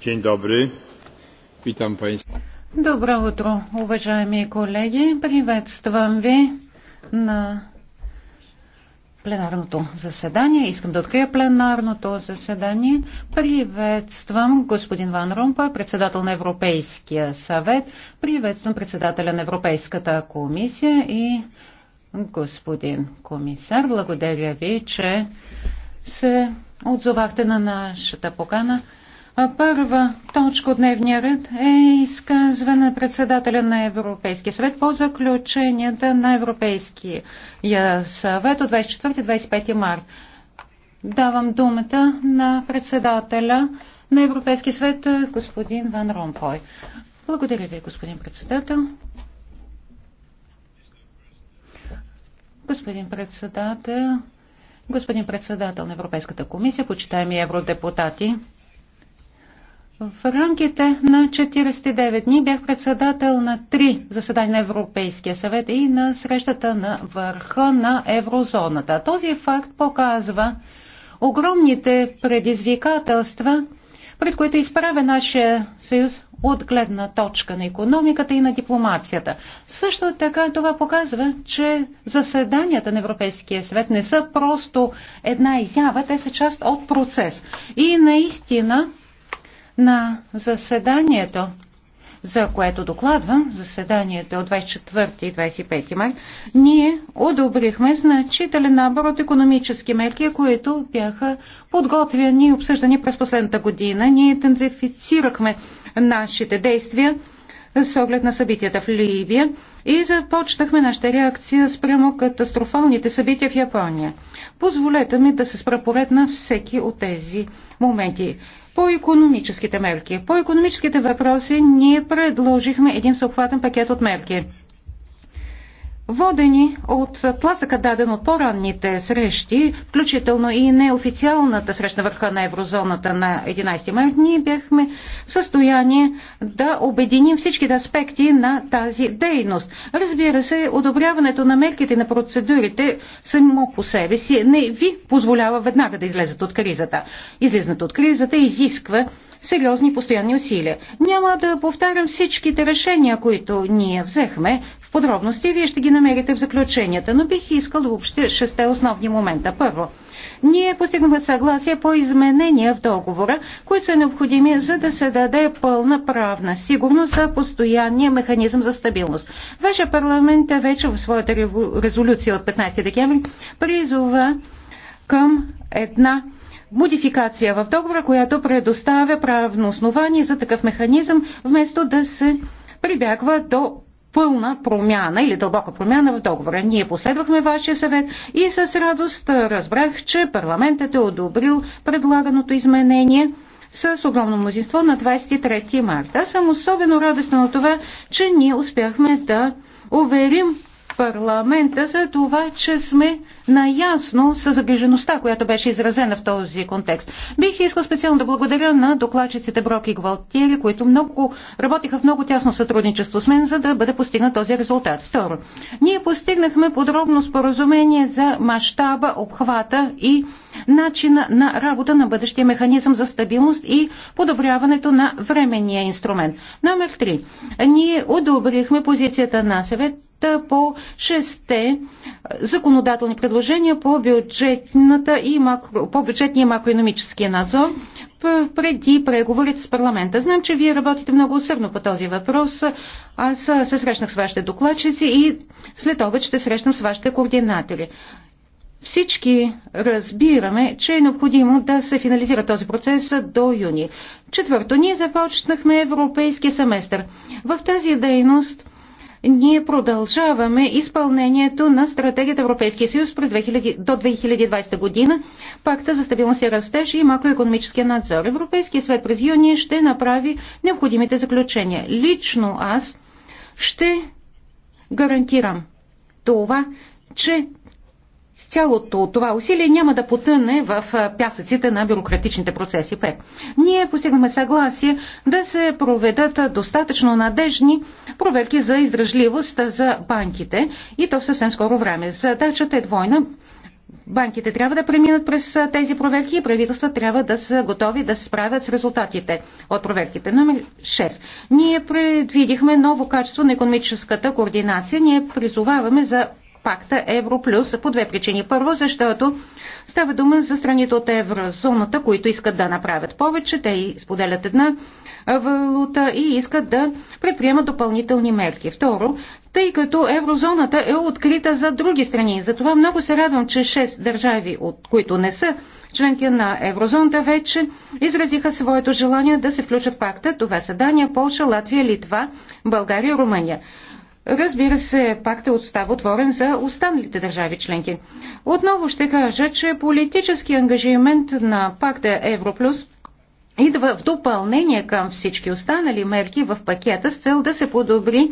Dzień dobry. Witam Państwa. Добро утро, уважаеми колеги. Приветствам ви на пленарното заседание. Искам да открия пленарното заседание. Приветствам господин Ван Ромпа, председател на Европейския съвет. Приветствам председателя на Европейската комисия и господин комисар. Благодаря ви, че се отзовахте на нашата покана. Първа точка от дневния ред е изказване на председателя на Европейския съвет по заключенията на Европейския съвет от 24-25 март. Давам думата на председателя на Европейския съвет господин Ван Ромпой. Благодаря ви, господин председател. Господин председател, Господин председател на Европейската комисия, почитаеми евродепутати, в рамките на 49 дни бях председател на три заседания на Европейския съвет и на срещата на върха на еврозоната. Този факт показва огромните предизвикателства, пред които е изправя нашия съюз от гледна точка на економиката и на дипломацията. Също така това показва, че заседанията на Европейския съвет не са просто една изява, те са част от процес. И наистина на заседанието за което докладвам, заседанието от 24 и 25 май, ние одобрихме значителен набор от економически мерки, които бяха подготвени и обсъждани през последната година. Ние интензифицирахме нашите действия с оглед на събитията в Либия и започнахме нашата реакция спрямо катастрофалните събития в Япония. Позволете ми да се спра поред на всеки от тези моменти. По економическите мерки. По економическите въпроси ние предложихме един съобхватен пакет от мерки. Водени от тласъка даден от по-ранните срещи, включително и неофициалната среща върха на еврозоната на 11 май, ние бяхме в състояние да обединим всичките аспекти на тази дейност. Разбира се, одобряването на мерките на процедурите само по себе си не ви позволява веднага да излезете от кризата. Излизането от кризата изисква сериозни постоянни усилия. Няма да повтарям всичките решения, които ние взехме в подробности, вие ще ги намерите в заключенията, но бих искал да общи шесте основни момента. Първо, ние постигнахме съгласие по изменения в договора, които са необходими, за да се даде пълна правна сигурност за постоянния механизъм за стабилност. Вашия парламент е вече в своята резолюция от 15 декември призова към една модификация в договора, която предоставя правно основание за такъв механизъм, вместо да се прибягва до пълна промяна или дълбока промяна в договора. Ние последвахме вашия съвет и с радост разбрах, че парламентът е одобрил предлаганото изменение с огромно мнозинство на 23 марта. Аз съм особено радостна на това, че ние успяхме да уверим парламента за това, че сме наясно с загрижеността, която беше изразена в този контекст. Бих искал специално да благодаря на докладчиците Брок и Гвалтиери, които много, работиха в много тясно сътрудничество с мен, за да бъде постигнат този резултат. Второ, ние постигнахме подробно споразумение за мащаба, обхвата и начина на работа на бъдещия механизъм за стабилност и подобряването на временния инструмент. Номер 3. Ние одобрихме позицията на съвет по шесте законодателни предложения по, бюджетната и макро, по бюджетния и макроекономическия надзор преди преговорите с парламента. Знам, че вие работите много усърдно по този въпрос. Аз се срещнах с вашите докладчици и след обед ще срещам с вашите координатори. Всички разбираме, че е необходимо да се финализира този процес до юни. Четвърто, ние започнахме европейския семестър. В тази дейност ние продължаваме изпълнението на стратегията Европейския съюз през 2000, до 2020 година, пакта за стабилност и растеж и макроекономическия надзор. Европейския съвет през юни ще направи необходимите заключения. Лично аз ще гарантирам това, че цялото това усилие няма да потъне в пясъците на бюрократичните процеси. Пет. Ние постигнахме съгласие да се проведат достатъчно надежни проверки за издръжливост за банките и то в съвсем скоро време. Задачата е двойна. Банките трябва да преминат през тези проверки и правителства трябва да са готови да се справят с резултатите от проверките. Номер 6. Ние предвидихме ново качество на економическата координация. Ние призоваваме за пакта Европлюс по две причини. Първо, защото става дума за страните от еврозоната, които искат да направят повече, те и споделят една валута и искат да предприемат допълнителни мерки. Второ, тъй като еврозоната е открита за други страни. Затова много се радвам, че 6 държави, от които не са членки на еврозоната, вече изразиха своето желание да се включат в пакта. Това са Дания, Полша, Латвия, Литва, България и Румъния. Разбира се, пакта е остава отворен за останалите държави членки. Отново ще кажа, че политически ангажимент на пакта Европлюс идва в допълнение към всички останали мерки в пакета с цел да се подобри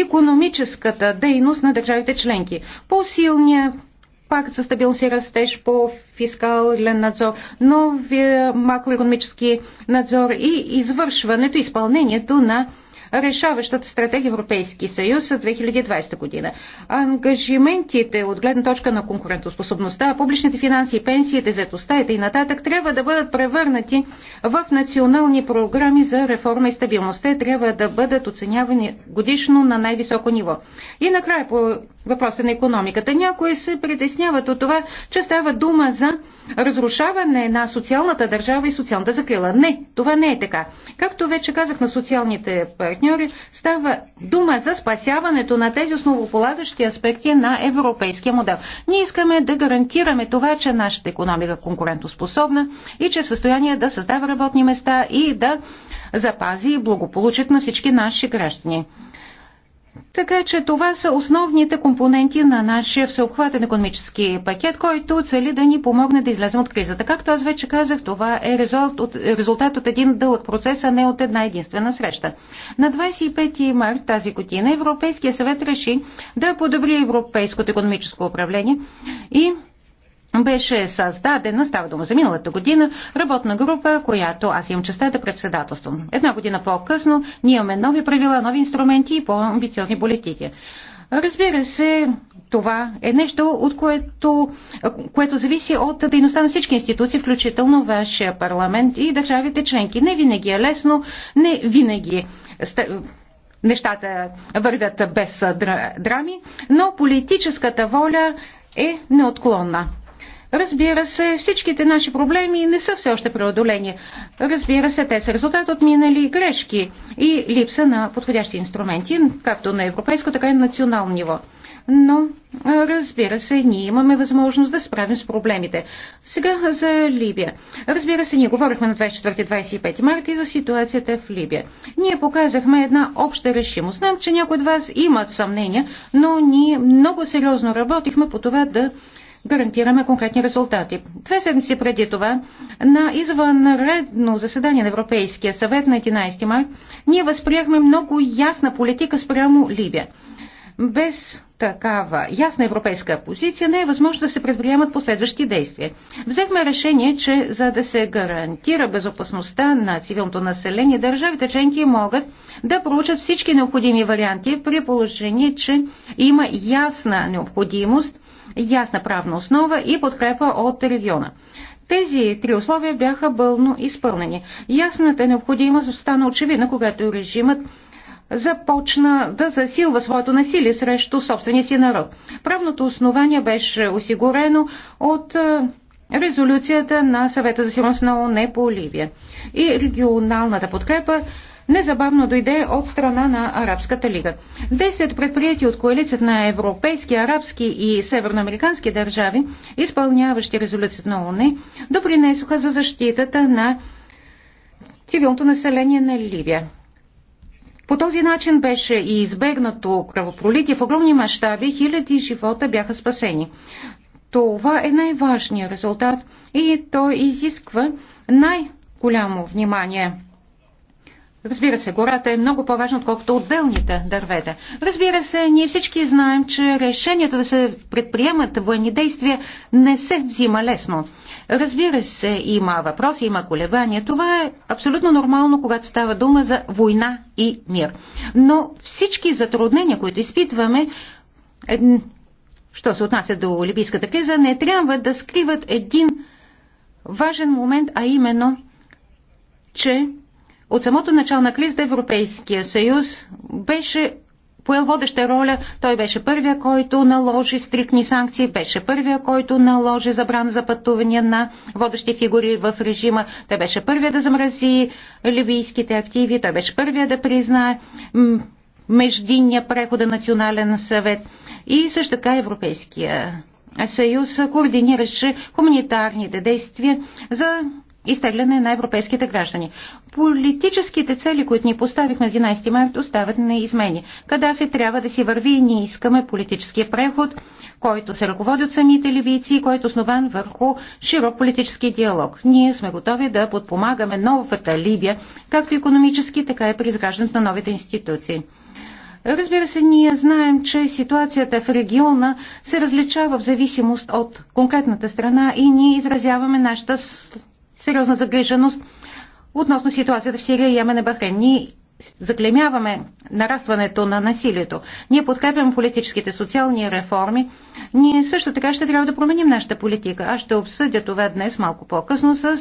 економическата дейност на държавите членки. По-силния пакт за стабилност и растеж по фискален надзор, новия макроекономически надзор и извършването, изпълнението на решаващата стратегия Европейски съюз за 2020 година. Ангажиментите от гледна точка на конкурентоспособността, публичните финанси пенсиите, заедостта и нататък трябва да бъдат превърнати в национални програми за реформа и стабилност. Те трябва да бъдат оценявани годишно на най-високо ниво. И накрая по въпроса на економиката. Някои се притесняват от това, че става дума за разрушаване на социалната държава и социалната закрила. Не, това не е така. Както вече казах на социалните партньори, става дума за спасяването на тези основополагащи аспекти на европейския модел. Ние искаме да гарантираме това, че нашата економика е конкурентоспособна и че е в състояние да създава работни места и да запази благополучието на всички наши граждани. Така че това са основните компоненти на нашия всеобхватен економически пакет, който цели да ни помогне да излезем от кризата. Както аз вече казах, това е резултат от, един дълъг процес, а не от една единствена среща. На 25 март тази година Европейския съвет реши да подобри европейското економическо управление и беше създадена, става дума за миналата година, работна група, която аз имам честа да председателствам. Една година по-късно ние имаме нови правила, нови инструменти и по-амбициозни политики. Разбира се, това е нещо, от което, което зависи от дейността на всички институции, включително вашия парламент и държавите членки. Не винаги е лесно, не винаги нещата вървят без драми, но политическата воля е неотклонна. Разбира се, всичките наши проблеми не са все още преодолени. Разбира се, те са резултат от минали грешки и липса на подходящи инструменти, както на европейско, така и на национално ниво. Но, разбира се, ние имаме възможност да справим с проблемите. Сега за Либия. Разбира се, ние говорихме на 24-25 марта и за ситуацията в Либия. Ние показахме една обща решимост. Знам, че някои от вас имат съмнения, но ние много сериозно работихме по това да гарантираме конкретни резултати. Две седмици преди това, на извънредно заседание на Европейския съвет на 11 май, ние възприехме много ясна политика спрямо Либия. Без такава ясна европейска позиция не е възможно да се предприемат последващи действия. Взехме решение, че за да се гарантира безопасността на цивилното население, държавите членки могат да проучат всички необходими варианти при положение, че има ясна необходимост ясна правна основа и подкрепа от региона. Тези три условия бяха бълно изпълнени. Ясната необходимост стана очевидна, когато режимът започна да засилва своето насилие срещу собствения си народ. Правното основание беше осигурено от е, резолюцията на съвета за сигурност на ОНЕ по Ливия и регионалната подкрепа незабавно дойде от страна на Арабската лига. Действията, предприяти от коалицията на европейски, арабски и северноамерикански държави, изпълняващи резолюцията на ОНЕ, допринесоха за защитата на цивилното население на Ливия. По този начин беше и избегнато кръвопролитие в огромни мащаби, хиляди живота бяха спасени. Това е най-важният резултат и той изисква най-голямо внимание. Разбира се, гората е много по-важна, отколкото отделните дървета. Разбира се, ние всички знаем, че решението да се предприемат военни действия не се взима лесно. Разбира се, има въпроси, има колебания. Това е абсолютно нормално, когато става дума за война и мир. Но всички затруднения, които изпитваме, е, що се отнася до олимпийската криза, не трябва да скриват един важен момент, а именно, че от самото начало на кризата Европейския съюз беше поел водеща роля. Той беше първия, който наложи стрикни санкции, беше първия, който наложи забрана за пътувания на водещи фигури в режима. Той беше първия да замрази либийските активи, той беше първия да признае междинния прехода национален съвет. И също така Европейския съюз координираше хуманитарните действия за изтегляне на европейските граждани. Политическите цели, които ни поставихме 11 март, остават неизмени. Кадафи трябва да си върви и ние искаме политическия преход, който се ръководи от самите ливийци и който е основан върху широк политически диалог. Ние сме готови да подпомагаме новата Либия, както економически, така и при изграждането на новите институции. Разбира се, ние знаем, че ситуацията в региона се различава в зависимост от конкретната страна и ние изразяваме нашата сериозна загриженост относно ситуацията в Сирия, Ямен и Бахрейн. Ние заклемяваме нарастването на насилието. Ние подкрепяме политическите социални реформи. Ние също така ще трябва да променим нашата политика. Аз ще обсъдя това днес малко по-късно с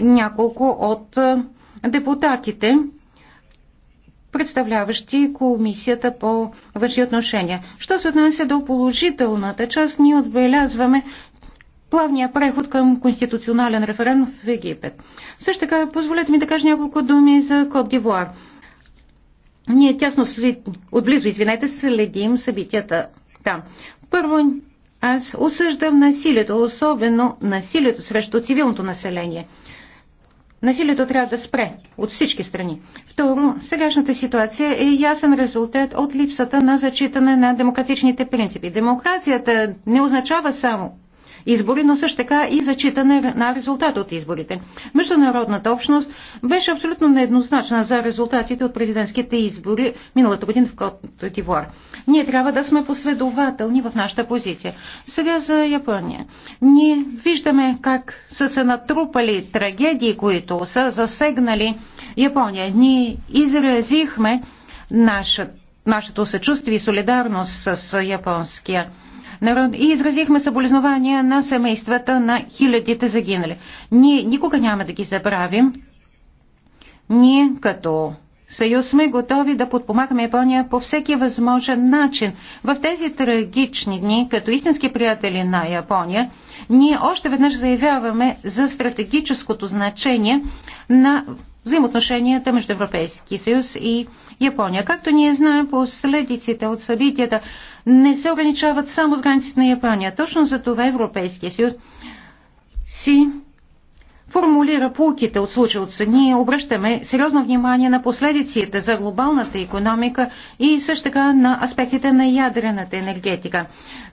няколко от депутатите, представляващи Комисията по външни отношения. Що се отнася до положителната част, ние отбелязваме, плавния преход към конституционален референдум в Египет. Също така, позволете ми да кажа няколко думи за Кот Дивуар. Ние тясно след... отблизо, извинете, следим събитията там. Първо, аз осъждам насилието, особено насилието срещу цивилното население. Насилието трябва да спре от всички страни. Второ, сегашната ситуация е ясен резултат от липсата на зачитане на демократичните принципи. Демокрацията не означава само избори, но също така и зачитане на резултат от изборите. Международната общност беше абсолютно нееднозначна за резултатите от президентските избори миналата година в Кот Дивуар. Ние трябва да сме последователни в нашата позиция. Сега за Япония. Ние виждаме как са се натрупали трагедии, които са засегнали Япония. Ние изразихме нашата нашето съчувствие и солидарност с японския народ и изразихме съболезнования на семействата на хилядите загинали. Ние никога няма да ги забравим. Ние като Съюз сме готови да подпомагаме Япония по всеки възможен начин. В тези трагични дни, като истински приятели на Япония, ние още веднъж заявяваме за стратегическото значение на взаимоотношенията между Европейски съюз и Япония. Както ние знаем, последиците от събитията не се ограничават само с границите на Япония. Точно за това Европейския съюз си формулира полуките от случилото се. Ние обръщаме сериозно внимание на последиците за глобалната економика и също така на аспектите на ядрената енергетика.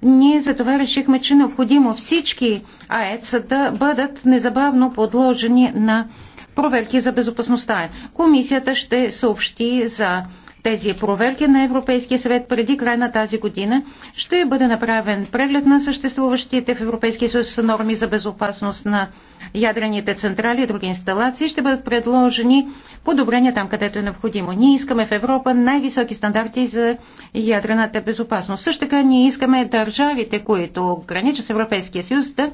Ние за това решихме, че е необходимо всички АЕЦ да бъдат незабавно подложени на проверки за безопасността. Комисията ще съобщи за тези проверки на Европейския съвет преди край на тази година ще бъде направен преглед на съществуващите в Европейския съюз норми за безопасност на ядрените централи и други инсталации. Ще бъдат предложени подобрения там, където е необходимо. Ние искаме в Европа най-високи стандарти за ядрената безопасност. Също така ние искаме държавите, които граничат с Европейския съюз, да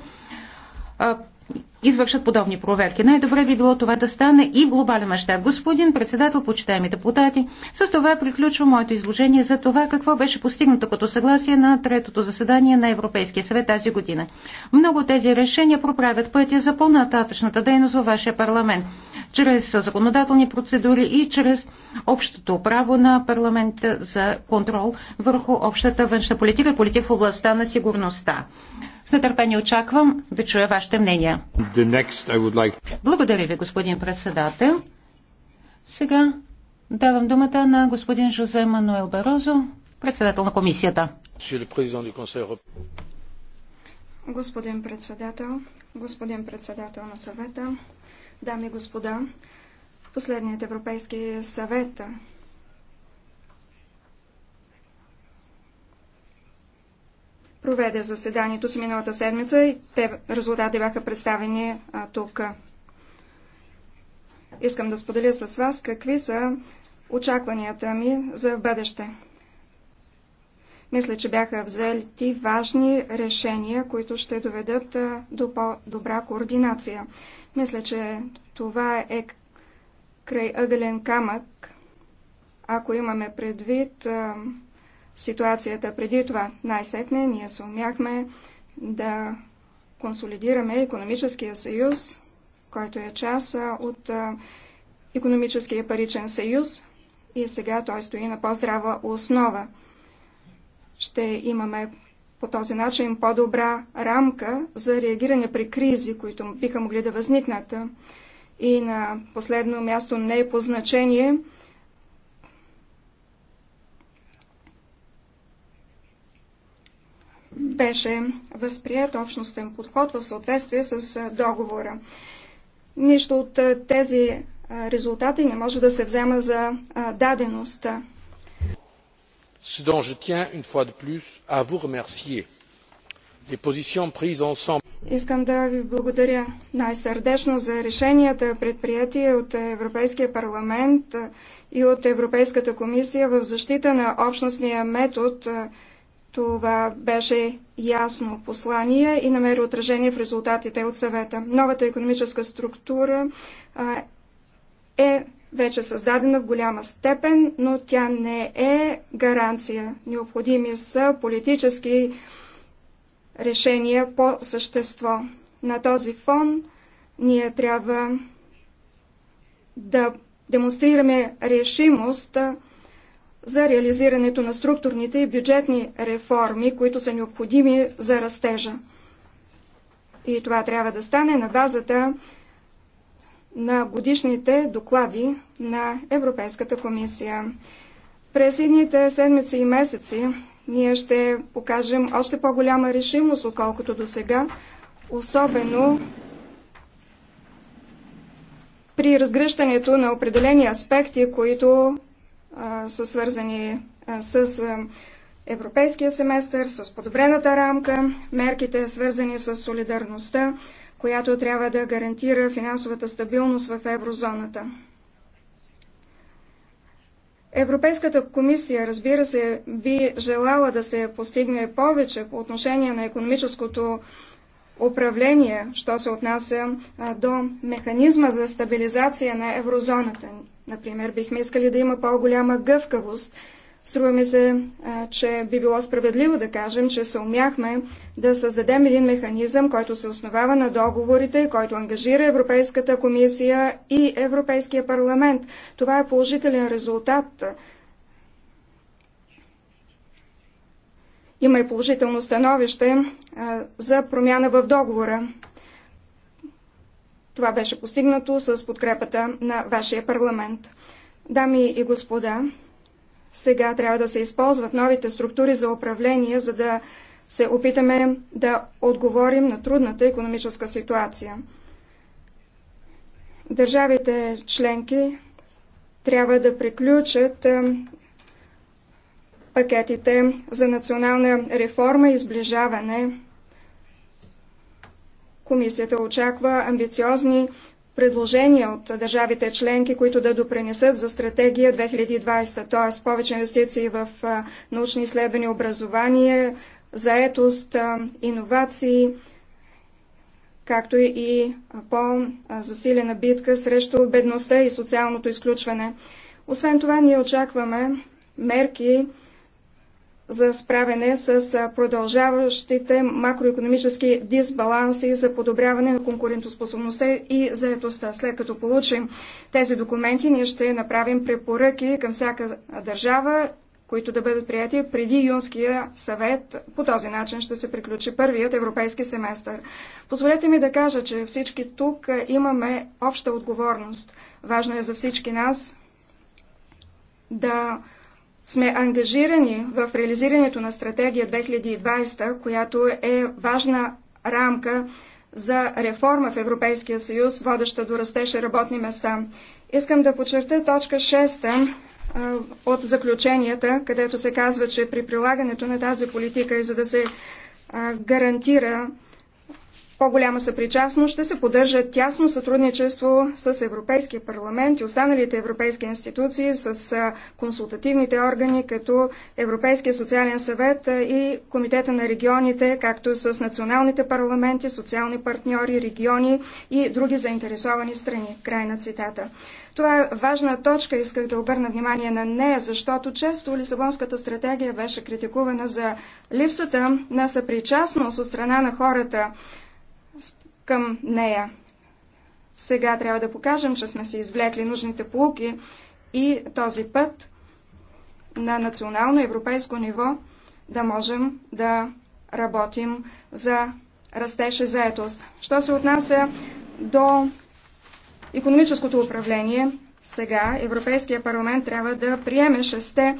извършат подобни проверки. Най-добре би било това да стане и в глобален мащаб. Господин председател, почитаеми депутати, с това приключва моето изложение за това какво беше постигнато като съгласие на третото заседание на Европейския съвет тази година. Много от тези решения проправят пътя за по-нататъчната дейност във вашия парламент, чрез законодателни процедури и чрез общото право на парламента за контрол върху общата външна политика и политика в областта на сигурността. С нетърпение очаквам да чуя вашите мнения. next Like... Благодаря ви, господин председател. Сега давам думата на господин Жозе Мануел Барозо, председател на комисията. Господин председател, господин председател на съвета, дами и господа, последният Европейски съвет проведе заседанието си миналата седмица и те, резултати бяха представени а, тук. Искам да споделя с вас какви са очакванията ми за бъдеще. Мисля, че бяха взети важни решения, които ще доведат до по-добра координация. Мисля, че това е край ъгълен камък, ако имаме предвид ситуацията преди това. Най-сетне ние се умяхме да консолидираме економическия съюз, който е част от економическия паричен съюз и сега той стои на по-здрава основа. Ще имаме по този начин по-добра рамка за реагиране при кризи, които биха могли да възникнат. И на последно място не е по значение – беше възприят общностен подход в съответствие с договора. Нищо от тези резултати не може да се взема за даденост. Искам да ви благодаря най-сърдечно за решенията, предприятия от Европейския парламент и от Европейската комисия в защита на общностния метод това беше ясно послание и намери отражение в резултатите от съвета. Новата економическа структура е вече създадена в голяма степен, но тя не е гаранция. Необходими са политически решения по същество. На този фон ние трябва да демонстрираме решимост за реализирането на структурните и бюджетни реформи, които са необходими за растежа. И това трябва да стане на базата на годишните доклади на Европейската комисия. През едните седмици и месеци ние ще покажем още по-голяма решимост, отколкото до сега, особено при разгръщането на определени аспекти, които са свързани с европейския семестър, с подобрената рамка, мерките свързани с солидарността, която трябва да гарантира финансовата стабилност в еврозоната. Европейската комисия, разбира се, би желала да се постигне повече по отношение на економическото управление, що се отнася до механизма за стабилизация на еврозоната ни. Например, бихме искали да има по-голяма гъвкавост. Струва ми се, че би било справедливо да кажем, че се умяхме да създадем един механизъм, който се основава на договорите и който ангажира Европейската комисия и Европейския парламент. Това е положителен резултат. Има и положително становище за промяна в договора. Това беше постигнато с подкрепата на вашия парламент. Дами и господа, сега трябва да се използват новите структури за управление, за да се опитаме да отговорим на трудната економическа ситуация. Държавите членки трябва да приключат пакетите за национална реформа и сближаване Комисията очаква амбициозни предложения от държавите членки, които да допренесат за стратегия 2020, т.е. повече инвестиции в научни изследвания, образование, заетост, иновации, както и по-засилена битка срещу бедността и социалното изключване. Освен това, ние очакваме мерки за справяне с продължаващите макроекономически дисбаланси за подобряване на конкурентоспособността и заетостта. След като получим тези документи, ние ще направим препоръки към всяка държава, които да бъдат прияти преди Юнския съвет. По този начин ще се приключи първият европейски семестър. Позволете ми да кажа, че всички тук имаме обща отговорност. Важно е за всички нас да сме ангажирани в реализирането на стратегия 2020, която е важна рамка за реформа в Европейския съюз, водеща до растеж и работни места. Искам да подчерта точка 6 от заключенията, където се казва, че при прилагането на тази политика и за да се гарантира по-голяма съпричастност ще се поддържа тясно сътрудничество с Европейския парламент и останалите европейски институции, с консултативните органи, като Европейския социален съвет и Комитета на регионите, както с националните парламенти, социални партньори, региони и други заинтересовани страни. Край на цитата. Това е важна точка, исках да обърна внимание на нея, защото често Лисабонската стратегия беше критикувана за липсата на съпричастност от страна на хората към нея. Сега трябва да покажем, че сме се извлекли нужните полуки и този път на национално европейско ниво да можем да работим за растеж и заетост. Що се отнася до економическото управление, сега Европейския парламент трябва да приеме шесте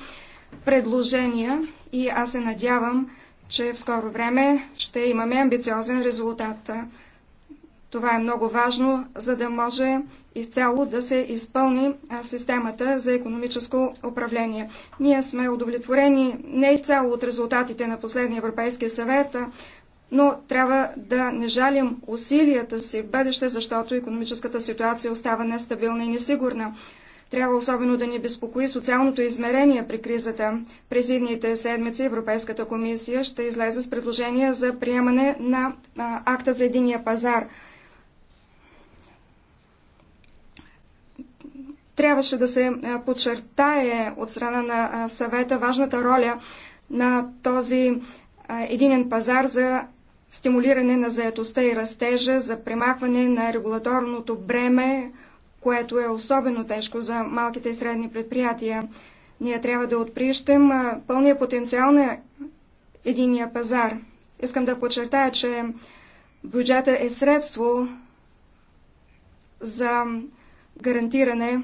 предложения и аз се надявам, че в скоро време ще имаме амбициозен резултат. Това е много важно, за да може изцяло да се изпълни системата за економическо управление. Ние сме удовлетворени не изцяло от резултатите на последния Европейския съвет, но трябва да не жалим усилията си в бъдеще, защото економическата ситуация остава нестабилна и несигурна. Трябва особено да ни безпокои социалното измерение при кризата. През идните седмици Европейската комисия ще излезе с предложение за приемане на акта за единия пазар – Трябваше да се подчертае от страна на съвета важната роля на този единен пазар за стимулиране на заетостта и растежа, за премахване на регулаторното бреме, което е особено тежко за малките и средни предприятия. Ние трябва да отприщем пълния потенциал на единия пазар. Искам да подчертая, че бюджета е средство за гарантиране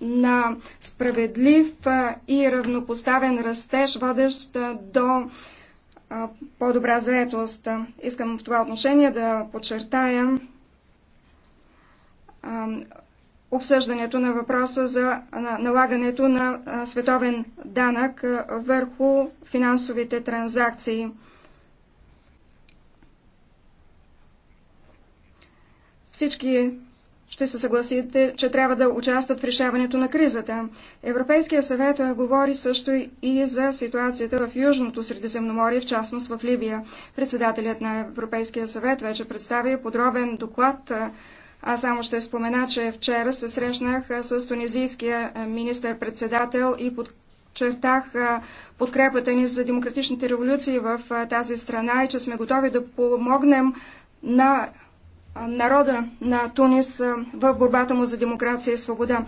на справедлив и равнопоставен растеж, водещ до по-добра заетост. Искам в това отношение да подчертая обсъждането на въпроса за налагането на световен данък върху финансовите транзакции. Всички ще се съгласите, че трябва да участват в решаването на кризата. Европейския съвет говори също и за ситуацията в Южното Средиземноморие, в частност в Либия. Председателят на Европейския съвет вече представи подробен доклад. Аз само ще спомена, че вчера се срещнах с тунизийския министър-председател и под чертах подкрепата ни за демократичните революции в тази страна и че сме готови да помогнем на народа на Тунис в борбата му за демокрация и свобода.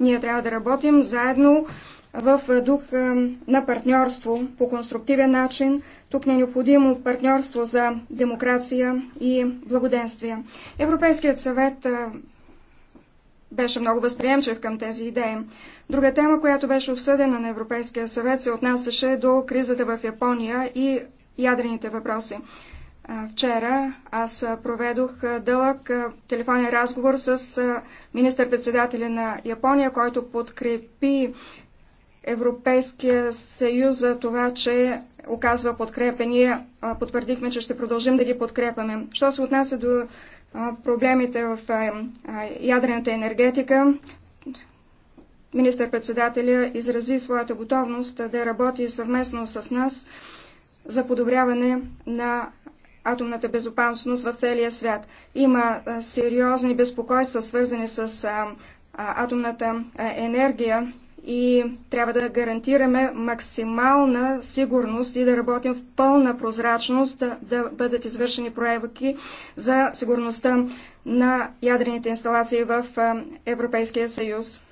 Ние трябва да работим заедно в дух на партньорство по конструктивен начин. Тук не е необходимо партньорство за демокрация и благоденствие. Европейският съвет беше много възприемчив към тези идеи. Друга тема, която беше обсъдена на Европейския съвет, се отнасяше до кризата в Япония и ядрените въпроси. Вчера аз проведох дълъг телефонен разговор с министър-председателя на Япония, който подкрепи Европейския съюз за това, че оказва подкрепа. Ние потвърдихме, че ще продължим да ги подкрепаме. Що се отнася до проблемите в ядрената енергетика, министър-председателя изрази своята готовност да работи съвместно с нас за подобряване на атомната безопасност в целия свят. Има сериозни безпокойства, свързани с атомната енергия и трябва да гарантираме максимална сигурност и да работим в пълна прозрачност, да, бъдат извършени проявки за сигурността на ядрените инсталации в Европейския съюз.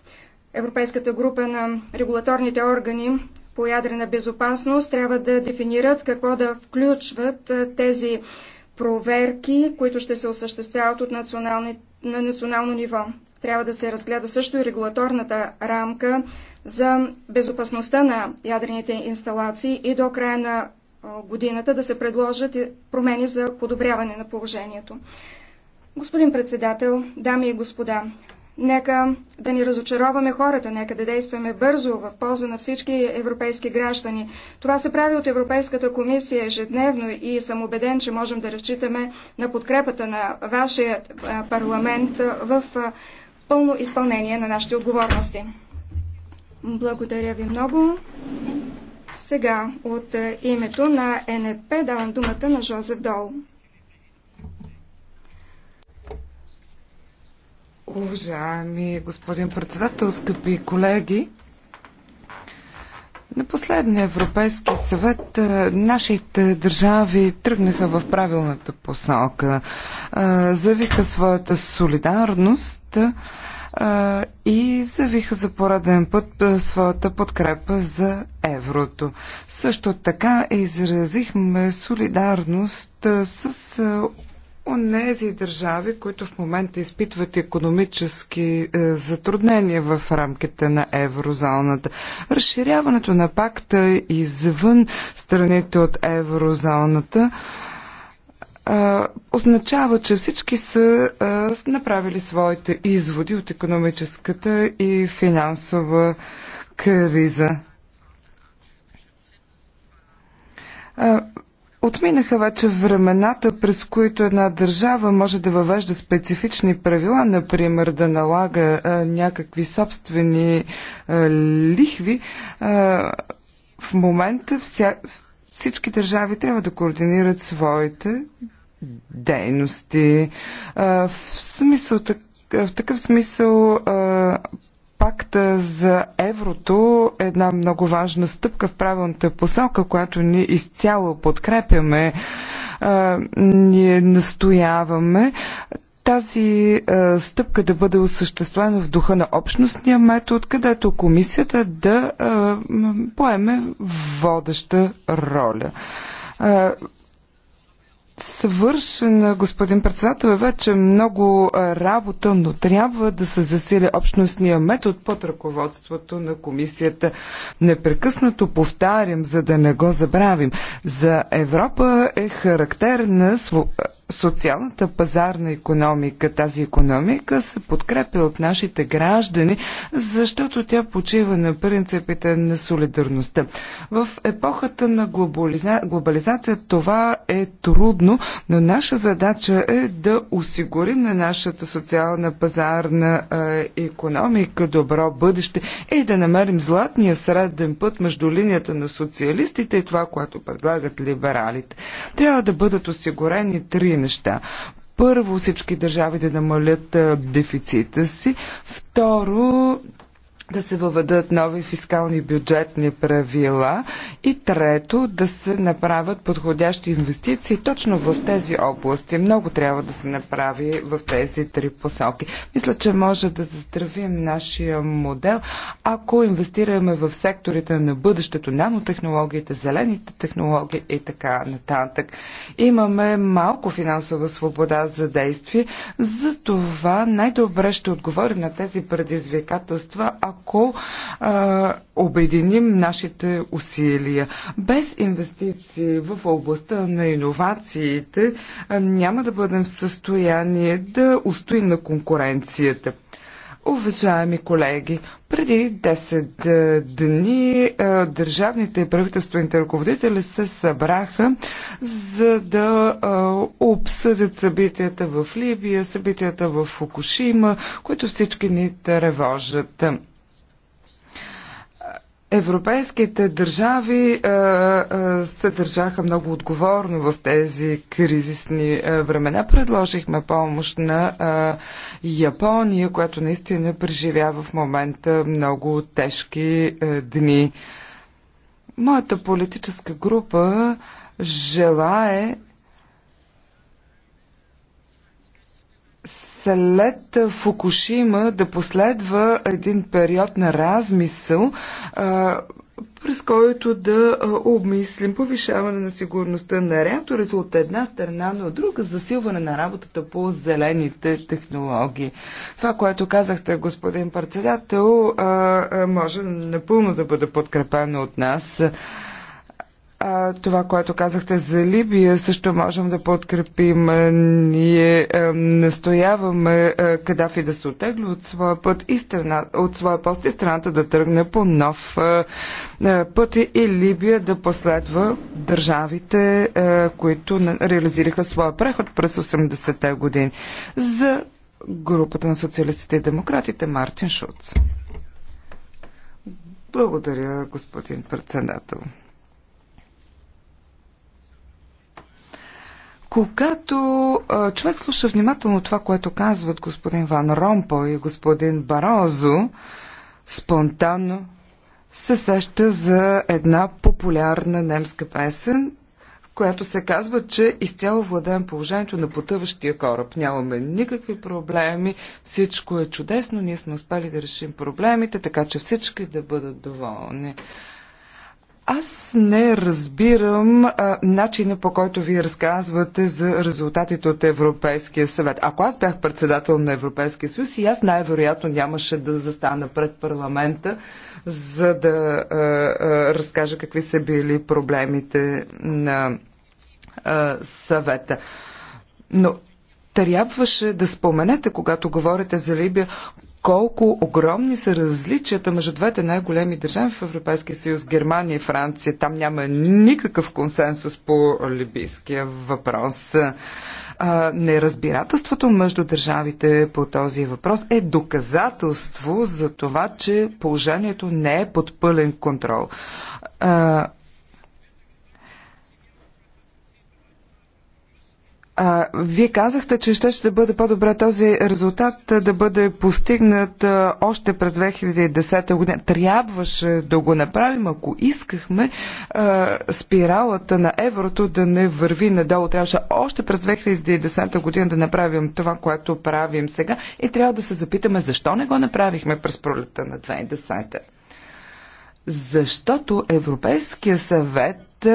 Европейската група на регулаторните органи по ядрена безопасност трябва да дефинират какво да включват тези проверки, които ще се осъществяват от национални, на национално ниво. Трябва да се разгледа също и регулаторната рамка за безопасността на ядрените инсталации и до края на годината да се предложат промени за подобряване на положението. Господин председател, дами и господа, Нека да ни разочароваме хората, нека да действаме бързо в полза на всички европейски граждани. Това се прави от Европейската комисия ежедневно и съм убеден, че можем да разчитаме на подкрепата на вашия парламент в пълно изпълнение на нашите отговорности. Благодаря ви много. Сега от името на НП давам думата на Жозеф Дол. Уважаеми господин председател, скъпи колеги, на последния Европейски съвет нашите държави тръгнаха в правилната посока. Завиха своята солидарност и завиха за пореден път своята подкрепа за еврото. Също така изразихме солидарност с онези държави, които в момента изпитват економически е, затруднения в рамките на еврозоната. Разширяването на пакта извън страните от еврозоната а, е, означава, че всички са а, е, направили своите изводи от економическата и финансова криза. А, е, Отминаха вече времената, през които една държава може да въвежда специфични правила, например да налага а, някакви собствени а, лихви. А, в момента вся, всички държави трябва да координират своите дейности. А, в, смисъл, в такъв смисъл а, пакта за еврото е една много важна стъпка в правилната посока, която ни изцяло подкрепяме. Ние настояваме тази стъпка да бъде осъществена в духа на общностния метод, където комисията да поеме водеща роля свършена, господин председател, е вече много работа, но трябва да се засили общностния метод под ръководството на комисията. Непрекъснато повтарям, за да не го забравим. За Европа е характерна социалната пазарна економика, тази економика се подкрепя от нашите граждани, защото тя почива на принципите на солидарността. В епохата на глобализа... глобализация това е трудно, но наша задача е да осигурим на нашата социална пазарна економика добро бъдеще и да намерим златния среден път между линията на социалистите и това, което предлагат либералите. Трябва да бъдат осигурени три неща. Първо всички държави да намалят дефицита си. Второ, да се въведат нови фискални бюджетни правила и трето да се направят подходящи инвестиции точно в тези области. Много трябва да се направи в тези три посоки. Мисля, че може да заздравим нашия модел, ако инвестираме в секторите на бъдещето, нанотехнологиите, зелените технологии и така нататък. Имаме малко финансова свобода за действие, за това най-добре ще отговорим на тези предизвикателства, ако ако а, обединим нашите усилия. Без инвестиции в областта на иновациите а, няма да бъдем в състояние да устоим на конкуренцията. Уважаеми колеги, преди 10 дни държавните и правителствените ръководители се събраха за да обсъдят събитията в Либия, събитията в Фукушима, които всички ни тревожат. Европейските държави а, е, а, е, се държаха много отговорно в тези кризисни а, е, времена. Предложихме помощ на а, Япония, която наистина преживява в момента много тежки а, дни. Моята политическа група желае след Фукушима да последва един период на размисъл, през който да обмислим повишаване на сигурността на реакторите от една страна, но от друга засилване на работата по зелените технологии. Това, което казахте, господин председател, може напълно да бъде подкрепено от нас. А, това, което казахте за Либия, също можем да подкрепим. Ние а, е, настояваме а, е, Кадафи да се отегли от своя път и страна, от своя пост и страната да тръгне по нов е, път и Либия да последва държавите, а, които реализираха своя преход през 80-те години. За групата на социалистите и демократите Мартин Шуц. Благодаря, господин председател. Когато а, човек слуша внимателно това, което казват господин Ван Ромпо и господин Барозо, спонтанно се сеща за една популярна немска песен, в която се казва, че изцяло владеем положението на потъващия кораб. Нямаме никакви проблеми, всичко е чудесно, ние сме успели да решим проблемите, така че всички да бъдат доволни. Аз не разбирам а, начина по който вие разказвате за резултатите от Европейския съвет. Ако аз бях председател на Европейския съюз и аз най-вероятно нямаше да застана пред парламента, за да а, а, разкажа какви са били проблемите на а, съвета. Но трябваше да споменете, когато говорите за Либия, колко огромни са различията между двете най-големи държави в Европейския съюз, Германия и Франция. Там няма никакъв консенсус по либийския въпрос. неразбирателството между държавите по този въпрос е доказателство за това, че положението не е под пълен контрол. А, вие казахте, че ще, ще бъде по-добре този резултат да бъде постигнат а, още през 2010 година. Трябваше да го направим, ако искахме а, спиралата на еврото да не върви надолу. Трябваше още през 2010 година да направим това, което правим сега и трябва да се запитаме защо не го направихме през пролета на 2010. Защото Европейския съвет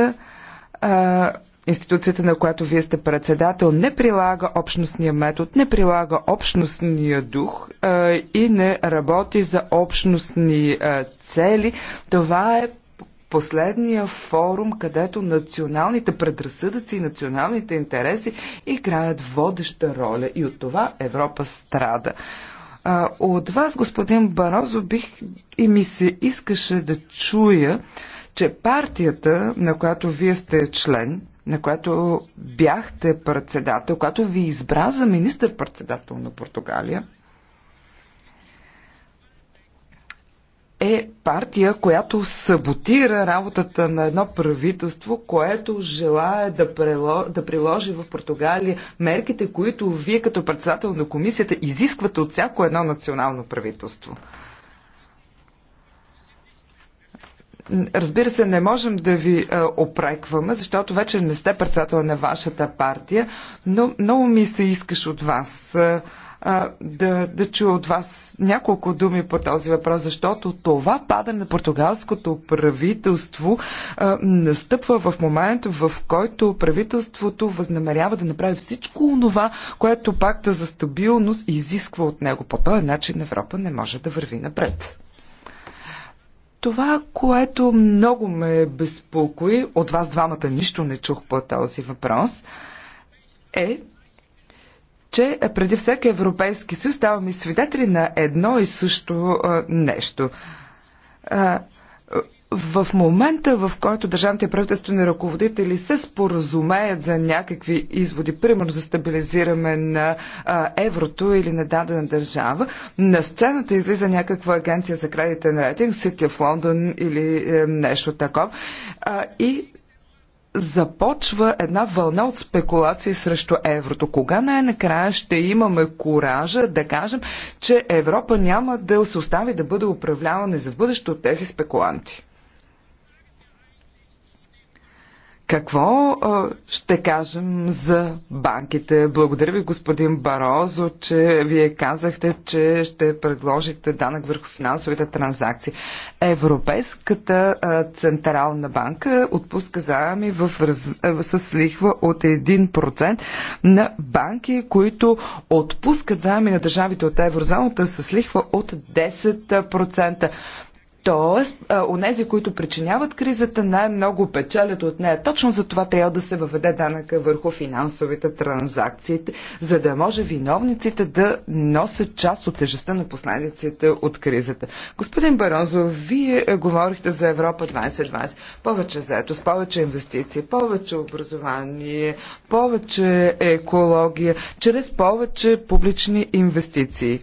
а, институцията, на която вие сте председател, не прилага общностния метод, не прилага общностния дух а, и не работи за общностни а, цели. Това е последния форум, където националните предразсъдъци и националните интереси играят водеща роля и от това Европа страда. А, от вас, господин Барозо, бих и ми се искаше да чуя, че партията, на която вие сте член, на която бяхте председател, която ви избра за министър-председател на Португалия, е партия, която саботира работата на едно правителство, което желая да, прело... да приложи в Португалия мерките, които вие като председател на комисията изисквате от всяко едно национално правителство. Разбира се, не можем да ви опрекваме, защото вече не сте председател на вашата партия, но много ми се искаш от вас да, да чуя от вас няколко думи по този въпрос, защото това падане на португалското правителство а, настъпва в момента, в който правителството възнамерява да направи всичко това, което пакта за стабилност изисква от него. По този начин Европа не може да върви напред. Това, което много ме безпокои, от вас двамата нищо не чух по този въпрос, е, че преди всеки Европейски съюз ставаме свидетели на едно и също а, нещо. А, в момента, в който държавните правителствени ръководители се споразумеят за някакви изводи, примерно за стабилизиране на а, еврото или на дадена държава, на сцената излиза някаква агенция за кредитен рейтинг, City в Лондон или е, нещо такова, а, и започва една вълна от спекулации срещу еврото. Кога най-накрая ще имаме коража да кажем, че Европа няма да се остави да бъде управлявана за в бъдеще от тези спекуланти? Какво ще кажем за банките? Благодаря ви, господин Барозо, че вие казахте, че ще предложите данък върху финансовите транзакции. Европейската централна банка отпуска заеми в, с лихва от 1% на банки, които отпускат заеми на държавите от еврозоната с лихва от 10%. Тоест, онези, които причиняват кризата, най-много печалят от нея. Точно за това трябва да се въведе данъка върху финансовите транзакции, за да може виновниците да носят част от тежестта на последиците от кризата. Господин Баронзо, вие е, говорихте за Европа 2020. Повече заетост, повече инвестиции, повече образование, повече екология, чрез повече публични инвестиции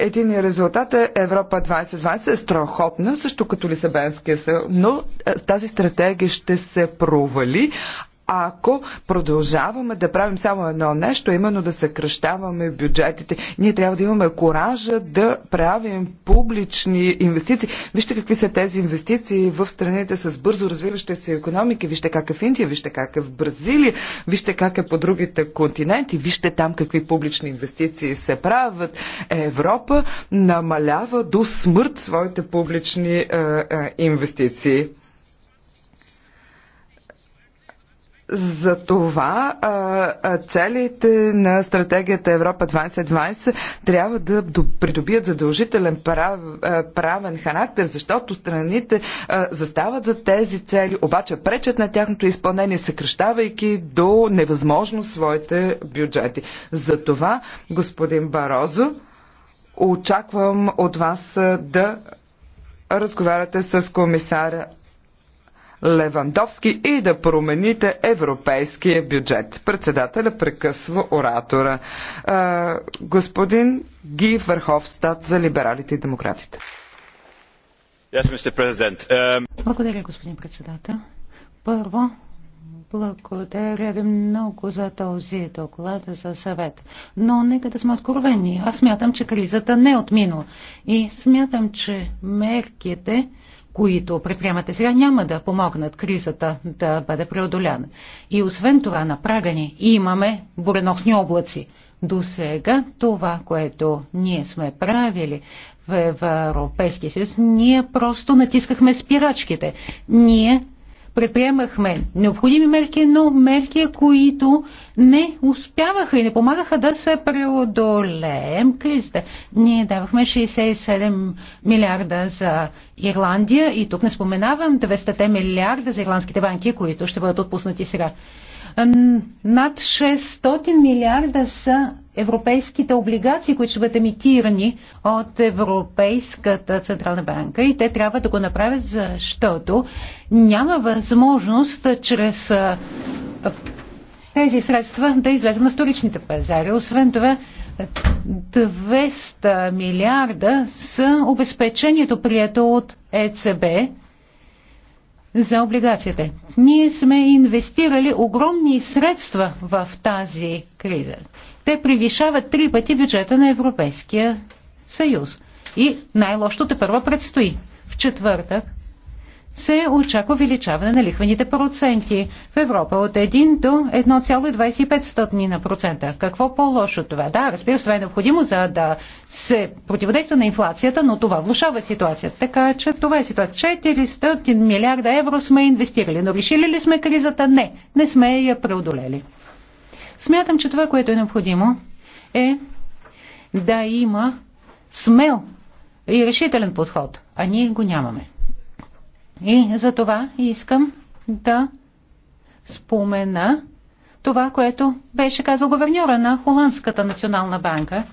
един резултат е Европа 2020 е страхотна, също като Лисабенския съюз, но е, тази стратегия ще се провали, ако продължаваме да правим само едно нещо, именно да съкръщаваме бюджетите. Ние трябва да имаме коража да правим публични инвестиции. Вижте какви са тези инвестиции в страните с бързо развиващи се економики. Вижте как е в Индия, вижте как е в Бразилия, вижте как е по другите континенти, вижте там какви публични инвестиции се правят. Европа намалява до смърт своите публични е, е, инвестиции. За това целите на стратегията Европа 2020 трябва да придобият задължителен прав, правен характер, защото страните застават за тези цели, обаче пречат на тяхното изпълнение, съкръщавайки до невъзможно своите бюджети. За това, господин Барозо, очаквам от вас да разговаряте с комисаря Левандовски и да промените европейския бюджет. Председателя прекъсва оратора. А, господин Ги Върховстат за либералите и демократите. Yes, Благодаря, господин председател. Първо, благодаря ви много за този доклад за съвет. Но нека да сме откровени. Аз смятам, че кризата не е отминала. И смятам, че мерките, които предприемате сега, няма да помогнат кризата да бъде преодоляна. И освен това, на прага ни имаме буреносни облаци. До сега това, което ние сме правили в Европейския съюз, ние просто натискахме спирачките. Ние предприемахме необходими мерки, но мерки, които не успяваха и не помагаха да се преодолеем кризата. Ние давахме 67 милиарда за Ирландия и тук не споменавам 200 милиарда за ирландските банки, които ще бъдат отпуснати сега. Над 600 милиарда са европейските облигации, които ще бъдат емитирани от Европейската Централна банка и те трябва да го направят, защото няма възможност чрез тези средства да излезем на вторичните пазари. Освен това, 200 милиарда са обезпечението, прието от ЕЦБ за облигациите. Ние сме инвестирали огромни средства в тази криза. Те превишават три пъти бюджета на Европейския съюз. И най-лошото първо предстои. В четвъртък се очаква увеличаване на лихвените проценти в Европа от 1 до 1,25 на процента. Какво по-лошо това? Да, разбира се, това е необходимо за да се противодейства на инфлацията, но това влушава ситуацията. Така че това е ситуация. 400 милиарда евро сме инвестирали, но решили ли сме кризата? Не, не сме я преодолели. Смятам, че това, което е необходимо, е да има смел и решителен подход, а ние го нямаме. И за това искам да спомена това, което беше казал говерньора на Холандската национална банка.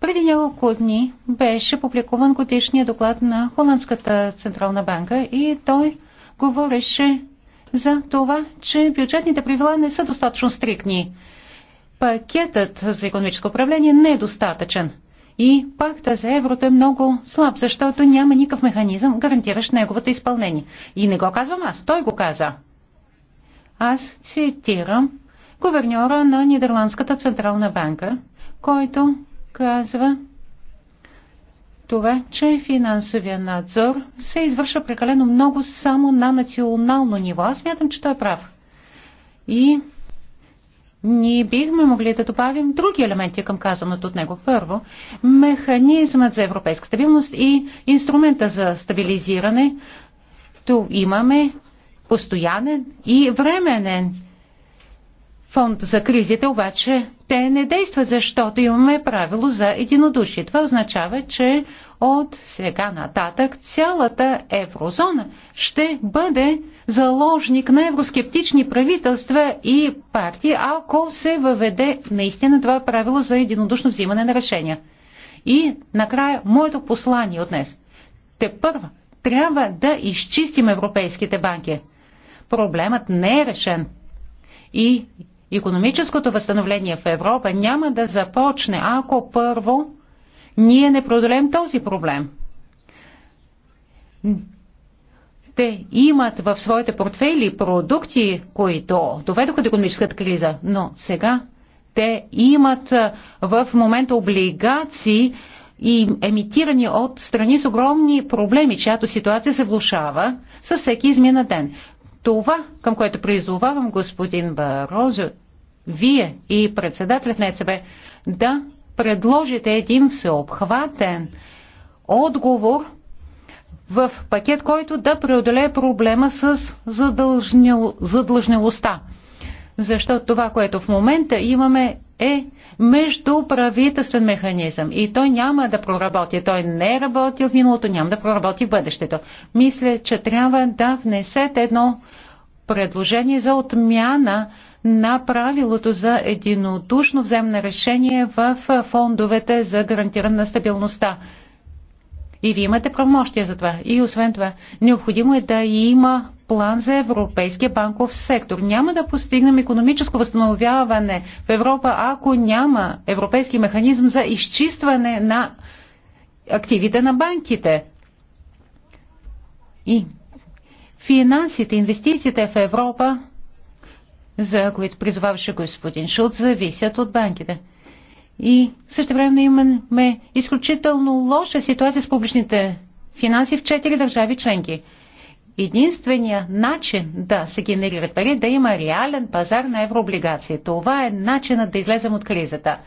Преди няколко дни беше публикуван годишният доклад на Холандската централна банка и той говореше за това, че бюджетните правила не са достатъчно стрикни. Пакетът за економическо управление не е достатъчен. И пакта за еврото е много слаб, защото няма никакъв механизъм, гарантиращ неговото изпълнение. И не го казвам аз, той го каза. Аз цитирам гуверньора на Нидерландската централна банка, който казва, това, че финансовия надзор се извършва прекалено много само на национално ниво. Аз мятам, че той е прав. И ние бихме могли да добавим други елементи към казаното от него. Първо, механизмът за европейска стабилност и инструмента за стабилизиране. Ту имаме постоянен и временен фонд за кризите, обаче те не действат, защото имаме правило за единодушие. Това означава, че от сега нататък цялата еврозона ще бъде заложник на евроскептични правителства и партии, ако се въведе наистина това правило за единодушно взимане на решения. И накрая моето послание от днес. Те първа трябва да изчистим европейските банки. Проблемът не е решен. И економическото възстановление в Европа няма да започне, ако първо ние не продолем този проблем. Те имат в своите портфели продукти, които доведоха до економическата криза, но сега те имат в момента облигации и емитирани от страни с огромни проблеми, чиято ситуация се влушава със всеки измина ден. Това, към което призовавам господин Барозо, вие и председателят на ЕЦБ да предложите един всеобхватен отговор в пакет, който да преодолее проблема с задължнил, задлъжнилостта. Защото това, което в момента имаме е междуправителствен механизъм и той няма да проработи. Той не е работил в миналото, няма да проработи в бъдещето. Мисля, че трябва да внесете едно предложение за отмяна на правилото за единодушно вземане решение в фондовете за гарантиране на стабилността. И вие имате правомощия за това. И освен това, необходимо е да има план за европейския банков сектор. Няма да постигнем економическо възстановяване в Европа, ако няма европейски механизъм за изчистване на активите на банките. И финансите, инвестициите в Европа за които призоваваше господин Шулц, зависят от банките. И също време имаме изключително лоша ситуация с публичните финанси в четири държави членки. Единственият начин да се генерират пари е да има реален пазар на еврооблигации. Това е начинът да излезем от кризата.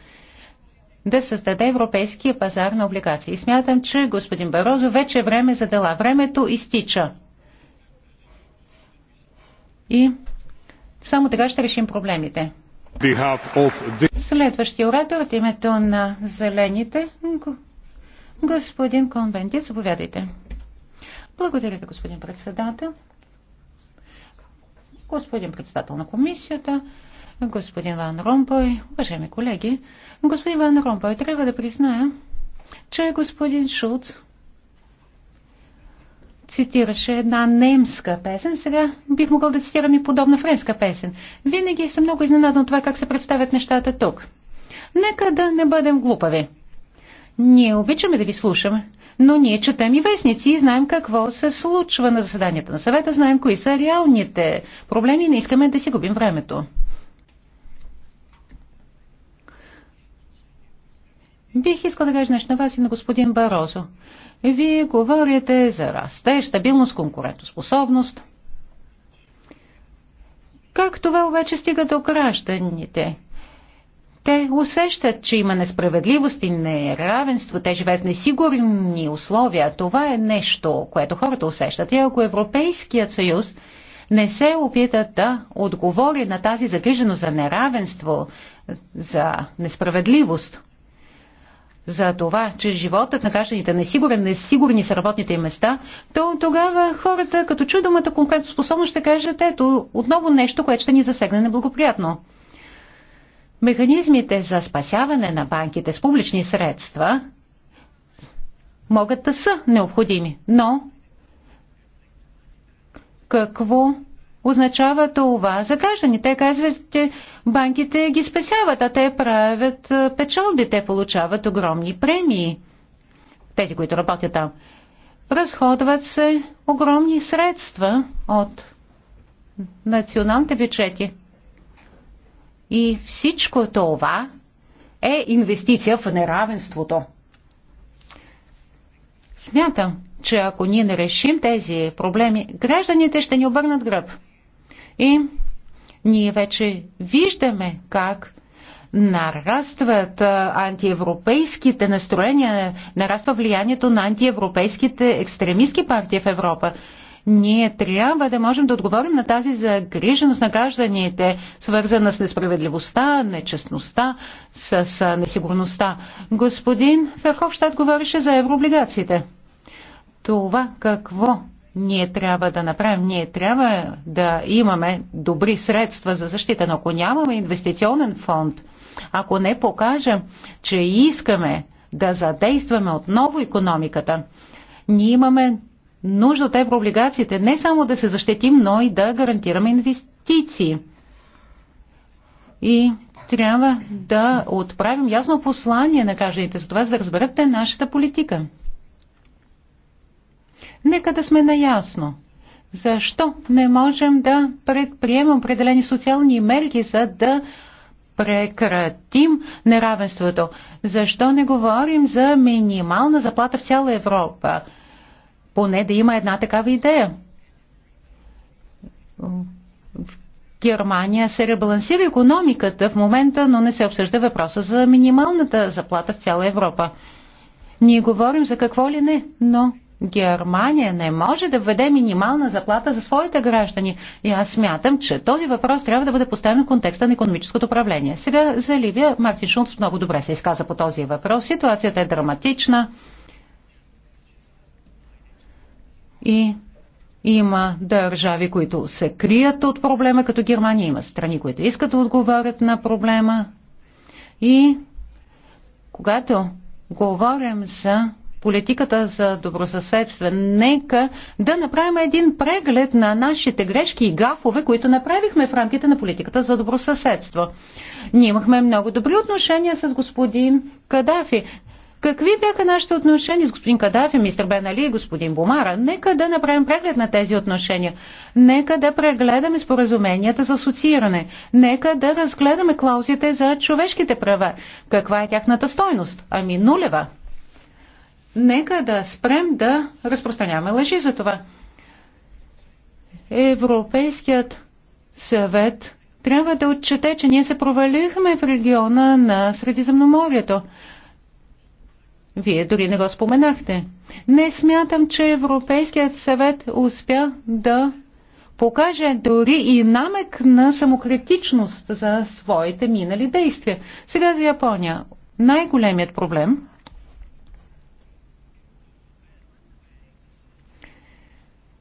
Да създаде европейския пазар на облигации. И смятам, че господин Барозо вече е време за дела. Времето изтича. И само така ще решим проблемите. Следващия оратор от името на Зелените, господин Конвентит, заповядайте. Благодаря ви, господин председател. Господин председател на комисията, господин Ван Ромпой, уважаеми колеги, господин Ван Ромпой, трябва да призная, че господин Шулц цитираше една немска песен, сега бих могъл да цитирам и подобна френска песен. Винаги съм много изненадан от това как се представят нещата тук. Нека да не бъдем глупави. Ние обичаме да ви слушаме, но ние четем и вестници и знаем какво се случва на заседанията на съвета, знаем кои са реалните проблеми и не искаме да си губим времето. Бих искал да кажа нещо на вас и на господин Барозо. Вие говорите за растеж, стабилност, конкурентоспособност. Как това обаче стига до гражданите? Те усещат, че има несправедливост и неравенство, те живеят в несигурни условия. Това е нещо, което хората усещат. И ако Европейският съюз не се опита да отговори на тази загриженост за неравенство, за несправедливост, за това, че животът на гражданите е несигурен, несигурни е са работните им места, то тогава хората, като чу думата способно, ще кажат, ето, отново нещо, което ще ни засегне неблагоприятно. Механизмите за спасяване на банките с публични средства могат да са необходими, но какво означава това за граждани? Те казват, че банките ги спасяват, а те правят печалби, те получават огромни премии. Тези, които работят там. Разходват се огромни средства от националните бюджети. И всичко това е инвестиция в неравенството. Смятам, че ако ние не решим тези проблеми, гражданите ще ни обърнат гръб. И ние вече виждаме как нарастват антиевропейските настроения, нараства влиянието на антиевропейските екстремистски партии в Европа. Ние трябва да можем да отговорим на тази загриженост на гражданите, свързана с несправедливостта, нечестността, с несигурността. Господин Ферховщад говореше за еврооблигациите. Това какво ние трябва да направим? Ние трябва да имаме добри средства за защита, но ако нямаме инвестиционен фонд, ако не покажем, че искаме да задействаме отново економиката, ние имаме нужда от еврооблигациите не само да се защитим, но и да гарантираме инвестиции. И трябва да отправим ясно послание на гражданите за това, за да разберете нашата политика. Нека да сме наясно. Защо не можем да предприемем определени социални мерки, за да прекратим неравенството? Защо не говорим за минимална заплата в цяла Европа? Поне да има една такава идея. В Германия се ребалансира економиката в момента, но не се обсъжда въпроса за минималната заплата в цяла Европа. Ние говорим за какво ли не, но Германия не може да введе минимална заплата за своите граждани. И аз смятам, че този въпрос трябва да бъде поставен в контекста на економическото управление. Сега за Ливия Мартин Шунц много добре се изказа по този въпрос. Ситуацията е драматична и има държави, които се крият от проблема, като Германия. Има страни, които искат да отговорят на проблема. И когато говорим за политиката за добросъседство. Нека да направим един преглед на нашите грешки и гафове, които направихме в рамките на политиката за добросъседство. Ние имахме много добри отношения с господин Кадафи. Какви бяха нашите отношения с господин Кадафи, мистер Бен Али и господин Бумара? Нека да направим преглед на тези отношения. Нека да прегледаме споразуменията за асоцииране. Нека да разгледаме клаузите за човешките права. Каква е тяхната стойност? Ами нулева нека да спрем да разпространяваме лъжи за това. Европейският съвет трябва да отчете, че ние се провалихме в региона на Средиземноморието. Вие дори не го споменахте. Не смятам, че Европейският съвет успя да покаже дори и намек на самокритичност за своите минали действия. Сега за Япония. Най-големият проблем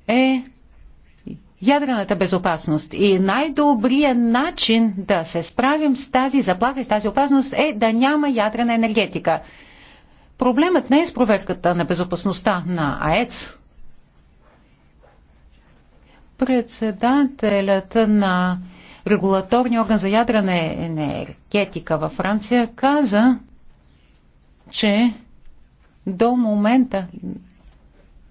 е ядрената безопасност. И най-добрият начин да се справим с тази заплаха и с тази опасност е да няма ядрена енергетика. Проблемът не е с проверката на безопасността на АЕЦ. Председателят на регулаторния орган за ядрена енергетика във Франция каза, че до момента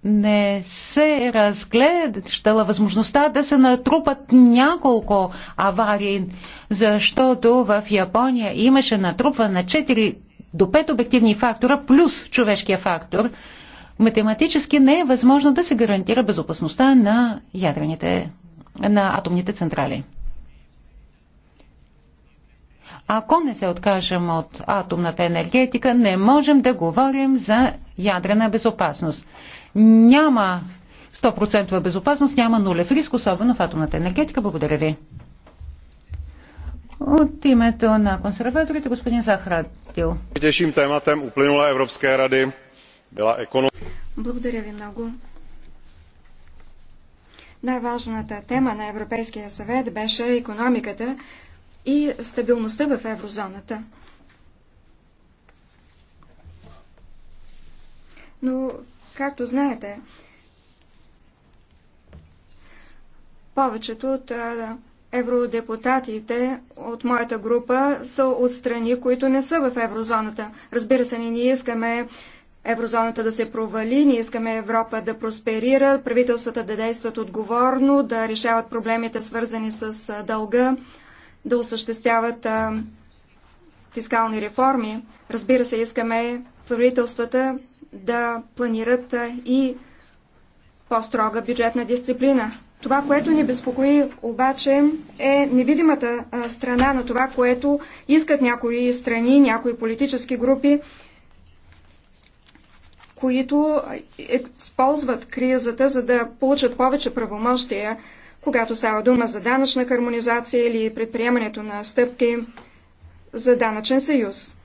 не се разглеждала възможността да се натрупат няколко аварии, защото в Япония имаше натрупване на 4 до 5 обективни фактора плюс човешкия фактор. Математически не е възможно да се гарантира безопасността на ядрените, на атомните централи. Ако не се откажем от атомната енергетика, не можем да говорим за ядрена безопасност няма 100% безопасност, няма нулев риск, особено в атомната енергетика. Благодаря ви. От името на консерваторите, господин Захратил. Тешим тематем уплинула Европска ради. Била ekonomika. Благодаря ви много. Най-важната тема на Европейския съвет беше економиката и стабилността в еврозоната. Но Както знаете, повечето от евродепутатите от моята група са от страни, които не са в еврозоната. Разбира се, ние не искаме еврозоната да се провали, ние искаме Европа да просперира, правителствата да действат отговорно, да решават проблемите свързани с дълга, да осъществяват фискални реформи. Разбира се, искаме правителствата да планират и по-строга бюджетна дисциплина. Това, което ни безпокои обаче е невидимата страна на това, което искат някои страни, някои политически групи, които е, използват кризата, за да получат повече правомощия, когато става дума за данъчна хармонизация или предприемането на стъпки за данъчен съюз.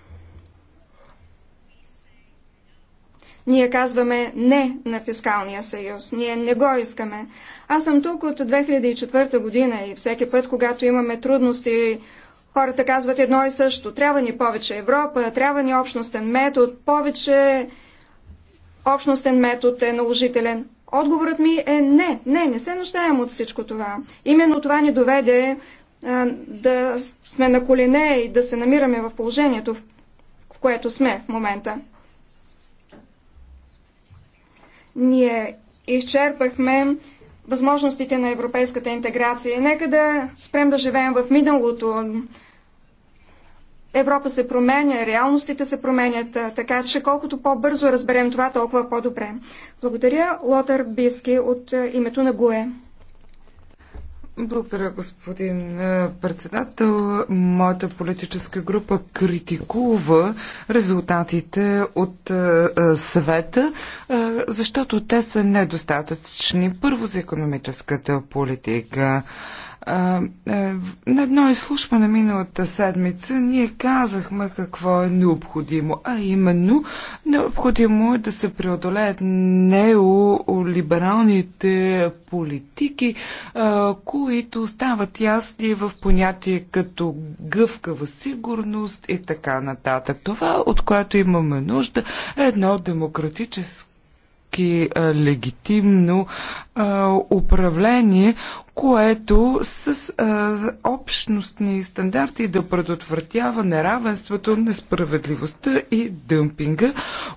Ние казваме не на фискалния съюз. Ние не го искаме. Аз съм тук от 2004 година и всеки път, когато имаме трудности, хората казват едно и също. Трябва ни повече Европа, трябва ни общностен метод, повече общностен метод е наложителен. Отговорът ми е не, не, не се нуждаем от всичко това. Именно това ни доведе да сме на колене и да се намираме в положението, в което сме в момента. Ние изчерпахме възможностите на европейската интеграция. Нека да спрем да живеем в миналото. Европа се променя, реалностите се променят, така че колкото по-бързо разберем това, толкова по-добре. Благодаря Лотър Биски от името на ГУЕ. Благодаря, господин е, председател. Моята политическа група критикува резултатите от е, е, съвета, защото те са недостатъчни. Първо за економическата политика. Е, на едно изслушване миналата седмица ние казахме какво е необходимо, а именно необходимо е да се преодолеят неолибералните политики, е, които стават ясни в понятие като гъвкава сигурност и така нататък. Това, от което имаме нужда, е едно демократическо е, легитимно а, управление, което с а, общностни стандарти да предотвратява неравенството, несправедливостта и дъмпинга,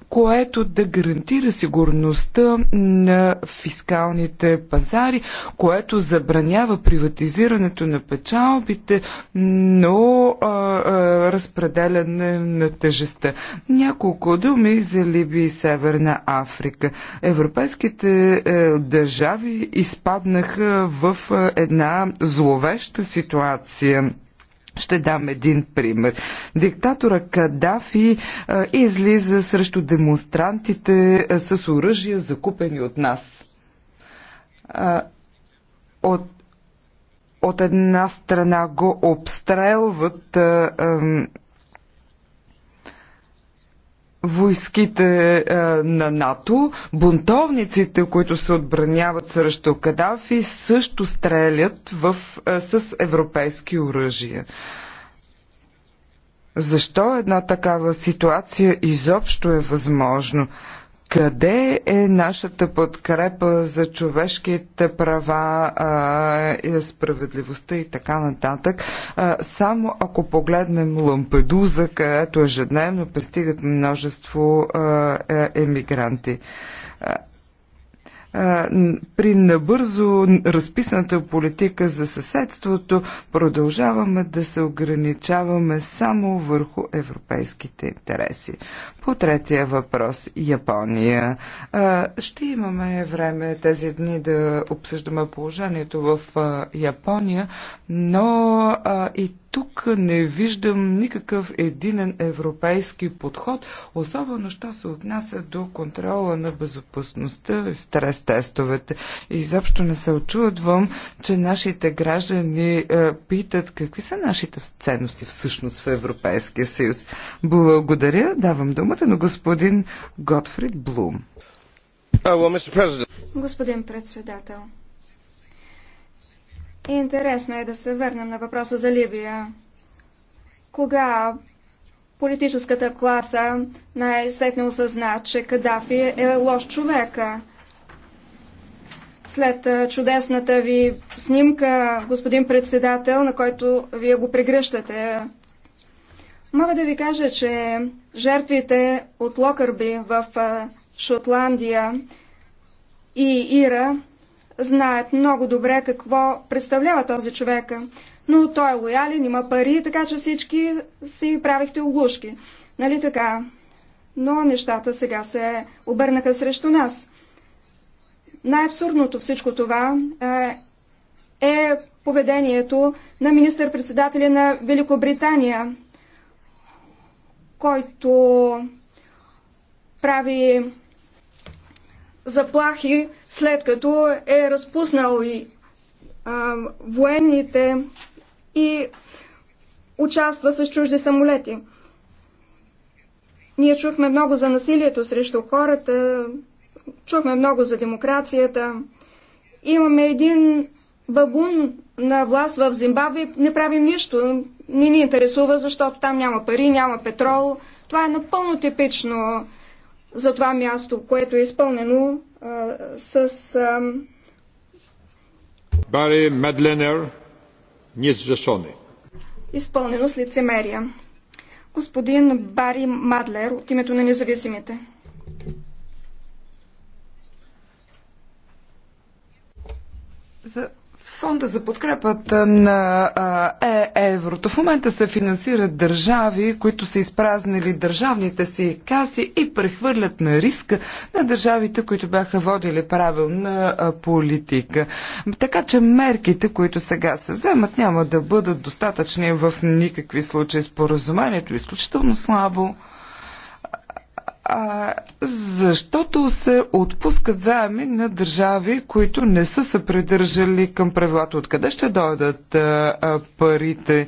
което да гарантира сигурността на фискалните пазари, което забранява приватизирането на печалбите, но а, а, разпределяне на тежеста. Няколко думи за Либия и Северна Африка. Европейските а, е, държави изпаднаха в една зловеща ситуация. Ще дам един пример. Диктатора Кадафи а, е, излиза срещу демонстрантите а, е, с оръжия, закупени от нас. А, е, от, от една страна го обстрелват. А, а, войските а, е, на НАТО, бунтовниците, които се отбраняват срещу Кадафи, също стрелят в, а, е, с европейски оръжия. Защо една такава ситуация изобщо е възможно? Къде е нашата подкрепа за човешките права, а, справедливостта и така нататък? А, само ако погледнем Лампедуза, където ежедневно пристигат множество а, е, емигранти при набързо разписаната политика за съседството продължаваме да се ограничаваме само върху европейските интереси. По третия въпрос Япония. Ще имаме време тези дни да обсъждаме положението в Япония, но и тук не виждам никакъв единен европейски подход, особено що се отнася до контрола на безопасността и стрес-тестовете. И изобщо не се очудвам, че нашите граждани е, питат какви са нашите ценности всъщност в Европейския съюз. Благодаря. Давам думата на господин Готфрид Блум. Uh, господин председател, Интересно е да се върнем на въпроса за Либия. Кога политическата класа най-сетне осъзна, че Кадафи е лош човека? След чудесната ви снимка, господин председател, на който вие го прегръщате, мога да ви кажа, че жертвите от Локърби в Шотландия и Ира знаят много добре какво представлява този човек. Но той е лоялен, има пари, така че всички си правихте оглушки. Нали така? Но нещата сега се обърнаха срещу нас. Най-абсурдното всичко това е, е поведението на министър-председателя на Великобритания, който прави заплахи, след като е разпуснал и а, военните и участва с чужди самолети. Ние чухме много за насилието срещу хората, чухме много за демокрацията. Имаме един бабун на власт в Зимбабве, не правим нищо, не ни интересува, защото там няма пари, няма петрол. Това е напълно типично за това място, което е изпълнено а, с... Бари Медленер, незрешени. Изпълнено с лицемерия. Господин Бари Мадлер от името на независимите. За Фонда за подкрепата на е, еврото в момента се финансират държави, които са изпразнили държавните си каси и прехвърлят на риска на държавите, които бяха водили правилна политика. Така че мерките, които сега се вземат, няма да бъдат достатъчни в никакви случаи. Споразумението е изключително слабо а, защото се отпускат заеми на държави, които не са се придържали към правилата. Откъде ще дойдат а, а, парите?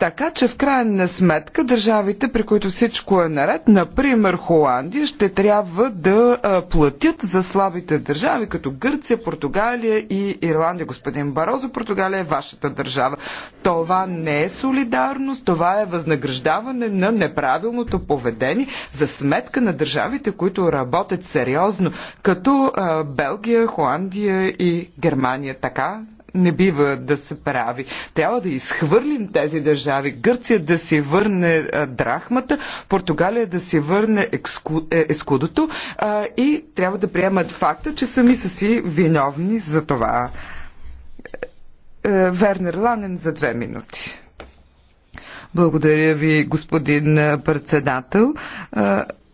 Така че в крайна сметка държавите, при които всичко е наред, например Холандия, ще трябва да платят за слабите държави, като Гърция, Португалия и Ирландия. Господин Барозо, Португалия е вашата държава. Това не е солидарност, това е възнаграждаване на неправилното поведение за сметка на държавите, които работят сериозно, като Белгия, Холандия и Германия. Така не бива да се прави. Трябва да изхвърлим тези държави. Гърция да си върне драхмата, Португалия да си върне е, ескудото и трябва да приемат факта, че сами са си виновни за това. Е, е, Вернер Ланен за две минути. Благодаря ви, господин председател.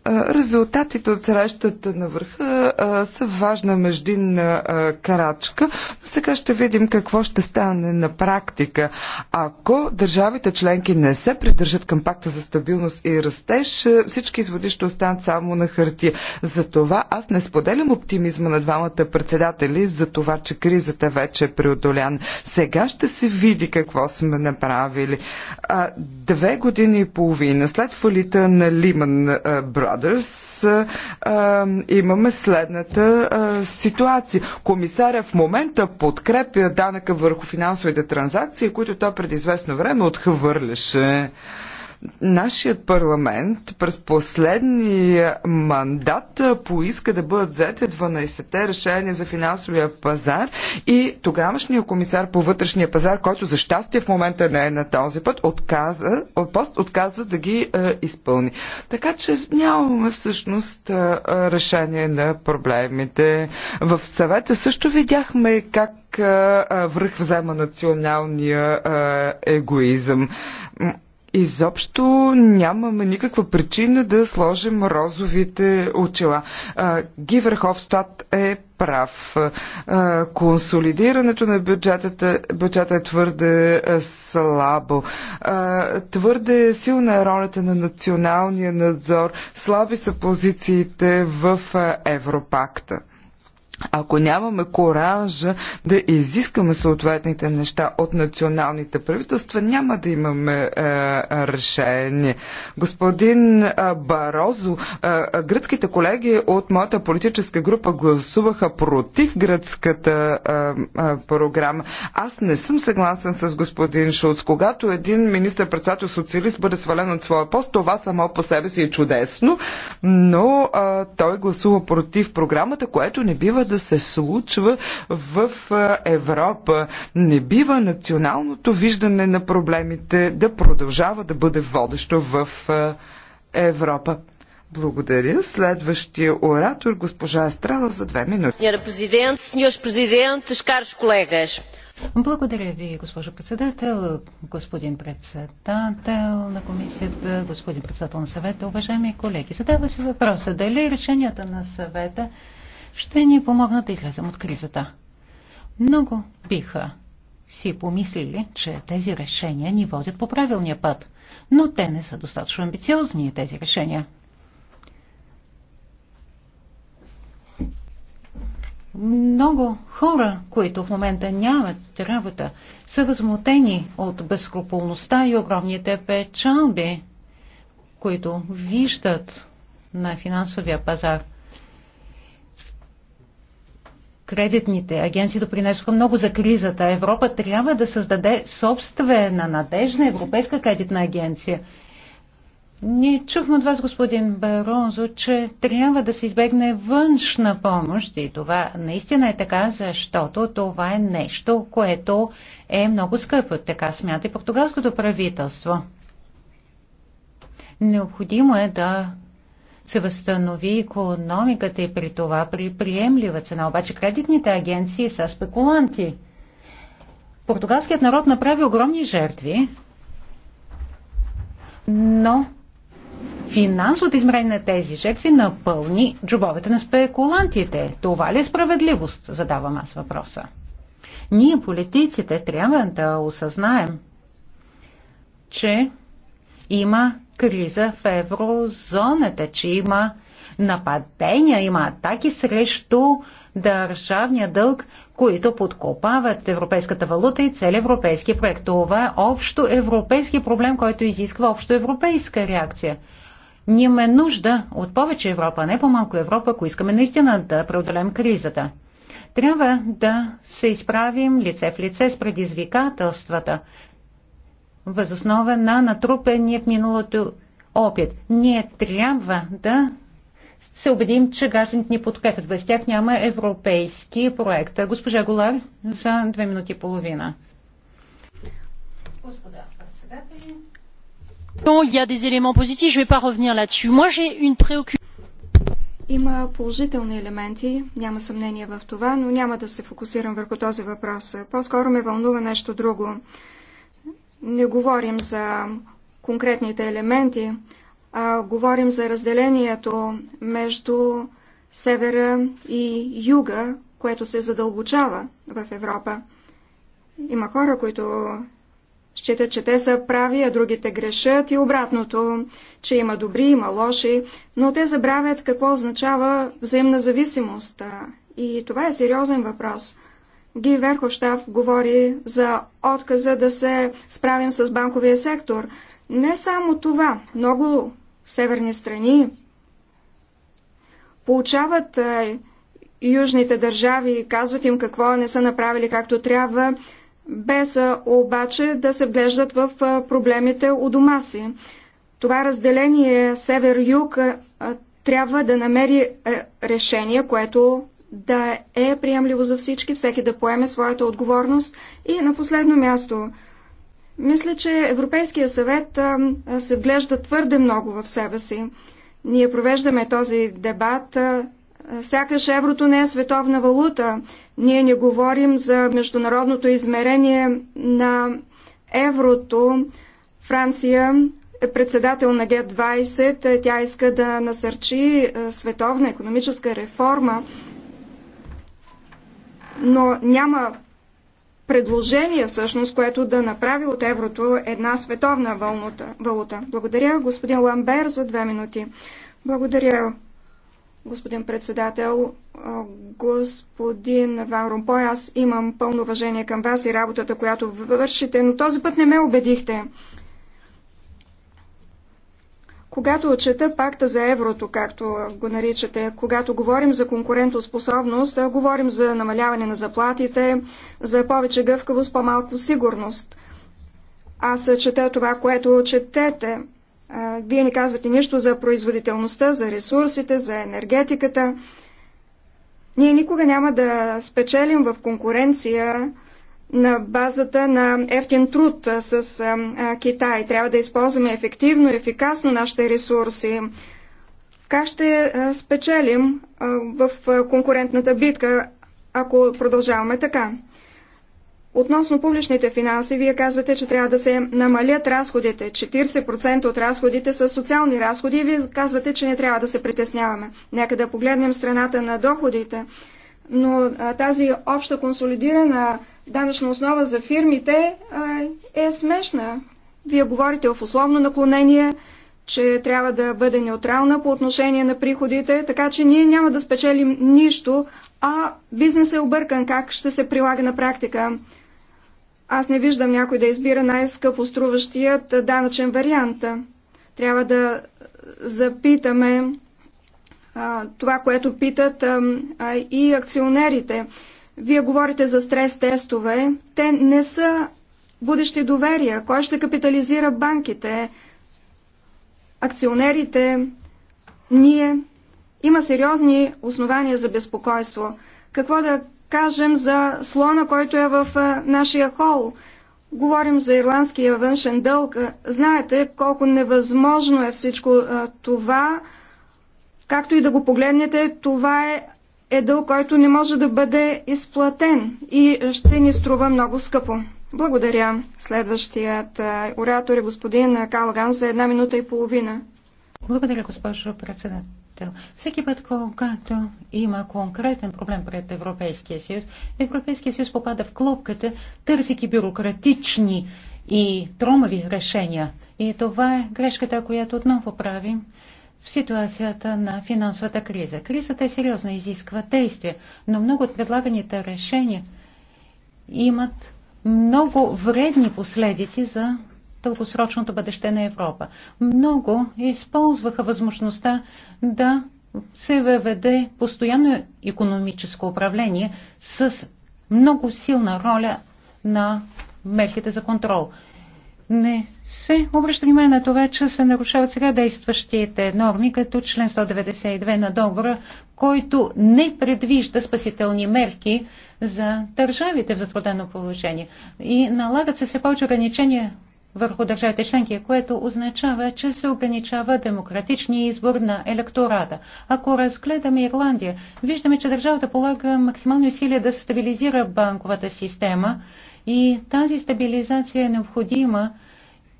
Резултатите от срещата на върха са важна междинна карачка, но сега ще видим какво ще стане на практика. Ако държавите членки не се придържат към пакта за стабилност и растеж, всички изводи ще останат само на хартия. Затова аз не споделям оптимизма на двамата председатели за това, че кризата вече е преодолян. Сега ще се види какво сме направили. Две години и половина след фалита на Лиман Брат Brothers имаме следната ситуация. Комисаря в момента подкрепя данъка върху финансовите транзакции, които той преди известно време отхвърляше. Нашият парламент през последния мандат поиска да бъдат взети 12-те решения за финансовия пазар и тогавашният комисар по вътрешния пазар, който за щастие в момента не е на този път, отказа, пост отказа да ги е, изпълни. Така че нямаме всъщност е, решение на проблемите. В съвета също видяхме как е, е, връх взема националния е, егоизъм изобщо нямаме никаква причина да сложим розовите очила. Гиверховстат е прав. Консолидирането на бюджетата, бюджета е твърде слабо. Твърде силна е ролята на националния надзор. Слаби са позициите в Европакта ако нямаме коража да изискаме съответните неща от националните правителства, няма да имаме е, решение. Господин е, Барозо, е, е, гръцките колеги от моята политическа група гласуваха против гръцката е, е, програма. Аз не съм съгласен с господин Шулц. Когато един министър председател социалист бъде свален от своя пост, това само по себе си е чудесно, но е, той гласува против програмата, което не бива да се случва в Европа. Не бива националното виждане на проблемите да продължава да бъде водещо в Европа. Благодаря. Следващия оратор, госпожа Астрала, за две минути. Сеньор президент, сеньор президент, карш колегаш. Благодаря ви, госпожо председател, господин председател на комисията, господин председател на съвета, уважаеми колеги. Задава се въпроса дали решенията на съвета ще ни помогнат да излезем от кризата. Много биха си помислили, че тези решения ни водят по правилния път, но те не са достатъчно амбициозни, тези решения. Много хора, които в момента нямат работа, са възмутени от безкруполността и огромните печалби, които виждат на финансовия пазар – кредитните агенции допринесоха много за кризата. Европа трябва да създаде собствена надежна европейска кредитна агенция. Ние чухме от вас, господин Баронзо, че трябва да се избегне външна помощ и това наистина е така, защото това е нещо, което е много скъпо. Така смята и португалското правителство. Необходимо е да се възстанови економиката и при това при приемлива цена. Обаче кредитните агенции са спекуланти. Португалският народ направи огромни жертви, но финансовото измерение на тези жертви напълни джобовете на спекулантите. Това ли е справедливост? Задавам аз въпроса. Ние, политиците, трябва да осъзнаем, че има криза в еврозоната, че има нападения, има атаки срещу държавния дълг, които подкопават европейската валута и цел европейски проект. Това е общо европейски проблем, който изисква общо европейска реакция. Ние имаме нужда от повече Европа, не по-малко Европа, ако искаме наистина да преодолем кризата. Трябва да се изправим лице в лице с предизвикателствата, възоснова на натрупения в миналото опит. Ние трябва да се убедим, че гражданите ни подкрепят. Без тях няма европейски проект. Госпожа Голар, за две минути и половина. Господа председатели, il y a des éléments positifs, je ne vais pas revenir là-dessus. Moi, j'ai une préoccupation. Има положителни елементи, няма съмнение в това, но няма да се фокусирам върху този въпрос. По-скоро ме вълнува нещо друго не говорим за конкретните елементи, а говорим за разделението между севера и юга, което се задълбочава в Европа. Има хора, които считат, че те са прави, а другите грешат и обратното, че има добри, има лоши, но те забравят какво означава взаимна зависимост. И това е сериозен въпрос. Ги Верховщав говори за отказа да се справим с банковия сектор. Не само това, много северни страни получават южните държави и казват им какво не са направили както трябва, без обаче да се вглеждат в проблемите у дома си. Това разделение север-юг трябва да намери е, решение, което да е приемливо за всички, всеки да поеме своята отговорност. И на последно място, мисля, че Европейския съвет се вглежда твърде много в себе си. Ние провеждаме този дебат. Сякаш еврото не е световна валута. Ние не говорим за международното измерение на еврото. Франция е председател на Г-20. Тя иска да насърчи световна економическа реформа но няма предложение всъщност, което да направи от еврото една световна вълнута, валута. Благодаря господин Ламбер за две минути. Благодаря господин председател, господин Ван Румпой, аз имам пълно уважение към вас и работата, която вършите, но този път не ме убедихте. Когато отчета пакта за еврото, както го наричате, когато говорим за конкурентоспособност, говорим за намаляване на заплатите, за повече гъвкавост, по-малко сигурност. Аз чета това, което четете. Вие не казвате нищо за производителността, за ресурсите, за енергетиката. Ние никога няма да спечелим в конкуренция на базата на ефтин труд с Китай. Трябва да използваме ефективно и ефикасно нашите ресурси. Как ще спечелим в конкурентната битка, ако продължаваме така? Относно публичните финанси, вие казвате, че трябва да се намалят разходите. 40% от разходите са социални разходи и вие казвате, че не трябва да се притесняваме. Нека да погледнем страната на доходите. Но тази обща консолидирана данъчна основа за фирмите е смешна. Вие говорите в условно наклонение, че трябва да бъде неутрална по отношение на приходите, така че ние няма да спечелим нищо, а бизнес е объркан как ще се прилага на практика. Аз не виждам някой да избира най-скъпо струващият данъчен вариант. Трябва да запитаме а, това, което питат а, а, и акционерите. Вие говорите за стрес-тестове. Те не са будещи доверия. Кой ще капитализира банките, акционерите, ние? Има сериозни основания за безпокойство. Какво да кажем за слона, който е в нашия хол? Говорим за ирландския външен дълг. Знаете колко невъзможно е всичко това. Както и да го погледнете, това е е дълг, който не може да бъде изплатен и ще ни струва много скъпо. Благодаря. Следващият е, оратор е господин Калган за една минута и половина. Благодаря, госпожо председател. Всеки път, когато има конкретен проблем пред Европейския съюз, Европейския съюз попада в клопката, търсики бюрократични и тромави решения. И това е грешката, която отново правим в ситуацията на финансовата криза. Кризата е сериозна, изисква действия, но много от предлаганите решения имат много вредни последици за дългосрочното бъдеще на Европа. Много използваха възможността да се въведе постоянно економическо управление с много силна роля на мерките за контрол не се обръща внимание на това, че се нарушават сега действащите норми, като член 192 на договора, който не предвижда спасителни мерки за държавите в затруднено положение. И налагат се все повече ограничения върху държавите членки, което означава, че се ограничава демократичния избор на електората. Ако разгледаме Ирландия, виждаме, че държавата полага максимални усилия да стабилизира банковата система – и тази стабилизация е необходима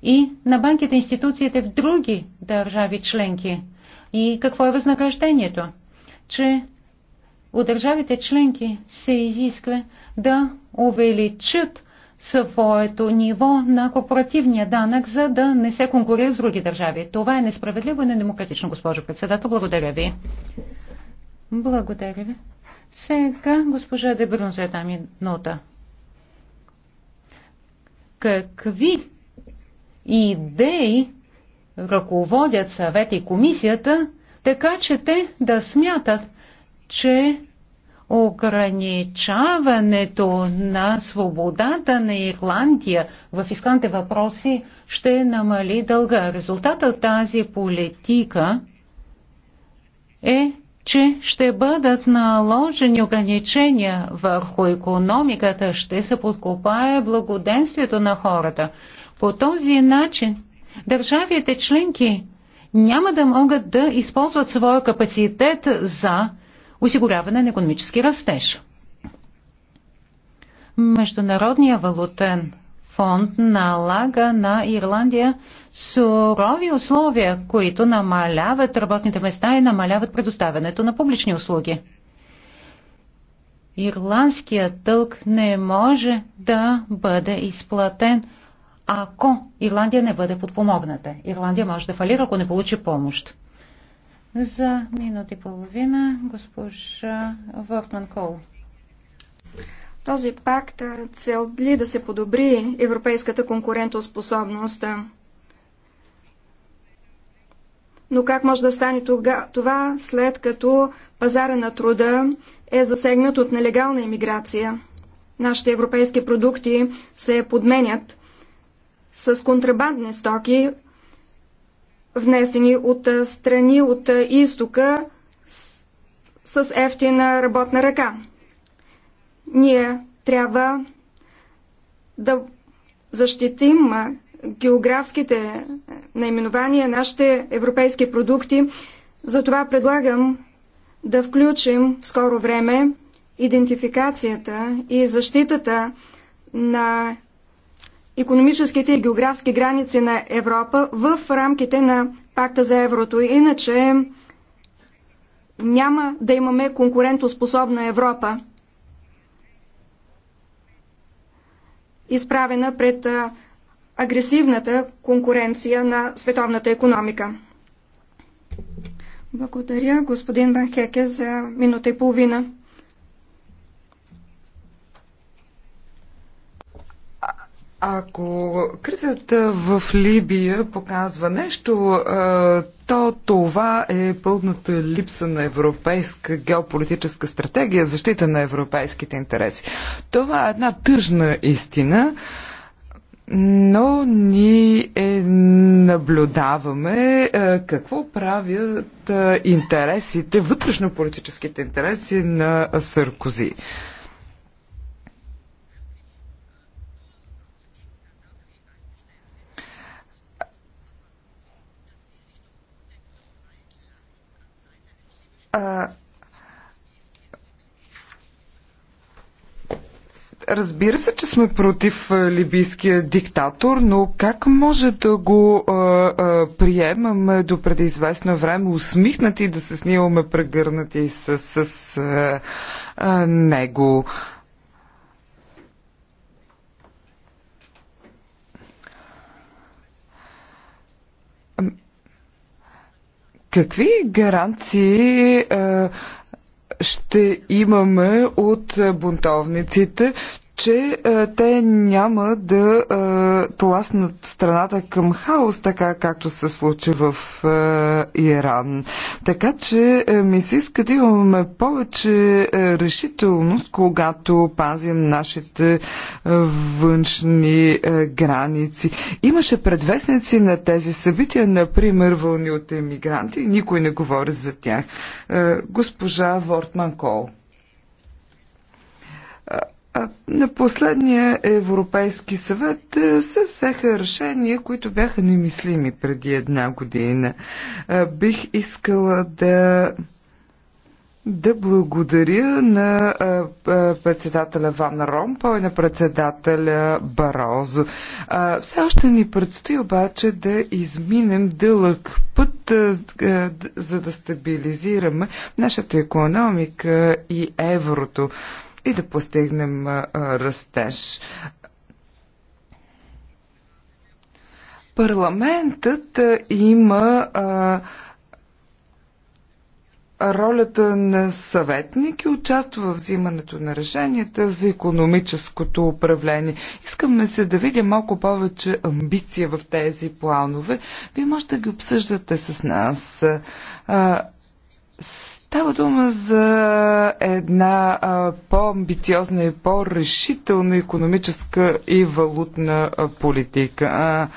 и на банките институциите в други държави членки. И какво е възнаграждението? Че от държавите членки се изисква да увеличат своето ниво на корпоративния данък, за да не се конкурира с други държави. Това е несправедливо и недемократично, госпожо председател. Благодаря ви. Благодаря ви. Сега госпожа Дебрунзе за нота. минута какви идеи ръководят съвет и комисията, така че те да смятат, че ограничаването на свободата на Ирландия в исканте въпроси ще намали дълга. Резултатът от тази политика е че ще бъдат наложени ограничения върху економиката, ще се подкопае благоденствието на хората. По този начин държавите членки няма да могат да използват своя капацитет за осигуряване на економически растеж. Международния валутен фонд налага на Ирландия сурови условия, които намаляват работните места и намаляват предоставянето на публични услуги. Ирландският дълг не може да бъде изплатен, ако Ирландия не бъде подпомогната. Ирландия може да фалира, ако не получи помощ. За минути и половина госпожа Вортман Кол. Този пакт цел ли да се подобри европейската конкурентоспособност? Но как може да стане тога, това след като пазара на труда е засегнат от нелегална иммиграция? Нашите европейски продукти се подменят с контрабандни стоки, внесени от страни от изтока с, с ефтина работна ръка. Ние трябва да защитим географските наименования, нашите европейски продукти. Затова предлагам да включим в скоро време идентификацията и защитата на економическите и географски граници на Европа в рамките на пакта за еврото. Иначе няма да имаме конкурентоспособна Европа, изправена пред агресивната конкуренция на световната економика. Благодаря, господин Банхеке, за минута и половина. Ако кризата в Либия показва нещо, то това е пълната липса на европейска геополитическа стратегия в защита на европейските интереси. Това е една тъжна истина но ние наблюдаваме е, какво правят е, интересите, вътрешно-политическите интереси на Съркози. А, Разбира се, че сме против либийския диктатор, но как може да го а, а, приемаме до предизвестно известно време усмихнати и да се снимаме прегърнати с, с а, а, него? Какви гаранции а, ще имаме от бунтовниците, че е, те няма да е, тласнат страната към хаос, така както се случи в е, Иран. Така че ми се иска да имаме повече решителност, когато пазим нашите външни граници. Имаше предвестници на тези събития, например вълни от емигранти, никой не говори за тях. Госпожа Вортман Кол. На последния Европейски съвет се взеха решения, които бяха немислими преди една година. Бих искала да да благодаря на председателя Ван Ромпо и на председателя Барозо. Все още ни предстои обаче да изминем дълъг път, за да стабилизираме нашата економика и еврото и да постигнем растеж. Парламентът има а, ролята на съветник и участва в взимането на решенията за економическото управление. Искаме се да видя малко повече амбиция в тези планове. Вие може да ги обсъждате с нас. Става дума за една по-амбициозна и по-решителна економическа и валутна политика. А,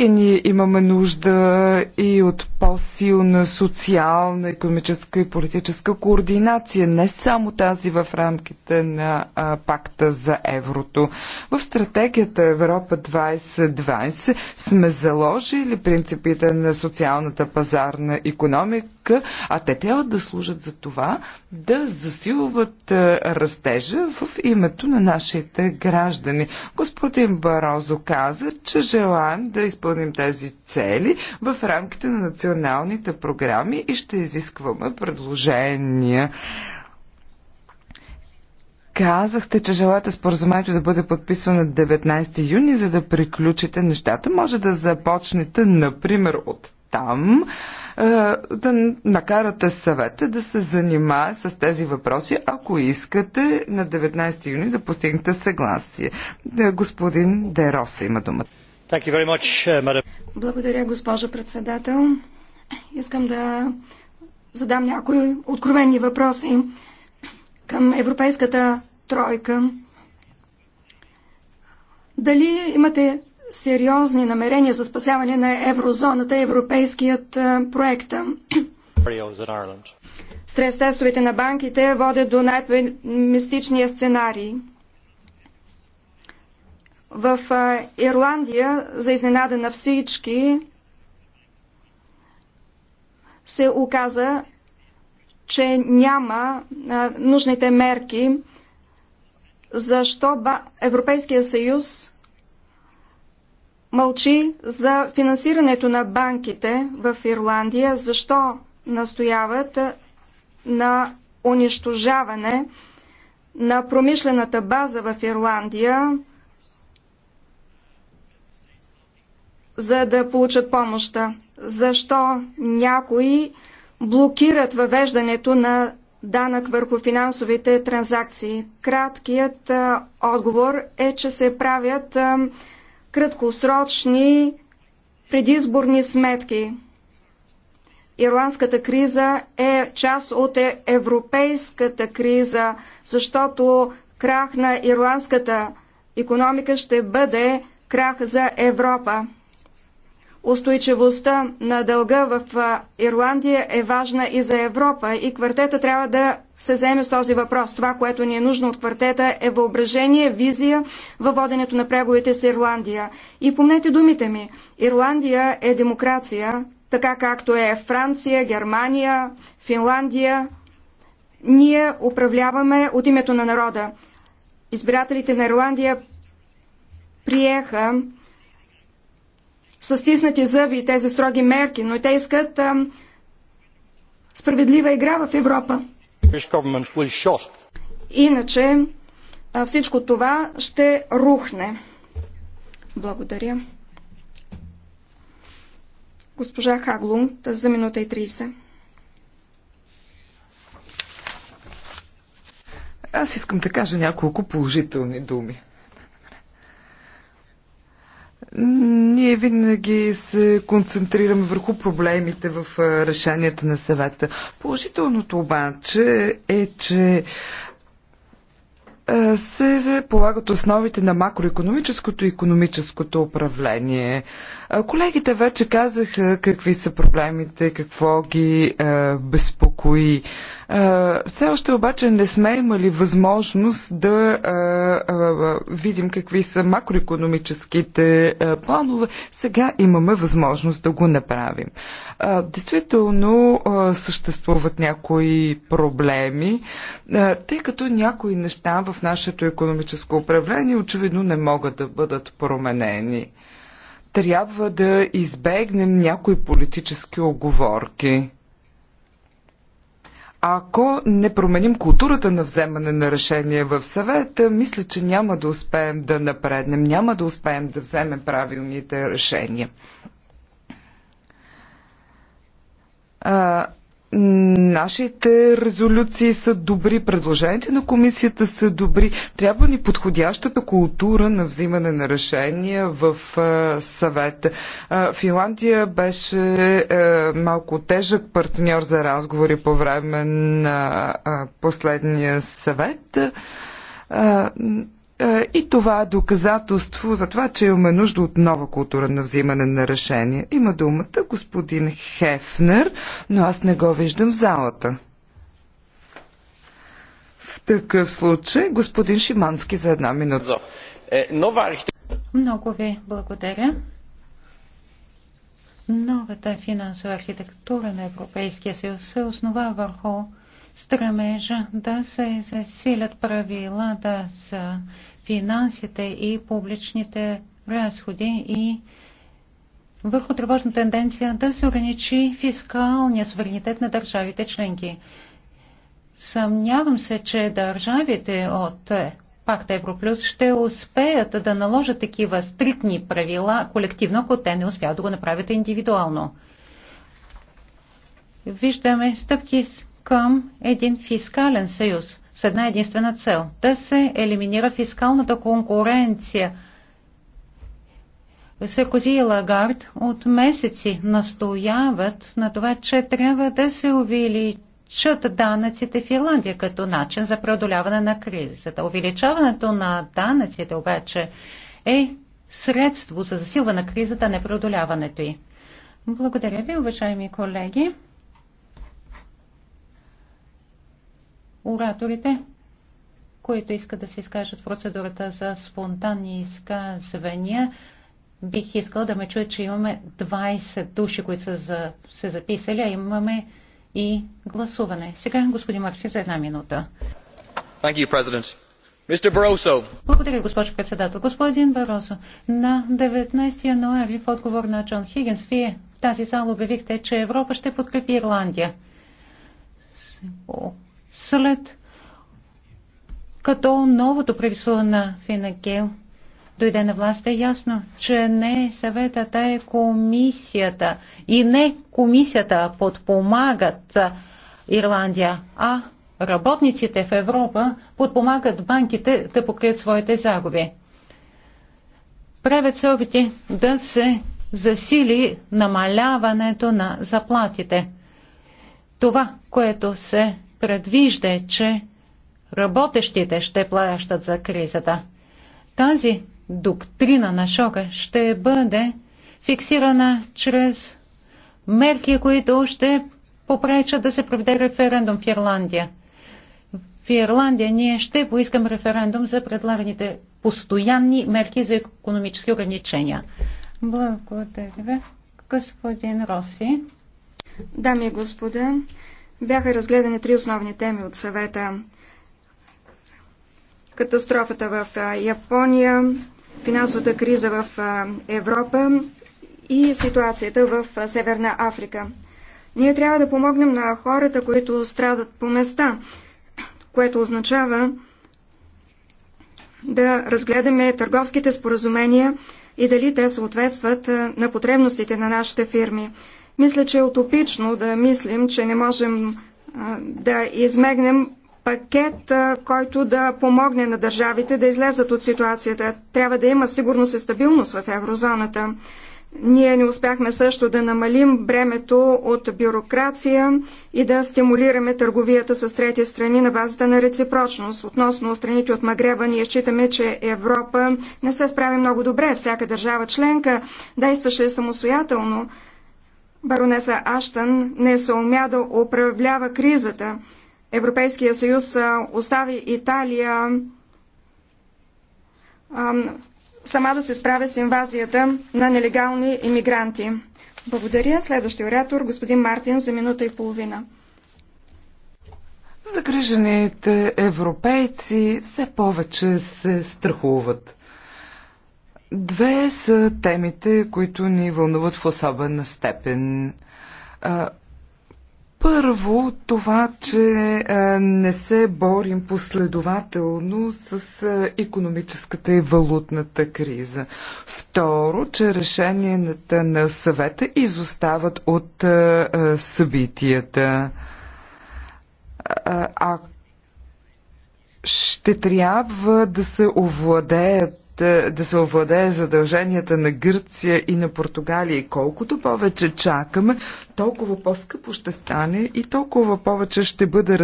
И ние имаме нужда и от по-силна социална, економическа и политическа координация, не само тази в рамките на а, пакта за еврото. В стратегията Европа 2020 сме заложили принципите на социалната пазарна економика, политика, а те трябва да служат за това да засилват е, растежа в името на нашите граждани. Господин Барозо каза, че желаем да изпълним тези цели в рамките на националните програми и ще изискваме предложения. Казахте, че желаете споразумението да бъде подписано на 19 юни, за да приключите нещата. Може да започнете, например, от там е, да накарате съвета да се занимае с тези въпроси, ако искате на 19 юни да постигнете съгласие. Е, господин Дерос има думата. Uh, Благодаря, госпожо председател. Искам да задам някои откровени въпроси към Европейската тройка. Дали имате сериозни намерения за спасяване на еврозоната и европейският е, проект. Стрес тестовете на банките водят до най мистичния сценарий. В е, Ирландия, за изненада на всички, се оказа, че няма е, нужните мерки, защо Европейския съюз мълчи за финансирането на банките в Ирландия, защо настояват на унищожаване на промишлената база в Ирландия, за да получат помощта. Защо някои блокират въвеждането на данък върху финансовите транзакции? Краткият а, отговор е, че се правят а, краткосрочни предизборни сметки. Ирландската криза е част от е- европейската криза, защото крах на ирландската економика ще бъде крах за Европа. Устойчивостта на дълга в Ирландия е важна и за Европа и квартета трябва да се заеме с този въпрос. Това, което ни е нужно от квартета е въображение, визия във воденето на преговорите с Ирландия. И помнете думите ми. Ирландия е демокрация, така както е Франция, Германия, Финландия. Ние управляваме от името на народа. Избирателите на Ирландия приеха са стиснати зъби и тези строги мерки, но те искат а, справедлива игра в Европа. Иначе а, всичко това ще рухне. Благодаря. Госпожа Хаглун, за минута и 30. Аз искам да кажа няколко положителни думи. Ние винаги се концентрираме върху проблемите в решенията на съвета. Положителното обаче е, че се полагат основите на макроекономическото и економическото управление. Колегите вече казаха какви са проблемите, какво ги безпокои. Все още обаче не сме имали възможност да видим какви са макроекономическите планове. Сега имаме възможност да го направим. Действително съществуват някои проблеми, тъй като някои неща в нашето економическо управление очевидно не могат да бъдат променени. Трябва да избегнем някои политически оговорки ако не променим културата на вземане на решение в съвета, мисля, че няма да успеем да напреднем, няма да успеем да вземем правилните решения. Нашите резолюции са добри, предложенията на комисията са добри. Трябва ни подходящата култура на взимане на решения в съвета. Финландия беше малко тежък партньор за разговори по време на последния съвет е, и това е доказателство за това, че имаме нужда от нова култура на взимане на решения. Има думата господин Хефнер, но аз не го виждам в залата. В такъв случай господин Шимански за една минута. Е, Много ви благодаря. Новата финансова архитектура на Европейския съюз се основа върху стремежа да се засилят правилата за финансите и публичните разходи и върху тревожна тенденция да се ограничи фискалния суверенитет на държавите членки. Съмнявам се, че държавите от пакта Европлюс ще успеят да наложат такива стриктни правила колективно, ако те не успяват да го направят индивидуално. Виждаме стъпки с към един фискален съюз с една единствена цел – да се елиминира фискалната конкуренция. Саркози и Лагард от месеци настояват на това, че трябва да се увеличат данъците в Ирландия като начин за преодоляване на кризата. Увеличаването на данъците обаче е средство за засилване на кризата, не преодоляването й. Благодаря ви, уважаеми колеги. ораторите, които искат да се изкажат в процедурата за спонтанни изказвания. Бих искал да ме чуя, че имаме 20 души, които са за, се записали, а имаме и гласуване. Сега господин Марчи за една минута. Thank you, President. Благодаря, госпожо председател. Господин Баросо, на 19 януари в отговор на Джон Хигенс, вие в тази зала обявихте, че Европа ще подкрепи Ирландия след като новото правителство на Финакел дойде на власт, е ясно, че не съвета а е комисията. И не комисията подпомагат Ирландия, а работниците в Европа подпомагат банките да покрият своите загуби. Правят се опити да се засили намаляването на заплатите. Това, което се предвижда, че работещите ще плащат за кризата. Тази доктрина на шока ще бъде фиксирана чрез мерки, които ще попречат да се проведе референдум в Ирландия. В Ирландия ние ще поискам референдум за предлаганите постоянни мерки за економически ограничения. Благодаря, господин Роси. Дами и господа, бяха разгледани три основни теми от съвета. Катастрофата в Япония, финансовата криза в Европа и ситуацията в Северна Африка. Ние трябва да помогнем на хората, които страдат по места, което означава да разгледаме търговските споразумения и дали те съответстват на потребностите на нашите фирми. Мисля, че е утопично да мислим, че не можем да измегнем пакет, който да помогне на държавите да излезат от ситуацията. Трябва да има сигурност и стабилност в еврозоната. Ние не успяхме също да намалим бремето от бюрокрация и да стимулираме търговията с трети страни на базата на реципрочност. Относно страните от Магреба, ние считаме, че Европа не се справи много добре. Всяка държава членка действаше самостоятелно. Баронеса Аштън не съумя да управлява кризата. Европейския съюз остави Италия сама да се справя с инвазията на нелегални иммигранти. Благодаря. Следващия оратор, господин Мартин, за минута и половина. Загрижените европейци все повече се страхуват. Две са темите, които ни вълнуват в особена степен. Първо, това, че не се борим последователно с економическата и валутната криза. Второ, че решенията на съвета изостават от събитията. А ще трябва да се овладеят да се овладее задълженията на Гърция и на Португалия. И колкото повече чакаме, толкова по-скъпо ще стане и толкова повече ще бъде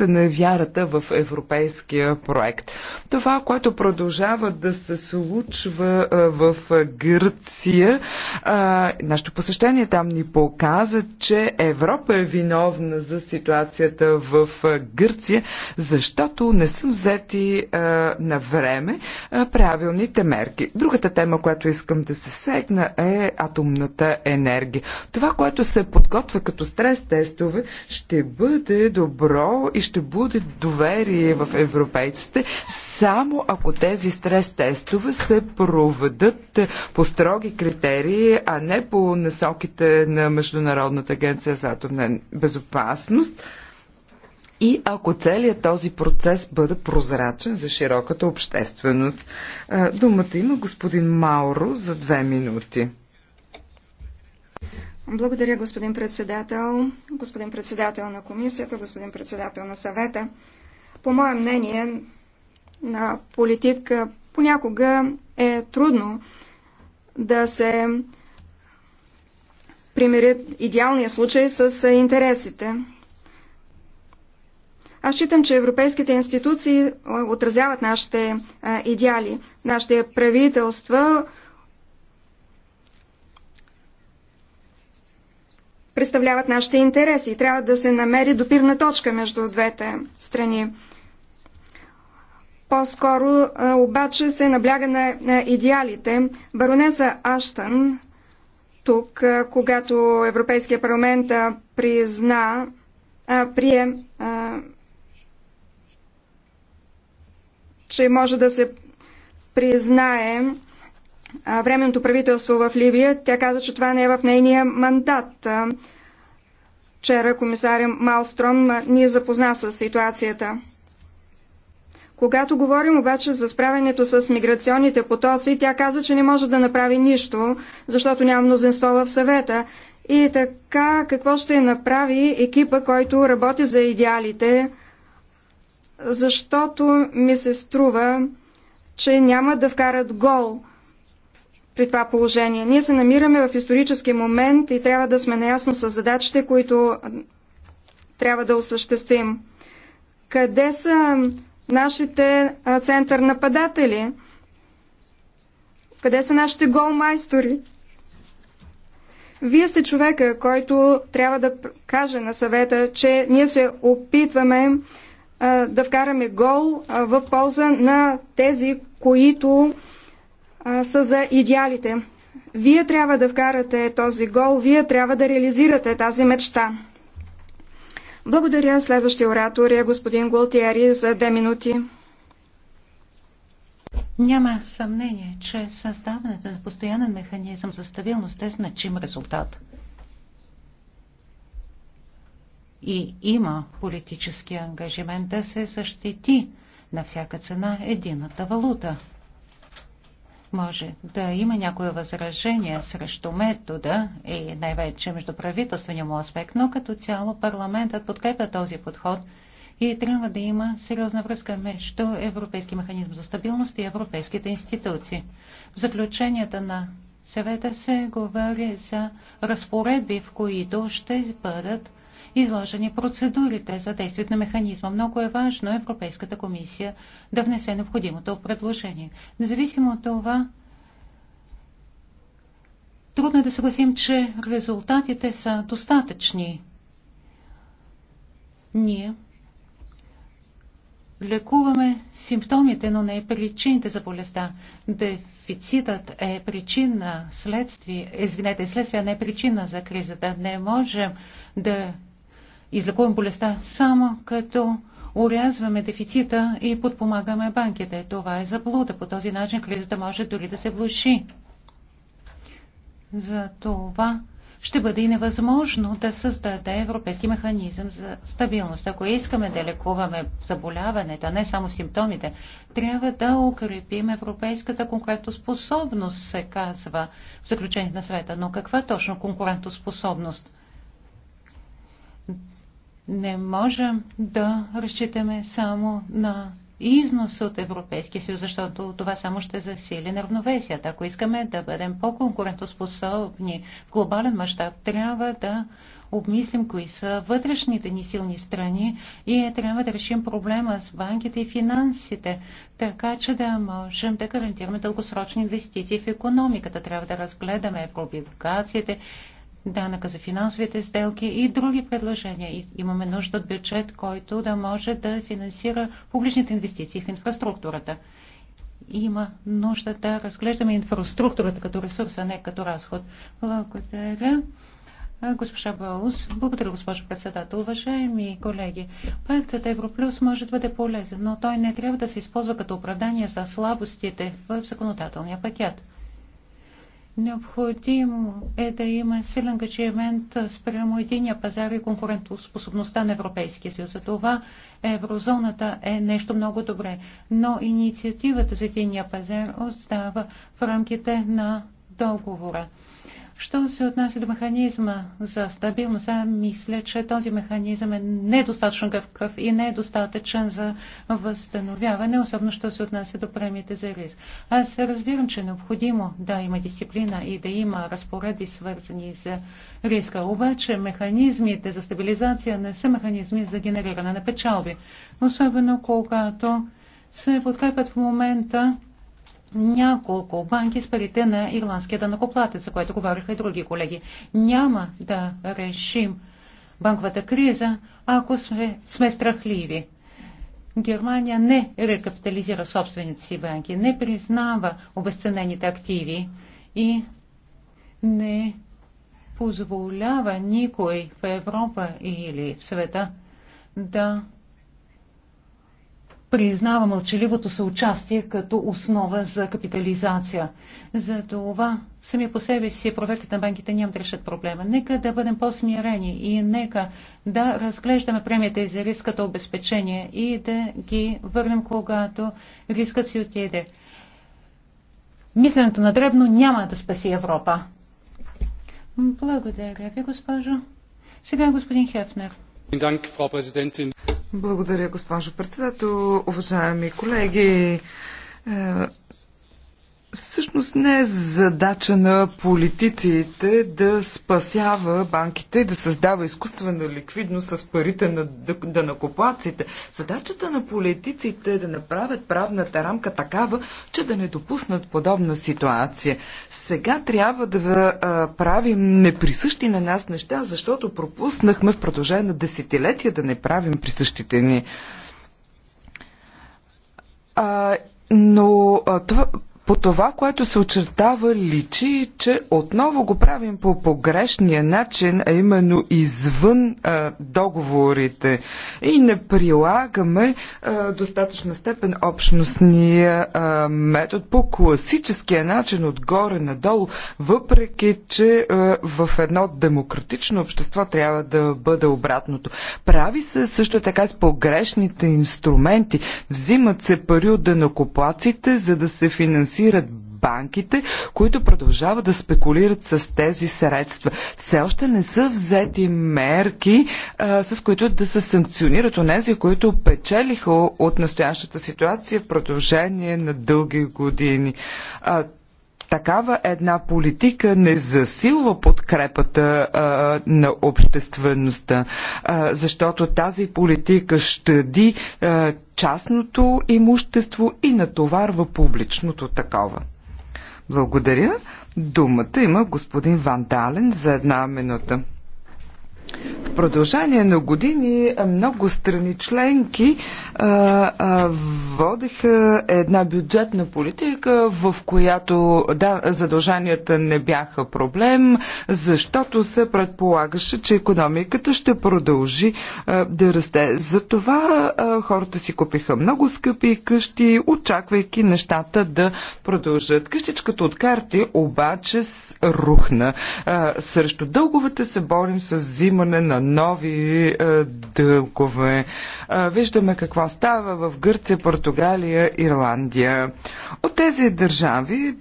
на вярата в европейския проект. Това, което продължава да се случва в Гърция, нашето посещение там ни показа, че Европа е виновна за ситуацията в Гърция, защото не са взети на време правилни социалните мерки. Другата тема, която искам да се сегна е атомната енергия. Това, което се подготвя като стрес тестове, ще бъде добро и ще бъде доверие в европейците, само ако тези стрес тестове се проведат по строги критерии, а не по насоките на Международната агенция за атомна безопасност и ако целият този процес бъде прозрачен за широката общественост. Думата има господин Мауро за две минути. Благодаря, господин председател, господин председател на комисията, господин председател на съвета. По мое мнение, на политика понякога е трудно да се примерят идеалния случай с интересите. Аз считам, че европейските институции отразяват нашите идеали, нашите правителства, представляват нашите интереси и трябва да се намери допирна точка между двете страни. По-скоро обаче се набляга на, на идеалите. Баронеса Аштън тук, когато Европейския парламент призна, прие че може да се признае временното правителство в Ливия. Тя каза, че това не е в нейния мандат. Вчера комисаря Малстром ни запозна с ситуацията. Когато говорим обаче за справянето с миграционните потоци, тя каза, че не може да направи нищо, защото няма мнозинство в съвета. И така, какво ще направи екипа, който работи за идеалите, защото ми се струва, че няма да вкарат гол при това положение. Ние се намираме в исторически момент и трябва да сме наясно с задачите, които трябва да осъществим. Къде са нашите център нападатели? Къде са нашите голмайстори? Вие сте човека, който трябва да каже на съвета, че ние се опитваме да вкараме гол в полза на тези, които са за идеалите. Вие трябва да вкарате този гол, вие трябва да реализирате тази мечта. Благодаря. Следващия оратор е господин Голтиери за две минути. Няма съмнение, че създаването на постоянен механизъм за стабилност е значим резултат. и има политически ангажимент да се защити на всяка цена едината валута. Може да има някое възражение срещу метода и най-вече между правителствения му аспект, но като цяло парламентът подкрепя този подход и трябва да има сериозна връзка между Европейски механизъм за стабилност и европейските институции. В заключенията на съвета се говори за разпоредби, в които ще бъдат изложени процедурите за действието на механизма. Много е важно Европейската комисия да внесе необходимото предложение. Независимо от това, трудно е да съгласим, че резултатите са достатъчни. Ние лекуваме симптомите, но не причините за болестта. Дефицитът е причина, следствие, извинете, следствие не е причина за кризата. Не можем да излекуваме болестта само като урязваме дефицита и подпомагаме банките. Това е заблуда. По този начин кризата може дори да се влуши. За това ще бъде и невъзможно да създаде европейски механизъм за стабилност. Ако искаме да лекуваме заболяването, а не само симптомите, трябва да укрепим европейската конкурентоспособност, се казва в заключение на света. Но каква точно конкурентоспособност? Не можем да разчитаме само на износ от Европейския съюз, защото това само ще засили неравновесията. Ако искаме да бъдем по-конкурентоспособни в глобален мащаб, трябва да обмислим кои са вътрешните ни силни страни и трябва да решим проблема с банките и финансите, така че да можем да гарантираме дългосрочни инвестиции в економиката. Трябва да разгледаме облигациите данъка за финансовите сделки и други предложения. И имаме нужда от бюджет, който да може да финансира публичните инвестиции в инфраструктурата. Има нужда да разглеждаме инфраструктурата като ресурс, а не като разход. Благодаря. Госпожа Баус, благодаря, госпожо председател. Уважаеми колеги, проектът Европлюс може да бъде полезен, но той не трябва да се използва като оправдание за слабостите в законодателния пакет. Необходимо е да има силен ангажимент спрямо единия пазар и конкурентоспособността на Европейския съюз. За това еврозоната е нещо много добре, но инициативата за единия пазар остава в рамките на договора. Що се отнася до механизма за стабилност, а мисля, че този механизъм е недостатъчно гъвкав и недостатъчен за възстановяване, особено що се отнася до премиите за риск. Аз разбирам, че е необходимо да има дисциплина и да има разпоредби свързани за риска. Обаче механизмите за стабилизация не са механизми за генериране на печалби. Особено когато се подкрепят в момента няколко банки с парите на ирландския данакоплатец, за което говориха и други колеги. Няма да решим банковата криза, ако сме, сме страхливи. Германия не рекапитализира собствените си банки, не признава обесценените активи и не позволява никой в Европа или в света да признава мълчаливото съучастие като основа за капитализация. За това сами по себе си проверките на банките няма да решат проблема. Нека да бъдем по-смирени и нека да разглеждаме и за риск като обезпечение и да ги върнем, когато рискът си отиде. Мисленето на дребно няма да спаси Европа. Благодаря ви, госпожо. Сега господин Хефнер. Благодаря, госпожо председател. Уважаеми колеги, Всъщност не е задача на политиците да спасява банките и да създава изкуствена ликвидност с парите на данакоплаците. Задачата на политиците е да направят правната рамка такава, че да не допуснат подобна ситуация. Сега трябва да а, правим неприсъщи на нас неща, защото пропуснахме в продължение на десетилетия да не правим присъщите ни. А, но а, това по това, което се очертава, личи, че отново го правим по погрешния начин, а именно извън а, договорите и не прилагаме а, достатъчна степен общностния а, метод по класическия начин отгоре надолу, въпреки, че а, в едно демократично общество трябва да бъде обратното. Прави се също така с погрешните инструменти. Взимат се пари от денокоплаците, за да се финансират финансират банките, които продължават да спекулират с тези средства. Все още не са взети мерки, а, с които да се санкционират онези, които печелиха от настоящата ситуация в продължение на дълги години. А, такава една политика не засилва подкрепата а, на обществеността, а, защото тази политика щади а, частното имущество и натоварва публичното такова. Благодаря. Думата има господин Ван Дален за една минута. В продължение на години много страни членки а, а, водиха една бюджетна политика, в която да, задължанията не бяха проблем, защото се предполагаше, че економиката ще продължи а, да расте. Затова а, хората си купиха много скъпи къщи, очаквайки нещата да продължат. Къщичката от карти обаче рухна. А, срещу дълговете се борим с зим взимане на нови е, дългове. Е, виждаме какво става в Гърция, Португалия, Ирландия. От тези държави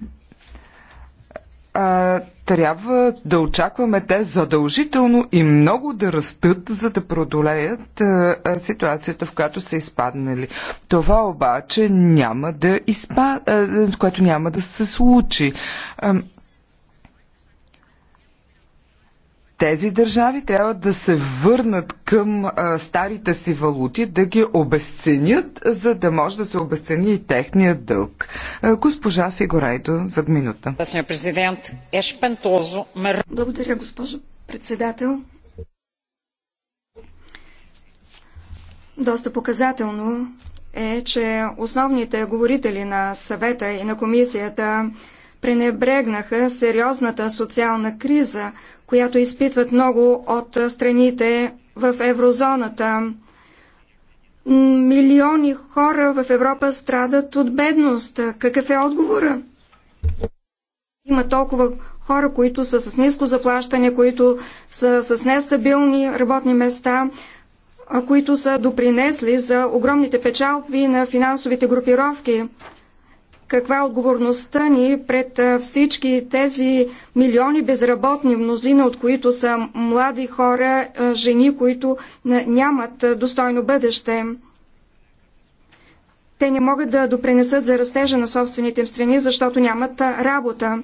а, е, трябва да очакваме те задължително и много да растат, за да продолеят а, ситуацията, в която са изпаднали. Това обаче няма да изпад... а, което няма да се случи. А, Тези държави трябва да се върнат към а, старите си валути, да ги обесценят, за да може да се обесцени и техния дълг. А, госпожа Фигурайдо, за минута. Е Благодаря, госпожо председател. Доста показателно е, че основните говорители на съвета и на комисията пренебрегнаха сериозната социална криза, която изпитват много от страните в еврозоната. Милиони хора в Европа страдат от бедност. Какъв е отговора? Има толкова хора, които са с ниско заплащане, които са с нестабилни работни места, които са допринесли за огромните печалби на финансовите групировки каква е отговорността ни пред всички тези милиони безработни, мнозина от които са млади хора, жени, които нямат достойно бъдеще. Те не могат да допринесат за растежа на собствените им страни, защото нямат работа.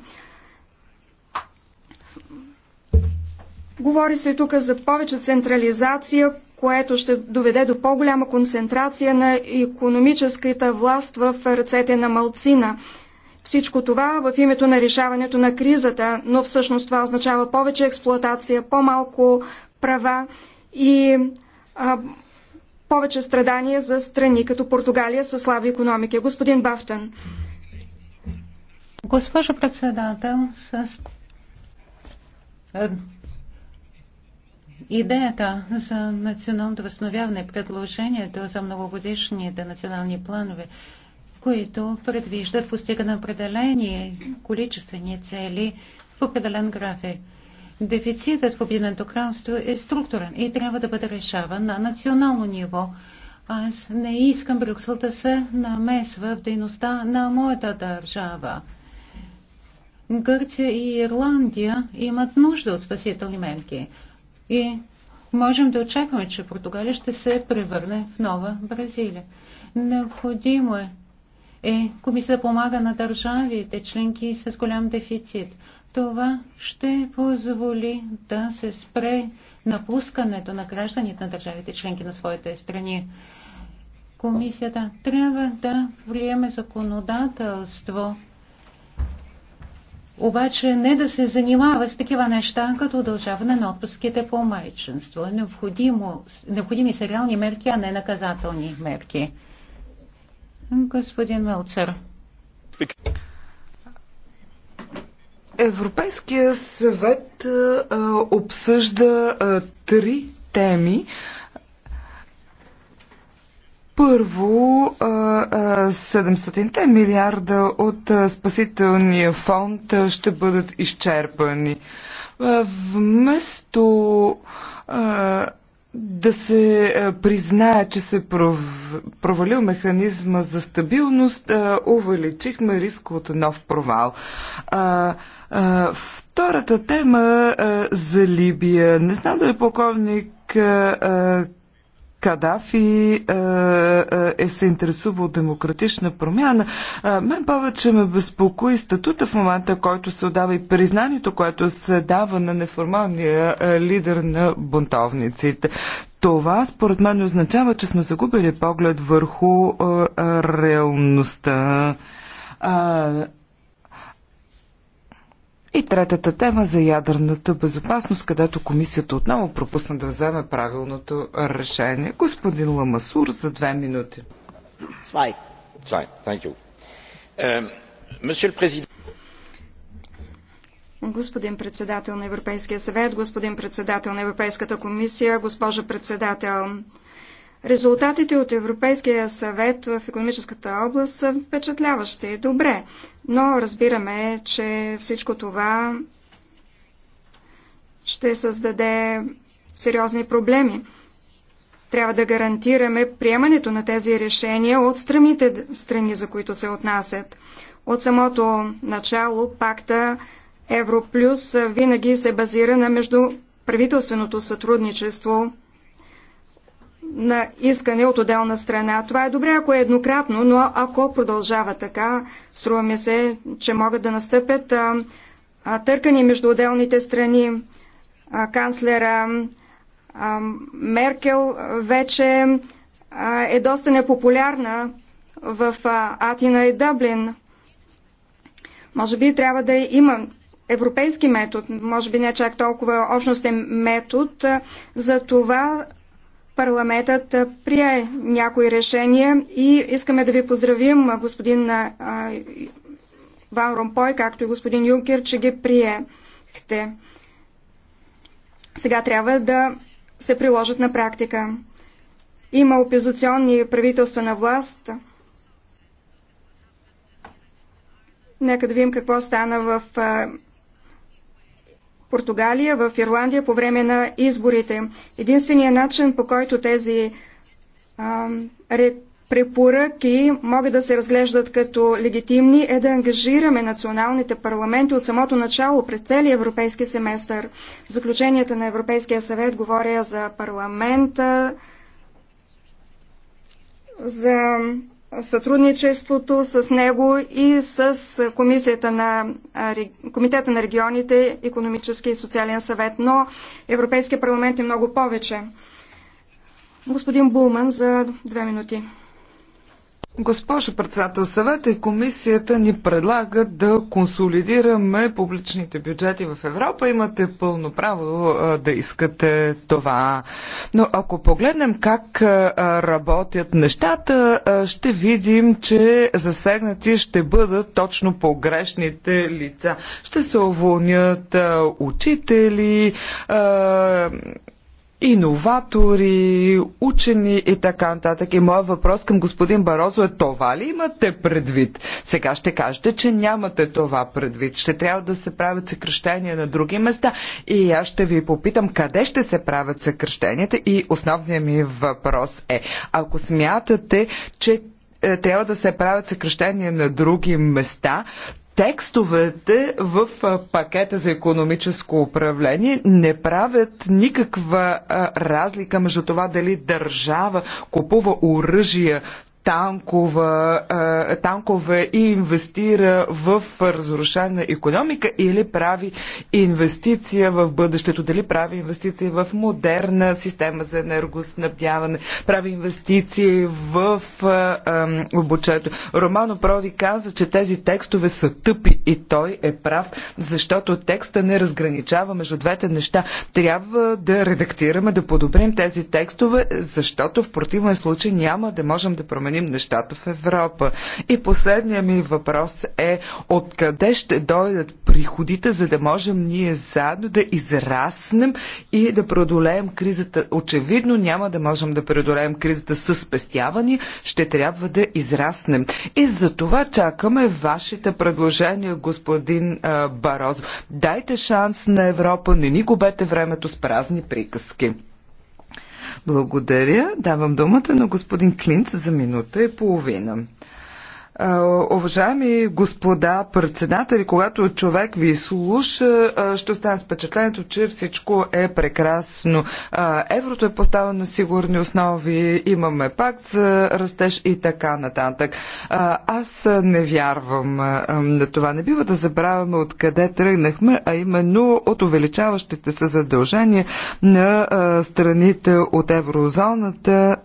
Говори се тук за повече централизация, което ще доведе до по-голяма концентрация на економическата власт в ръцете на малцина. Всичко това в името на решаването на кризата, но всъщност това означава повече експлоатация, по-малко права и а, повече страдания за страни като Португалия с слаби економики. Господин Бафтън. Госпожо председател, с Идеята за националното възстановяване, предложението за многогодишните национални планове, които предвиждат постигане на определени количествени цели в определен график. Дефицитът в Обединеното кралство е структурен и трябва да бъде решаван на национално ниво. Аз не искам Брюксел да се намесва в дейността на моята държава. Гърция и Ирландия имат нужда от спасителни мерки. И можем да очакваме, че Португалия ще се превърне в нова Бразилия. Необходимо е, е комисия да помага на държавите членки с голям дефицит. Това ще позволи да се спре напускането на гражданите на държавите членки на своите страни. Комисията трябва да приеме законодателство, обаче не да се занимава с такива неща, като удължаване на отпуските по майчинство. необходими са реални мерки, а не наказателни мерки. Господин Мелцер. Европейския съвет а, обсъжда а, три теми, първо, 700-те милиарда от спасителния фонд ще бъдат изчерпани. Вместо да се признае, че се провалил механизма за стабилност, увеличихме риск от нов провал. Втората тема за Либия. Не знам дали полковник Кадафи е, е, е се интересувал от демократична промяна. Е, мен повече ме безпокои статута в момента, който се отдава и признанието, което се дава на неформалния лидер на бунтовниците. Това, според мен, означава, че сме загубили поглед върху реалността. И третата тема за ядърната безопасност, където комисията отново пропусна да вземе правилното решение. Господин Ламасур за две минути. Свай. Свай, thank you. Господин председател на Европейския съвет, господин председател на Европейската комисия, госпожа председател Резултатите от Европейския съвет в економическата област са впечатляващи. Добре, но разбираме, че всичко това ще създаде сериозни проблеми. Трябва да гарантираме приемането на тези решения от страните, страни, за които се отнасят. От самото начало пакта Европлюс винаги се базира на между правителственото сътрудничество – на искане от отделна страна. Това е добре, ако е еднократно, но ако продължава така, струва ми се, че могат да настъпят а, а, търкани между отделните страни. А, канцлера а, Меркел вече а, е доста непопулярна в а, Атина и Дъблин. Може би трябва да има европейски метод, може би не чак толкова общностен метод, за това Парламентът прие някои решения и искаме да ви поздравим, господин Ван Ромпой, както и господин Юнкер, че ги приехте. Сега трябва да се приложат на практика. Има опозиционни правителства на власт. Нека да видим какво стана в Португалия, в Ирландия по време на изборите. Единственият начин, по който тези а, препоръки могат да се разглеждат като легитимни, е да ангажираме националните парламенти от самото начало през целия европейски семестър. Заключенията на Европейския съвет говоря за парламента, за сътрудничеството с него и с комисията на, Комитета на регионите, економически и социален съвет, но Европейския парламент е много повече. Господин Булман за две минути. Госпожо председател, съвета и комисията ни предлагат да консолидираме публичните бюджети в Европа. Имате пълно право да искате това. Но ако погледнем как работят нещата, ще видим, че засегнати ще бъдат точно погрешните лица. Ще се уволнят учители, иноватори, учени и така нататък. И моят въпрос към господин Барозо е това ли имате предвид? Сега ще кажете, че нямате това предвид. Ще трябва да се правят съкръщения на други места. И аз ще ви попитам къде ще се правят съкръщенията. И основният ми въпрос е, ако смятате, че е, трябва да се правят съкръщения на други места, текстовете в пакета за економическо управление не правят никаква разлика между това дали държава купува оръжия танкова, танкове и инвестира в разрушена економика или прави инвестиция в бъдещето, дали прави инвестиции в модерна система за енергоснабдяване, прави инвестиции в обучението. Романо Проди каза, че тези текстове са тъпи и той е прав, защото текста не разграничава между двете неща. Трябва да редактираме, да подобрим тези текстове, защото в противен случай няма да можем да променим променим нещата в Европа. И последният ми въпрос е откъде ще дойдат приходите, за да можем ние заедно да израснем и да преодолеем кризата. Очевидно няма да можем да преодолеем кризата с спестявани, ще трябва да израснем. И за това чакаме вашите предложения, господин Барозов. Дайте шанс на Европа, не ни губете времето с празни приказки. Благодаря. Давам думата на господин Клинц за минута и половина. Уважаеми господа председатели, когато човек ви слуша, ще остане с впечатлението, че всичко е прекрасно. Еврото е поставено на сигурни основи, имаме пакт за растеж и така нататък. Аз не вярвам на това. Не бива да забравяме откъде тръгнахме, а именно от увеличаващите се задължения на страните от еврозоната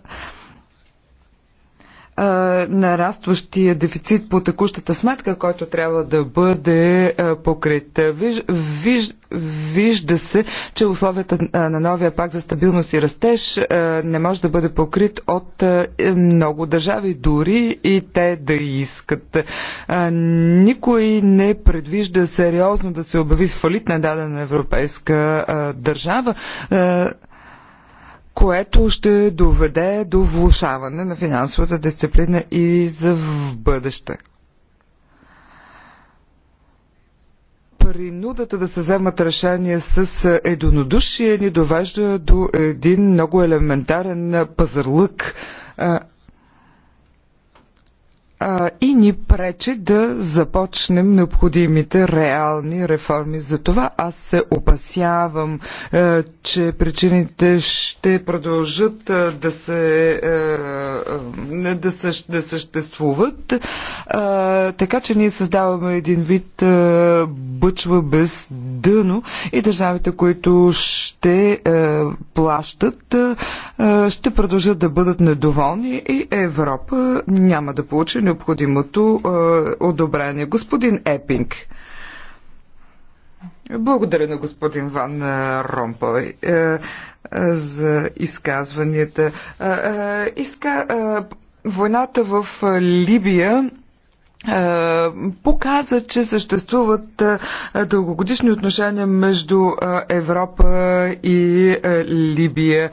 нарастващия дефицит по текущата сметка, който трябва да бъде покрит. Виж, виж, вижда се, че условията на новия пак за стабилност и растеж не може да бъде покрит от много държави, дори и те да искат. никой не предвижда сериозно да се обяви фалит на дадена европейска държава което ще доведе до влушаване на финансовата дисциплина и за в бъдеще. принудата да се вземат решения с единодушие ни довежда до един много елементарен пазарлък, и ни пречи да започнем необходимите реални реформи. Затова аз се опасявам, е, че причините ще продължат е, е, да, се, да, същ, да съществуват, така че ние създаваме един вид бъчва без дъно и държавите, които ще плащат, ще продължат да бъдат недоволни и Европа няма да получи необходимото одобрение. Господин Епинг. Благодаря на господин Ван Ромпой за изказванията. Иска, войната в Либия е, показа, че съществуват е, дългогодишни отношения между е, Европа и Либия.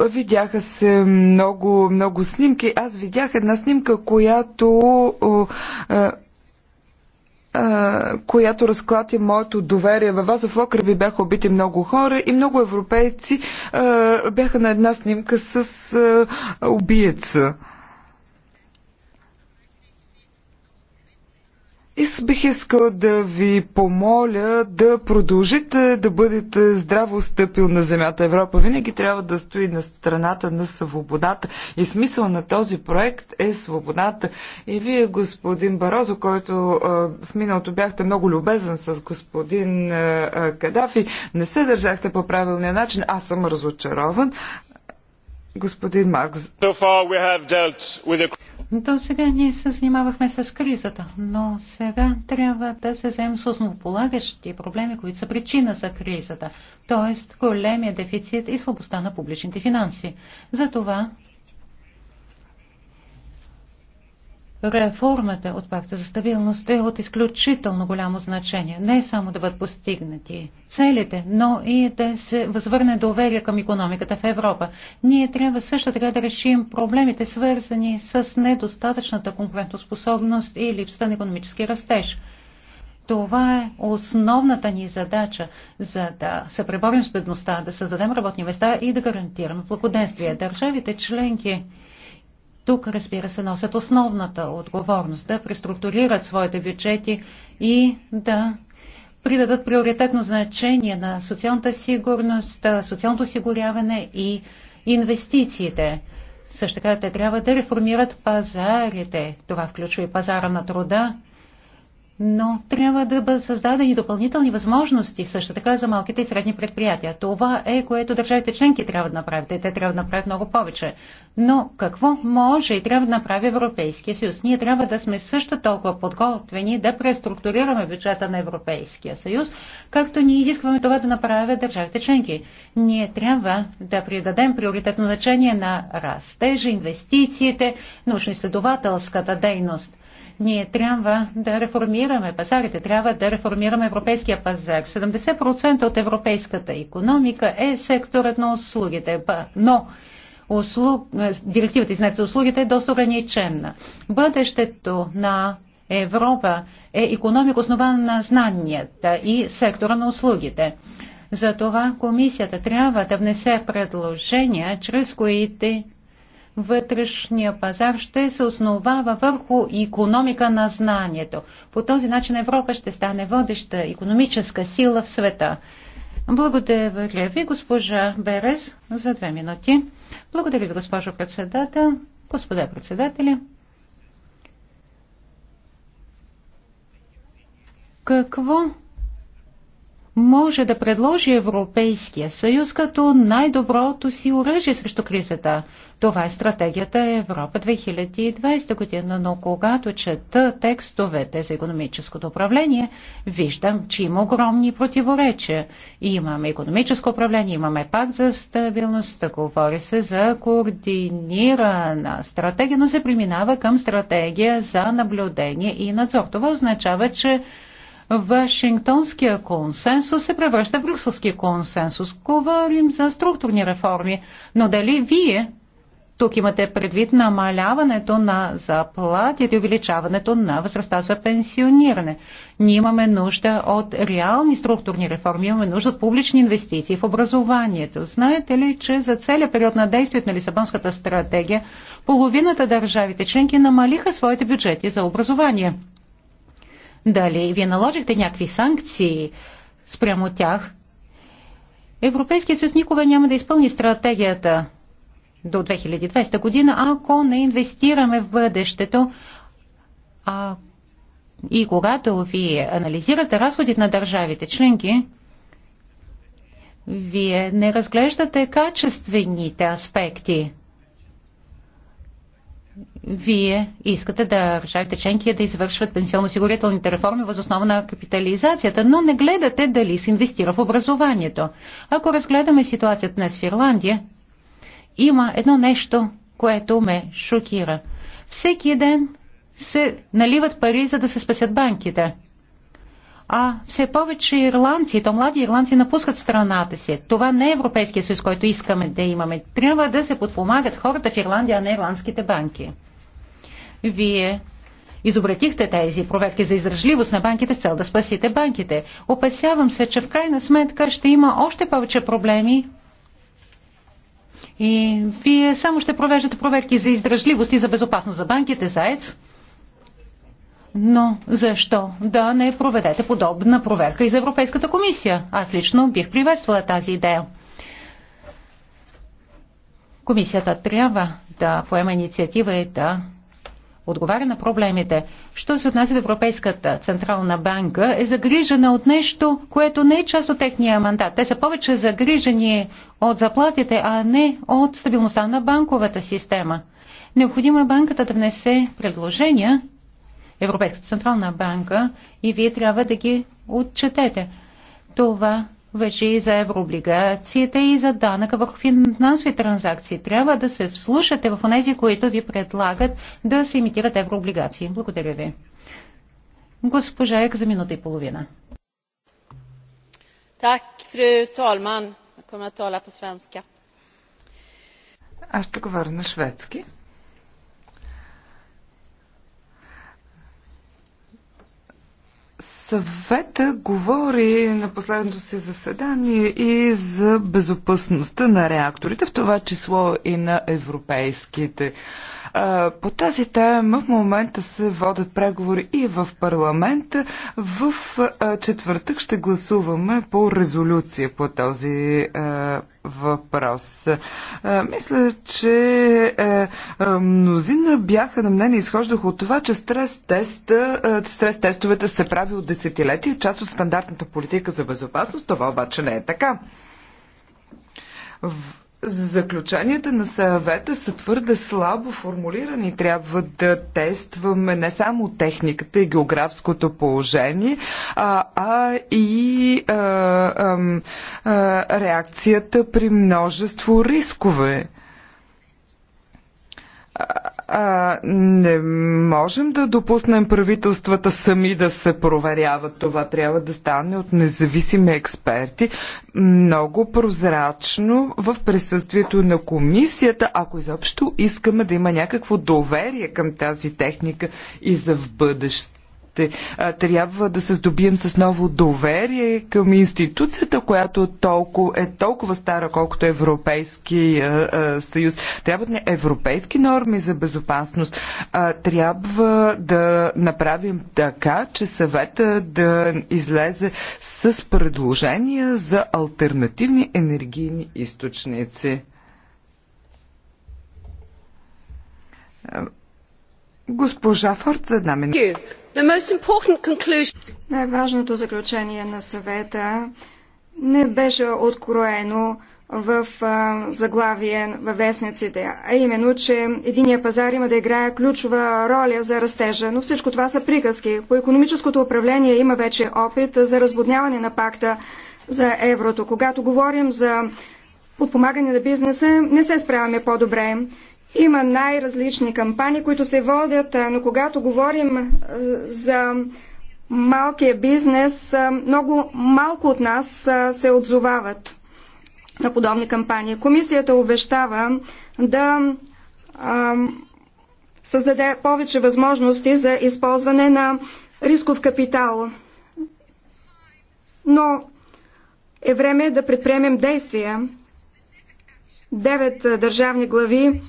Видяха се много, много снимки. Аз видях една снимка, която която разклати моето доверие във вас. В Локърби бяха убити много хора и много европейци бяха на една снимка с убиеца. И бих искал да ви помоля да продължите да бъдете здраво стъпил на земята. Европа винаги трябва да стои на страната на свободата. И смисъл на този проект е свободата. И вие, господин Барозо, който в миналото бяхте много любезен с господин Кадафи, не се държахте по правилния начин. Аз съм разочарован. Господин Маркс. So до сега ние се занимавахме с кризата, но сега трябва да се вземем с основополагащи проблеми, които са причина за кризата, т.е. големия дефицит и слабостта на публичните финанси. Затова Реформата от пакта за стабилност е от изключително голямо значение. Не само да бъдат постигнати целите, но и да се възвърне доверие към економиката в Европа. Ние трябва също така да решим проблемите, свързани с недостатъчната конкурентоспособност и липсата на економически растеж. Това е основната ни задача, за да се преборим с бедността, да създадем работни места и да гарантираме благоденствие. Държавите членки тук, разбира се, носят основната отговорност да преструктурират своите бюджети и да придадат приоритетно значение на социалната сигурност, социалното осигуряване и инвестициите. Също така те трябва да реформират пазарите. Това включва и пазара на труда, но трябва да бъдат създадени допълнителни възможности също така за малките и средни предприятия. Това е което държавите членки трябва да направят. И те трябва да направят много повече. Но какво може и трябва да направи Европейския съюз? Ние трябва да сме също толкова подготвени да преструктурираме бюджета на Европейския съюз, както ние изискваме това да направят държавите членки. Ние трябва да придадем приоритетно значение на растежа, инвестициите, научно-изследователската дейност – ние трябва да реформираме пазарите, трябва да реформираме европейския пазар. 70% от европейската економика е секторът на услугите, но услуг, директивата знаете, за услугите е доста ограничена. Бъдещето на Европа е економика основана на знанията и сектора на услугите. Затова комисията трябва да внесе предложения, чрез които вътрешния пазар ще се основава върху економика на знанието. По този начин Европа ще стане водеща економическа сила в света. Благодаря ви, госпожа Берез, за две минути. Благодаря ви, госпожо председател, господа председатели. Какво може да предложи Европейския съюз като най-доброто си оръжие срещу кризата. Това е стратегията Европа 2020 година, но когато чета текстовете за економическото управление, виждам, че има огромни противоречия. Имаме економическо управление, имаме пакт за стабилността, говори се за координирана стратегия, но се преминава към стратегия за наблюдение и надзор. Това означава, че Вашингтонския консенсус се превръща в брюкселския консенсус. Говорим за структурни реформи, но дали вие тук имате предвид намаляването на заплатите и увеличаването на възрастта за пенсиониране. Ние имаме нужда от реални структурни реформи, имаме нужда от публични инвестиции в образованието. Знаете ли, че за целият период на действието на Лисабонската стратегия половината държавите членки намалиха своите бюджети за образование? Дали вие наложихте някакви санкции спрямо тях? Европейският съюз никога няма да изпълни стратегията до 2020 година, ако не инвестираме в бъдещето. А... И когато вие анализирате разходите на държавите членки, вие не разглеждате качествените аспекти – вие искате да държавите членки да извършват пенсионно сигурителните реформи въз основа на капитализацията, но не гледате дали се инвестира в образованието. Ако разгледаме ситуацията днес в Ирландия, има едно нещо, което ме шокира. Всеки ден се наливат пари, за да се спасят банките а все повече ирландци, то млади ирландци напускат страната си. Това не е Европейския съюз, който искаме да имаме. Трябва да се подпомагат хората в Ирландия, а не ирландските банки. Вие изобретихте тези проверки за издръжливост на банките с цел да спасите банките. Опасявам се, че в крайна сметка ще има още повече проблеми и вие само ще провеждате проверки за издръжливост и за безопасност за банките, заец. Но защо да не проведете подобна проверка и за Европейската комисия? Аз лично бих приветствала тази идея. Комисията трябва да поема инициатива и да отговаря на проблемите. Що се отнася до Европейската Централна банка, е загрижена от нещо, което не е част от техния мандат. Те са повече загрижени от заплатите, а не от стабилността на банковата система. Необходимо е банката да внесе предложения, Европейската централна банка и вие трябва да ги отчетете. Това вече и за еврооблигациите и за данъка върху финансови транзакции. Трябва да се вслушате в тези, които ви предлагат да се имитират еврооблигации. Благодаря ви. Госпожа Ек за минута и половина. Так, фру талман. Аз ще говоря на шведски. Съвета говори на последното си заседание и за безопасността на реакторите, в това число и на европейските. По тази тема в момента се водят преговори и в парламента. В четвъртък ще гласуваме по резолюция по този въпрос. Е, мисля, че е, е, мнозина бяха на мнение, изхождаха от това, че стрес, стрес тестовете се прави от десетилетия, част от стандартната политика за безопасност. Това обаче не е така. В Заключенията на съвета са твърде слабо формулирани. Трябва да тестваме не само техниката и географското положение, а, а и а, а, а, реакцията при множество рискове. А, не можем да допуснем правителствата сами да се проверяват. Това трябва да стане от независими експерти. Много прозрачно в присъствието на комисията, ако изобщо искаме да има някакво доверие към тази техника и за в бъдеще казахте. Трябва да се здобием с ново доверие към институцията, която толкова, е толкова стара, колкото Европейски съюз. Трябват не европейски норми за безопасност. Трябва да направим така, че съвета да излезе с предложения за альтернативни енергийни източници. Госпожа Форд за една минута. Най-важното заключение на съвета не беше откроено в а, заглавие във вестниците, а именно, че единия пазар има да играе ключова роля за растежа, но всичко това са приказки. По економическото управление има вече опит за разводняване на пакта за еврото. Когато говорим за подпомагане на бизнеса, не се справяме по-добре. Има най-различни кампании, които се водят, но когато говорим за малкия бизнес, много малко от нас се отзовават на подобни кампании. Комисията обещава да създаде повече възможности за използване на рисков капитал. Но е време да предприемем действия. Девет държавни глави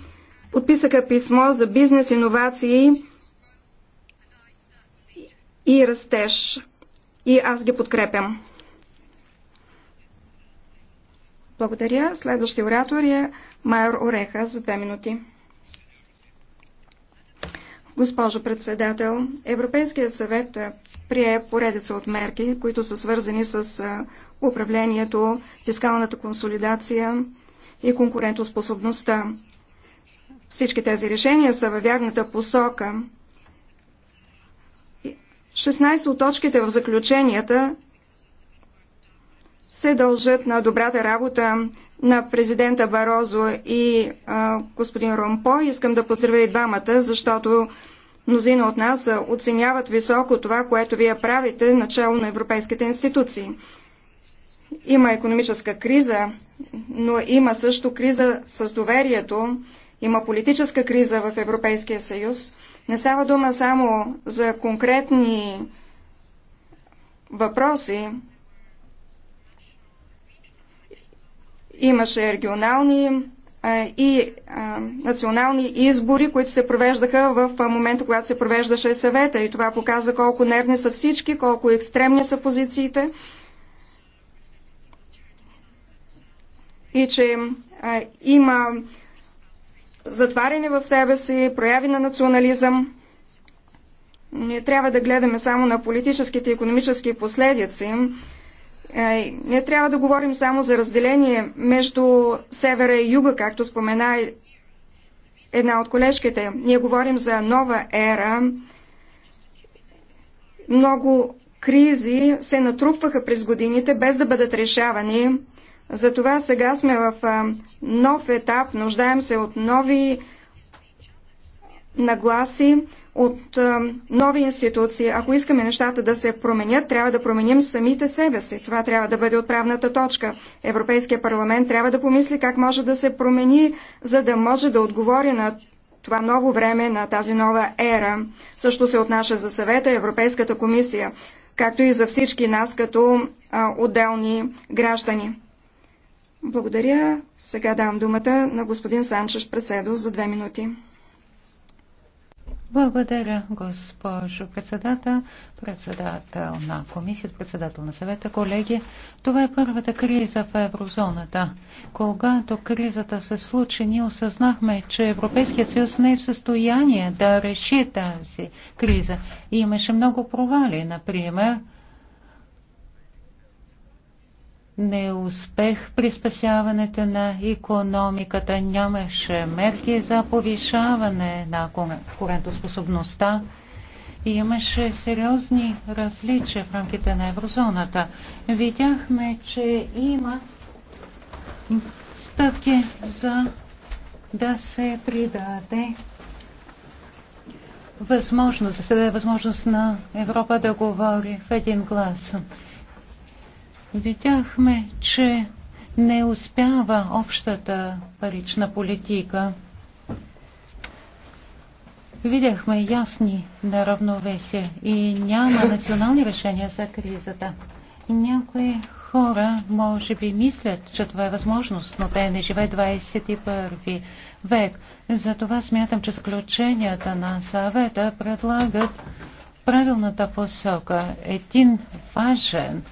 подписаха писмо за бизнес, иновации и растеж. И аз ги подкрепям. Благодаря. Следващия оратор е Майор Ореха за две минути. Госпожо председател, Европейският съвет прие поредица от мерки, които са свързани с управлението, фискалната консолидация и конкурентоспособността. Всички тези решения са във вярната посока. 16 от точките в заключенията се дължат на добрата работа на президента Барозо и а, господин Ромпо. Искам да поздравя и двамата, защото мнозина от нас оценяват високо това, което вие правите начало на европейските институции. Има економическа криза, но има също криза с доверието има политическа криза в Европейския съюз. Не става дума само за конкретни въпроси. Имаше регионални и национални избори, които се провеждаха в момента, когато се провеждаше съвета. И това показа колко нервни са всички, колко екстремни са позициите. И че има затваряне в себе си, прояви на национализъм. Не трябва да гледаме само на политическите и економически последици. Не трябва да говорим само за разделение между севера и юга, както спомена една от колежките. Ние говорим за нова ера. Много кризи се натрупваха през годините, без да бъдат решавани. Затова сега сме в нов етап, нуждаем се от нови нагласи, от нови институции. Ако искаме нещата да се променят, трябва да променим самите себе си. Това трябва да бъде отправната точка. Европейския парламент трябва да помисли как може да се промени, за да може да отговори на това ново време, на тази нова ера. Също се отнася за съвета Европейската комисия, както и за всички нас като а, отделни граждани. Благодаря. Сега дам думата на господин Санчеш Преседо за две минути. Благодаря, госпожо председател, председател на комисията, председател на съвета, колеги. Това е първата криза в еврозоната. Когато кризата се случи, ние осъзнахме, че Европейският съюз не е в състояние да реши тази криза. И имаше много провали, например, неуспех при спасяването на економиката, нямаше мерки за повишаване на конкурентоспособността и имаше сериозни различия в рамките на еврозоната. Видяхме, че има стъпки за да се придаде възможност, да се даде възможност на Европа да говори в един глас. Видяхме, че не успява общата парична политика. Видяхме ясни неравновесия и няма национални решения за кризата. Някои хора може би мислят, че това е възможност, но те не живеят 21 век. Затова смятам, че сключенията на съвета предлагат правилната посока. Един важен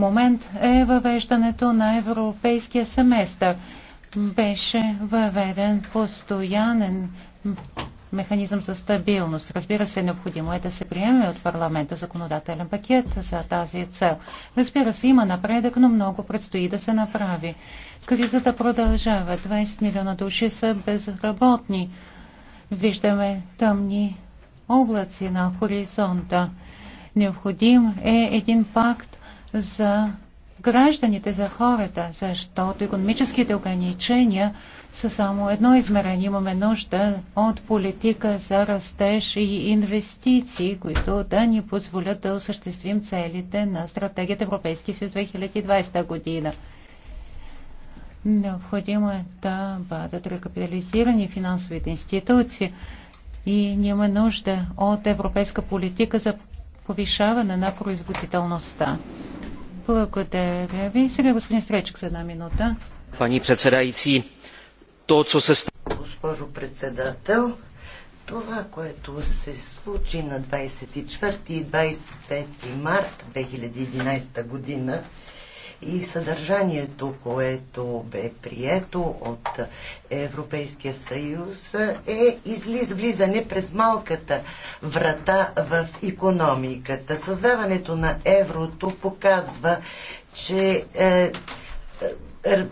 момент е въвеждането на европейския семестър. Беше въведен постоянен механизъм за стабилност. Разбира се, необходимо е да се приеме от парламента законодателен пакет за тази цел. Разбира се, има напредък, но много предстои да се направи. Кризата продължава. 20 милиона души са безработни. Виждаме тъмни облаци на хоризонта. Необходим е един пакт за гражданите, за хората, защото економическите ограничения са само едно измерение. Имаме нужда от политика за растеж и инвестиции, които да ни позволят да осъществим целите на стратегията Европейски съюз 2020 година. Необходимо е да бъдат рекапитализирани финансовите институции и няма нужда от европейска политика за повишаване на производителността. Благодаря ви. Сега господин Стречек за една минута. Пани председайци, то, че се... Госпожо председател, това, което се случи на 24 и 25 март 2011 година, и съдържанието, което бе прието от Европейския съюз е излиз влизане през малката врата в економиката. Създаването на еврото показва, че е, е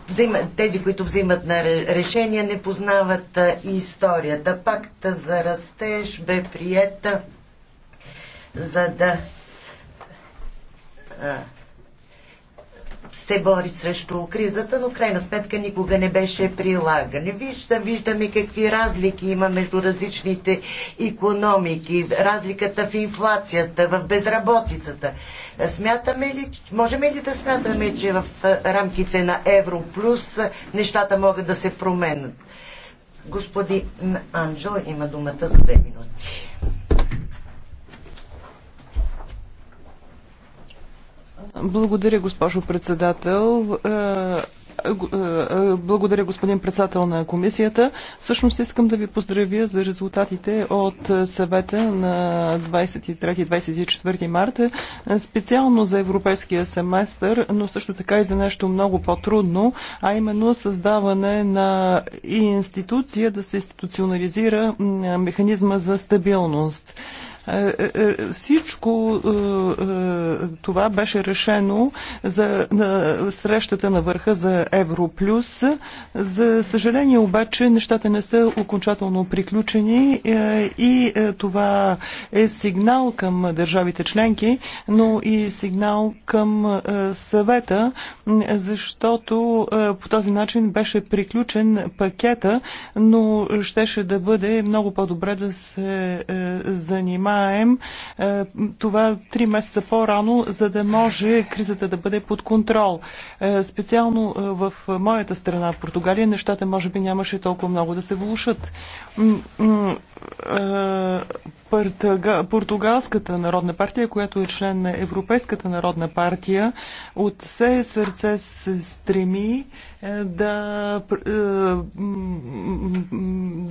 тези, които взимат на решения, не познават е, историята. Пакта за растеж бе приета за да е, се бори срещу кризата, но в крайна сметка никога не беше прилагане. Вижда, виждаме какви разлики има между различните економики, разликата в инфлацията, в безработицата. Смятаме ли, можем ли да смятаме, че в рамките на Евро плюс нещата могат да се променят? Господин Анджел има думата за две минути. Благодаря, госпожо председател. Е, е, е, благодаря, господин председател на комисията. Всъщност искам да ви поздравя за резултатите от съвета на 23-24 марта, специално за европейския семестър, но също така и за нещо много по-трудно, а именно създаване на институция да се институционализира механизма за стабилност. Е, е, е, всичко това беше решено за на срещата на върха за Европлюс. За съжаление обаче нещата не са окончателно приключени и това е сигнал към държавите членки, но и сигнал към съвета, защото по този начин беше приключен пакета, но щеше да бъде много по-добре да се занимава знаем е, това три месеца по-рано, за да може кризата да бъде под контрол. Е, специално е, в моята страна, Португалия, нещата може би нямаше толкова много да се влушат. Португалската народна партия, която е член на Европейската народна партия, от все сърце се стреми е, да, е,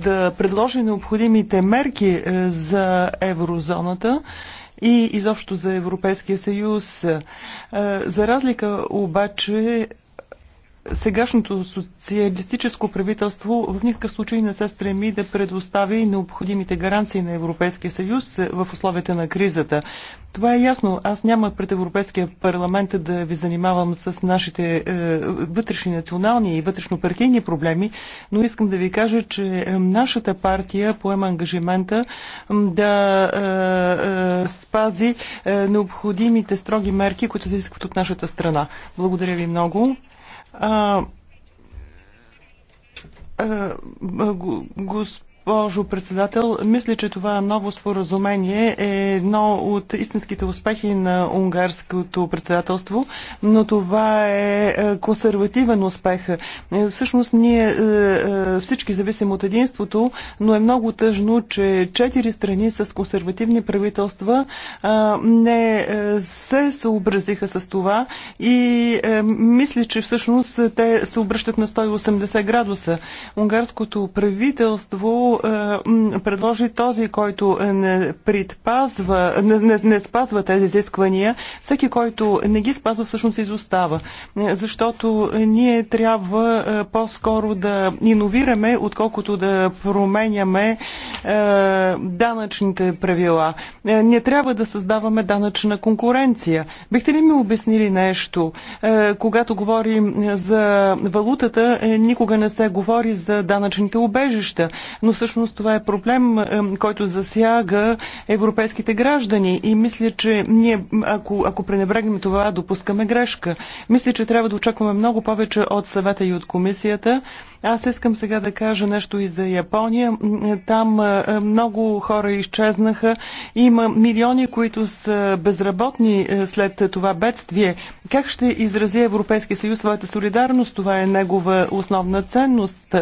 да предложи необходимите мерки е, за еврозоната и изобщо за Европейския съюз. За разлика обаче сегашното социалистическо правителство в никакъв случай не се стреми да предостави необходимите гаранции на Европейския съюз е, в условията на кризата. Това е ясно. Аз няма пред Европейския парламент да ви занимавам с нашите е, вътрешни национални и вътрешно партийни проблеми, но искам да ви кажа, че е, нашата партия поема ангажимента да е, е, спази е, необходимите строги мерки, които се изискват от нашата страна. Благодаря ви много. А, а, го, госп госпожо председател. Мисля, че това ново споразумение е едно от истинските успехи на унгарското председателство, но това е, е консервативен успех. Е, всъщност ние е, всички зависим от единството, но е много тъжно, че четири страни с консервативни правителства не се съобразиха с това и мисля, че всъщност те се обръщат на 180 градуса. Унгарското правителство е, предложи този, който не предпазва, не, не, не спазва тези изисквания, всеки, който не ги спазва, всъщност изостава. Е, защото ние трябва е, по-скоро да иновираме, отколкото да променяме данъчните правила. Не трябва да създаваме данъчна конкуренция. Бихте ли ми обяснили нещо? Когато говорим за валутата, никога не се говори за данъчните убежища, но също всъщност това е проблем, който засяга европейските граждани. И мисля, че ние, ако, ако пренебрегнем това, допускаме грешка. Мисля, че трябва да очакваме много повече от съвета и от комисията. Аз искам сега да кажа нещо и за Япония. Там много хора изчезнаха. Има милиони, които са безработни след това бедствие. Как ще изрази Европейския съюз своята солидарност? Това е негова основна ценност.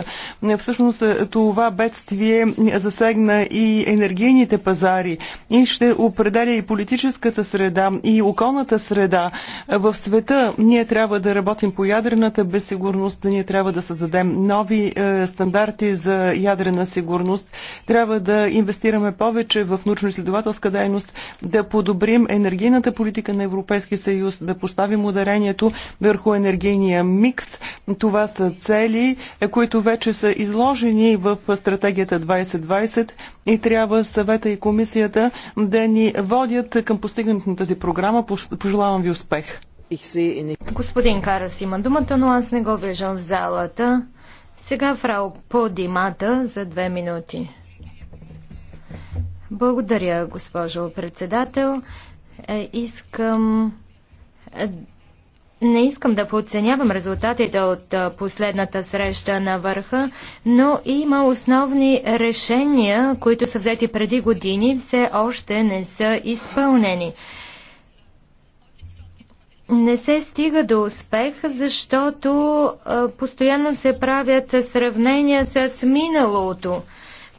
Всъщност това бедствие засегна и енергийните пазари и ще определя и политическата среда, и околната среда. В света ние трябва да работим по ядрената безсигурност, ние трябва да създадем нови е, стандарти за ядрена сигурност. Трябва да инвестираме повече в научно-изследователска дейност, да подобрим енергийната политика на Европейския съюз, да поставим ударението върху енергийния микс. Това са цели, е, които вече са изложени в стратегията 2020 и трябва съвета и комисията да ни водят към постигането на тази програма. Пожелавам ви успех! Господин Карас има думата, но аз не го виждам в залата. Сега фрау Подимата за две минути. Благодаря, госпожо председател. Е, искам е, не искам да подценявам резултатите от е, последната среща на върха, но има основни решения, които са взети преди години, все още не са изпълнени не се стига до успех, защото а, постоянно се правят сравнения с миналото.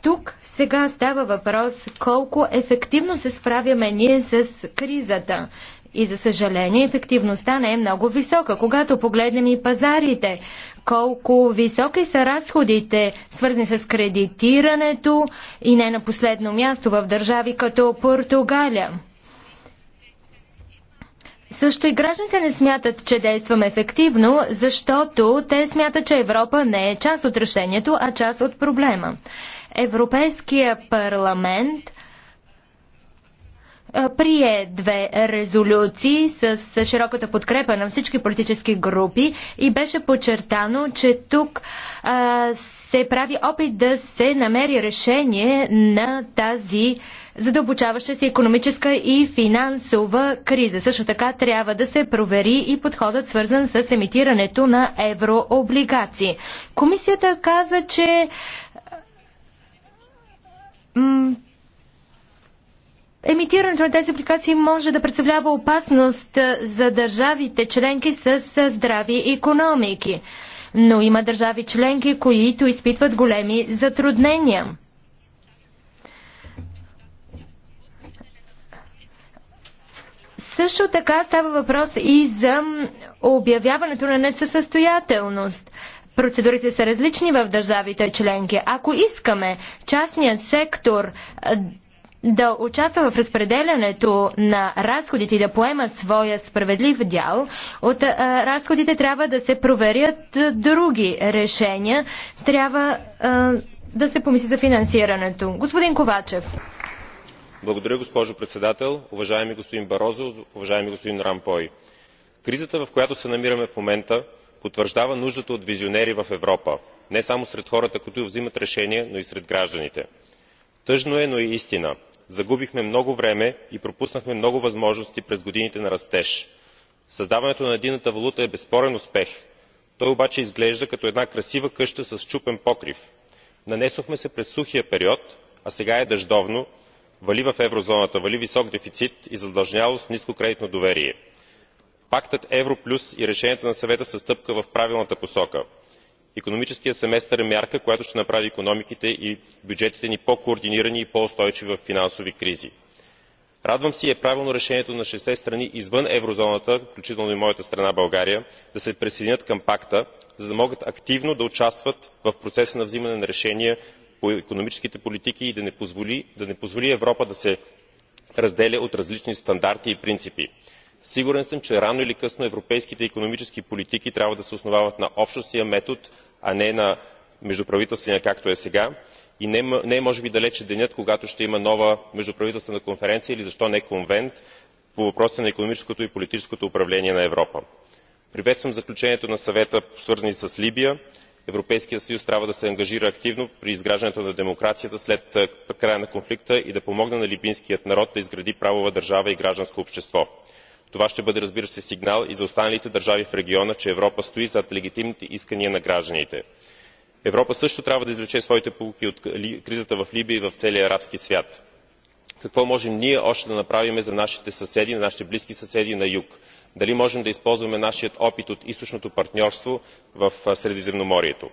Тук сега става въпрос колко ефективно се справяме ние с кризата. И за съжаление, ефективността не е много висока. Когато погледнем и пазарите, колко високи са разходите, свързани с кредитирането и не на последно място в държави като Португалия. Също и гражданите не смятат, че действаме ефективно, защото те смятат, че Европа не е част от решението, а част от проблема. Европейския парламент прие две резолюции с широката подкрепа на всички политически групи и беше подчертано, че тук а, се прави опит да се намери решение на тази задълбочаваща се економическа и финансова криза. Също така трябва да се провери и подходът свързан с емитирането на еврооблигации. Комисията каза, че Емитирането на тези апликации може да представлява опасност за държавите членки с здрави економики но има държави членки, които изпитват големи затруднения. Също така става въпрос и за обявяването на несъстоятелност. Процедурите са различни в държавите членки. Ако искаме частния сектор да участва в разпределянето на разходите и да поема своя справедлив дял, от а, разходите трябва да се проверят а, други решения. Трябва а, да се помисли за финансирането. Господин Ковачев. Благодаря, госпожо председател, уважаеми господин Барозо, уважаеми господин Рампой. Кризата, в която се намираме в момента, потвърждава нуждата от визионери в Европа. Не само сред хората, които взимат решения, но и сред гражданите. Тъжно е, но и е истина загубихме много време и пропуснахме много възможности през годините на растеж. създаването на единната валута е безспорен успех той обаче изглежда като една красива къща със счупен покрив. нанесохме се през сухия период а сега е дъждовно вали в еврозоната вали висок дефицит и задлъжнялост ниско кредитно доверие. пактът евро плюс и решенията на съвета са стъпка в правилната посока икономическия семестър е мярка която ще направи икономиките и бюджетите ни по координирани и по устойчиви във финансови кризи. радвам се и е правилно решението на шестте страни извън еврозоната включително и моята страна българия да се присъединят към пакта за да могат активно да участват в процеса на взимане на решения по икономическите политики и да не позволи европа да се разделя от различни стандарти и принципи сигурен съм че рано или късно европейските икономически политики трябва да се основават на общностния метод а не на междуправителствения както е сега и не е може би далече денят когато ще има нова междуправителствена конференция или защо не конвент по въпросите на икономическото и политическото управление на европа. приветствам заключението на съвета свързани с либия. европейският съюз трябва да се ангажира активно при изграждането на демокрацията след края на конфликта и да помогне на либийския народ да изгради правова държава и гражданско общество това ще бъде разбира се сигнал и за останалите държави в региона че европа стои зад легитимните искания на гражданите. европа също трябва да извлече своите поуки от кризата в либия и в целия арабски свят. какво можем ние още да направим за нашите съседи нашите близки съседи на юг? дали можем да използваме нашия опит от източното партньорство в средиземноморието?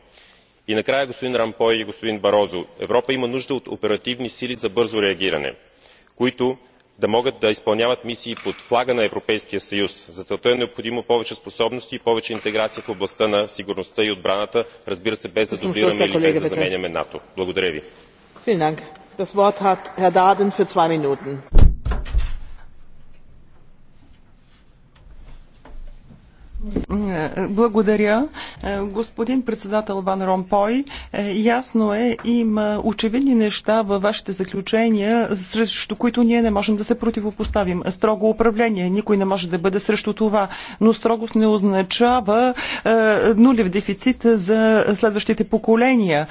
и накрая господин ромпой и господин барозу европа има нужда от оперативни сили за бързо реагиране които да могат да изпълняват мисии под флага на европейския съюз. за целта е необходимо повече способности и повече интеграция в областта на сигурността и отбраната разбира се без да дублираме или без да заменяме нато. благодаря ви. Благодаря. Е, господин председател Ван Ромпой, е, ясно е, има очевидни неща във вашите заключения, срещу които ние не можем да се противопоставим. Строго управление, никой не може да бъде срещу това, но строгост не означава е, нулев дефицит за следващите поколения.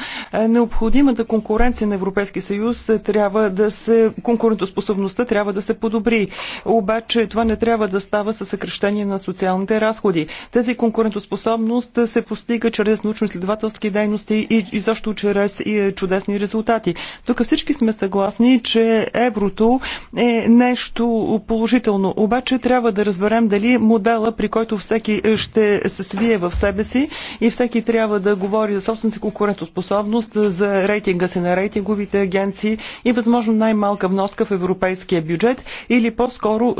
Необходимата конкуренция на Европейски съюз трябва да се, конкурентоспособността трябва да се подобри. Обаче това не трябва да става със съкрещение на социалните разходи цели. Тази конкурентоспособност се постига чрез научно-изследователски дейности и изобщо чрез е, чудесни резултати. Тук всички сме съгласни, че еврото е нещо положително. Обаче трябва да разберем дали модела, при който всеки ще се свие в себе си и всеки трябва да говори за собствената си конкурентоспособност, за рейтинга си на рейтинговите агенции и възможно най-малка вноска в европейския бюджет или по-скоро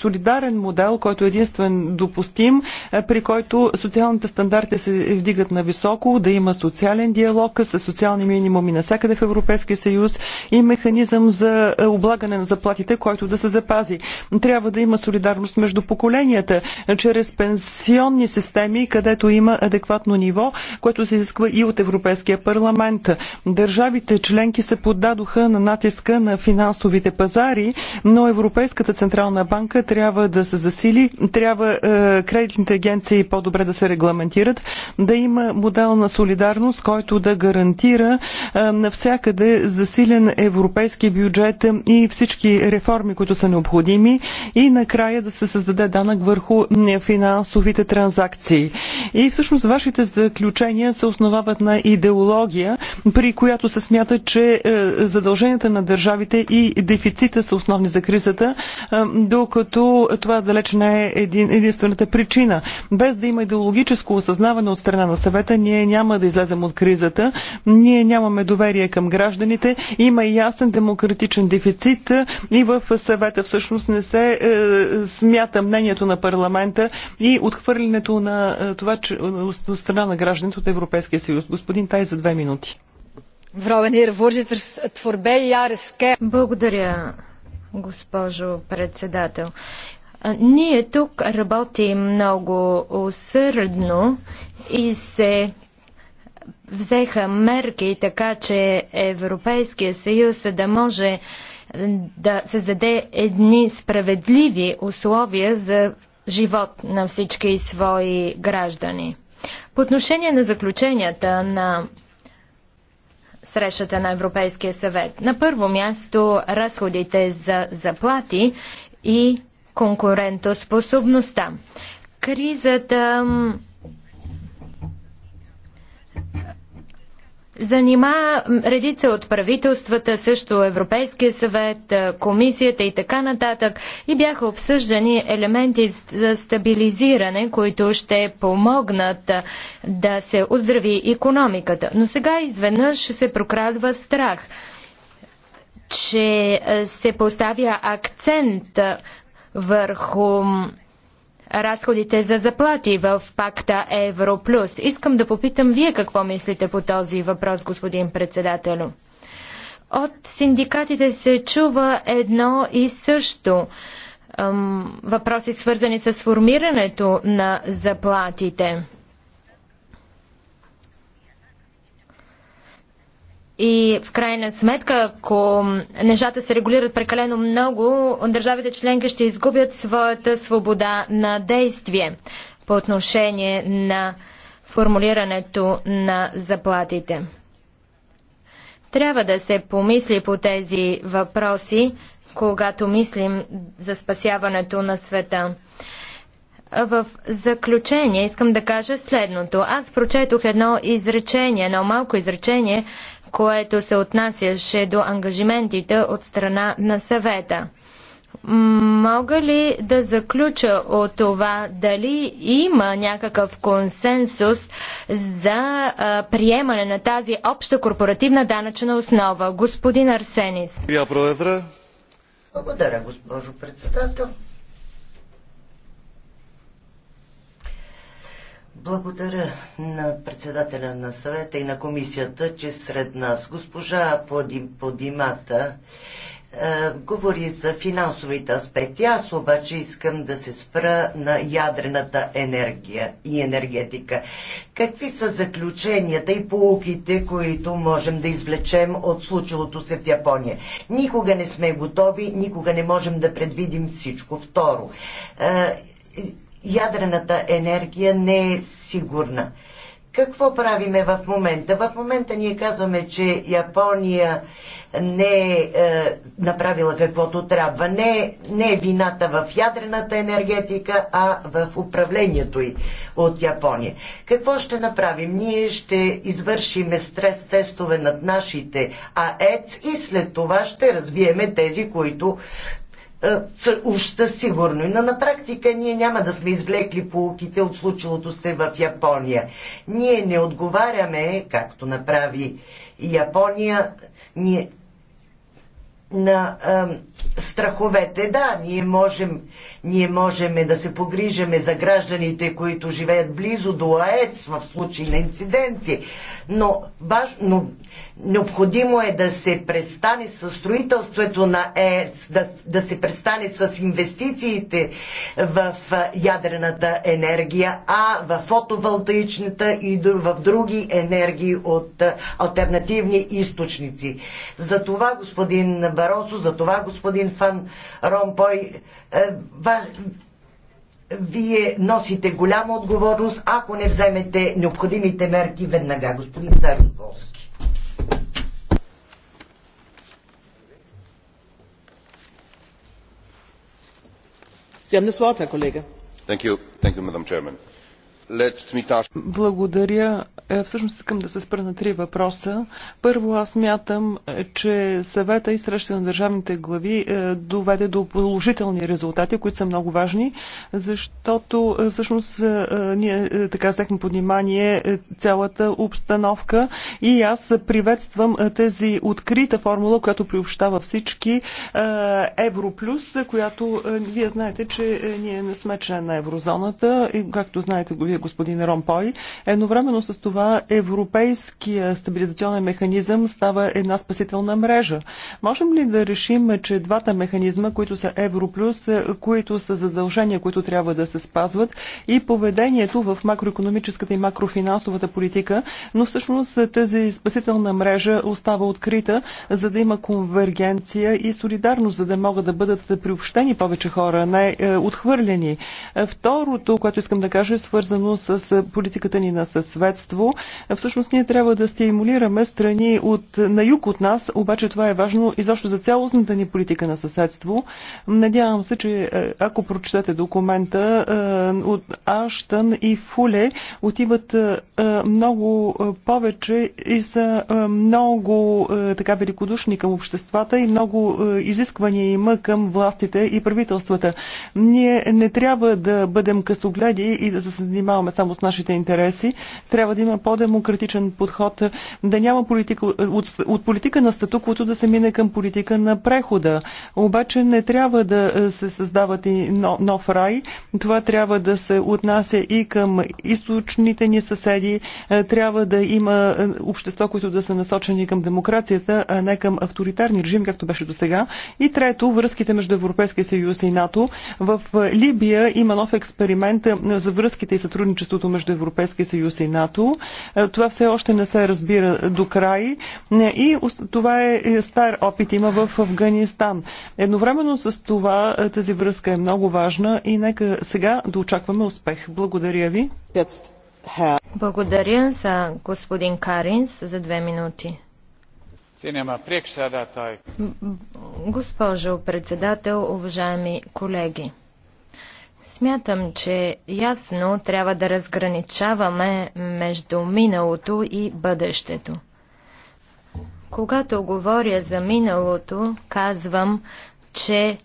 солидарен модел, който е единствен допустим е, при който социалните стандарти се вдигат на високо, да има социален диалог с социални минимуми навсякъде в Европейския съюз и механизъм за е, облагане на заплатите, който да се запази. Трябва да има солидарност между поколенията, е, чрез пенсионни системи, където има адекватно ниво, което се изисква и от Европейския парламент. Държавите членки се поддадоха на натиска на финансовите пазари, но Европейската централна банка трябва да се засили, трябва е, кредит кредитните агенции по-добре да се регламентират, да има модел на солидарност, който да гарантира навсякъде засилен европейски бюджет и всички реформи, които са необходими и накрая да се създаде данък върху финансовите транзакции. И всъщност вашите заключения се основават на идеология, при която се смята, че задълженията на държавите и дефицита са основни за кризата, докато това далеч не е един, единствената причина причина. Без да има идеологическо осъзнаване от страна на съвета, ние няма да излезем от кризата, ние нямаме доверие към гражданите, има и ясен демократичен дефицит и в съвета всъщност не се е, смята мнението на парламента и отхвърлянето на е, това, че от страна на гражданите от Европейския съюз. Господин Тай за две минути. Благодаря, госпожо председател. Ние тук работим много усърдно и се взеха мерки така, че Европейския съюз да може да създаде едни справедливи условия за живот на всички свои граждани. По отношение на заключенията на срещата на Европейския съвет, на първо място разходите за заплати и конкурентоспособността. Кризата занима редица от правителствата, също Европейския съвет, комисията и така нататък и бяха обсъждани елементи за стабилизиране, които ще помогнат да се оздрави економиката. Но сега изведнъж се прокрадва страх че се поставя акцент върху разходите за заплати в пакта Евро плюс. Искам да попитам вие какво мислите по този въпрос, господин председателю. От синдикатите се чува едно и също. Въпроси свързани с формирането на заплатите. И в крайна сметка, ако нещата се регулират прекалено много, държавите членки ще изгубят своята свобода на действие по отношение на формулирането на заплатите. Трябва да се помисли по тези въпроси, когато мислим за спасяването на света. В заключение искам да кажа следното. Аз прочетох едно изречение, едно малко изречение което се отнасяше до ангажиментите от страна на съвета. Мога ли да заключа от това дали има някакъв консенсус за а, приемане на тази обща корпоративна данъчна основа? Господин Арсенис. Благодаря, госпожо председател. Благодаря на председателя на съвета и на комисията, че сред нас госпожа Подимата е, говори за финансовите аспекти. Аз обаче искам да се спра на ядрената енергия и енергетика. Какви са заключенията и полуките, които можем да извлечем от случилото се в Япония? Никога не сме готови, никога не можем да предвидим всичко. Второ, е, ядрената енергия не е сигурна. Какво правиме в момента? В момента ние казваме, че Япония не е, е, направила каквото трябва. Не, не е вината в ядрената енергетика, а в управлението й от Япония. Какво ще направим? Ние ще извършиме стрес тестове над нашите АЕЦ и след това ще развиеме тези, които е, уж със сигурно. Но на практика ние няма да сме извлекли полуките от случилото се в Япония. Ние не отговаряме, както направи Япония, ние, на а, страховете. Да, ние можем, ние можем да се погрижаме за гражданите, които живеят близо до АЕЦ в случай на инциденти, но, баш, но необходимо е да се престане с строителството на АЕЦ, да, да се престане с инвестициите в ядрената енергия, а в фотоволтаичната и в други енергии от е, альтернативни източници. За това, господин Баросо, за това, господин господин Фан Ромпой, е, вие носите голяма отговорност, ако не вземете необходимите мерки веднага, господин Сарнополски. Sie haben das Wort, Herr Kollege. Thank you. Thank you, Madam Chairman. Благодаря. Е, всъщност искам да се спра на три въпроса. Първо, аз мятам, е, че съвета и среща на държавните глави е, доведе до положителни резултати, които са много важни, защото всъщност ние така взехме под внимание цялата обстановка и аз приветствам тези открита формула, която приобщава всички Европлюс, която вие знаете, че ние не сме член на еврозоната и както знаете, го вие господин Ромпой. Едновременно с това европейския стабилизационен механизъм става една спасителна мрежа. Можем ли да решим, че двата механизма, които са Европлюс, които са задължения, които трябва да се спазват и поведението в макроекономическата и макрофинансовата политика, но всъщност тази спасителна мрежа остава открита, за да има конвергенция и солидарност, за да могат да бъдат приобщени повече хора, не е, отхвърлени. Второто, което искам да кажа, е свързано свързано с политиката ни на съсветство. Всъщност ние трябва да стимулираме страни от, на юг от нас, обаче това е важно и защо за цялостната ни политика на съседство. Надявам се, че е, ако прочетете документа е, от Аштън и Фуле отиват е, много повече и са много така великодушни към обществата и много изисквания има към властите и правителствата. Ние не трябва да бъдем късогледи и да се занимаваме занимаваме само с нашите интереси. Трябва да има по-демократичен подход, да няма политика, от, от политика на статуквото да се мине към политика на прехода. Обаче не трябва да е, се създават и нов рай. Това трябва да се отнася и към източните ни съседи. Е, трябва да има е, общества, които да са насочени към демокрацията, а не към авторитарни режим, както беше до сега. И трето, връзките между Европейския съюз и НАТО. В Либия има нов експеримент за връзките и сътрудничеството сътрудничеството между Европейския съюз и НАТО. Е, това все още не се разбира до край е, и това е, е стар опит има в Афганистан. Едновременно с това тази връзка е много важна и нека сега да очакваме успех. Благодаря ви. Благодаря за господин Каринс за две минути. Госпожо председател, уважаеми колеги! Смятам, че ясно трябва да разграничаваме между миналото и бъдещето. Когато говоря за миналото, казвам, че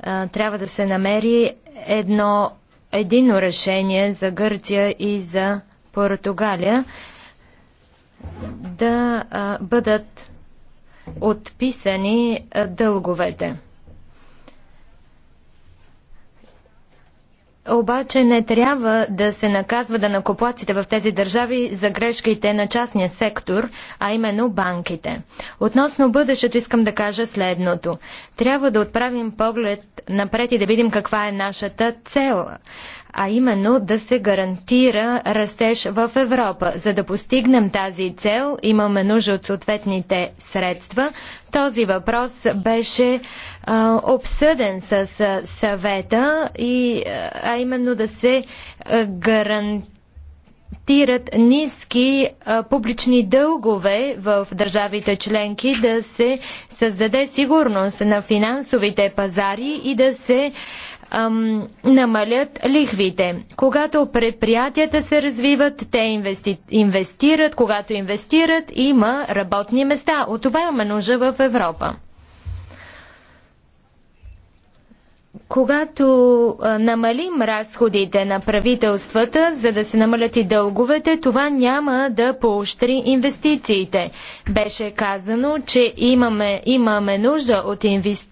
а, трябва да се намери едно едино решение за Гърция и за Португалия да а, бъдат отписани а, дълговете. Обаче не трябва да се наказва да в тези държави за грешките на частния сектор, а именно банките. Относно бъдещето искам да кажа следното. Трябва да отправим поглед напред и да видим каква е нашата цел а именно да се гарантира растеж в Европа. За да постигнем тази цел, имаме нужда от съответните средства. Този въпрос беше а, обсъден с а, съвета, и, а именно да се а, гарантира гарантират ниски а, публични дългове в държавите членки, да се създаде сигурност на финансовите пазари и да се ам, намалят лихвите. Когато предприятията се развиват, те инвести... инвестират, когато инвестират, има работни места. От това има нужда в Европа. Когато а, намалим разходите на правителствата, за да се намалят и дълговете, това няма да поощри инвестициите. Беше казано, че имаме, имаме нужда от инвестициите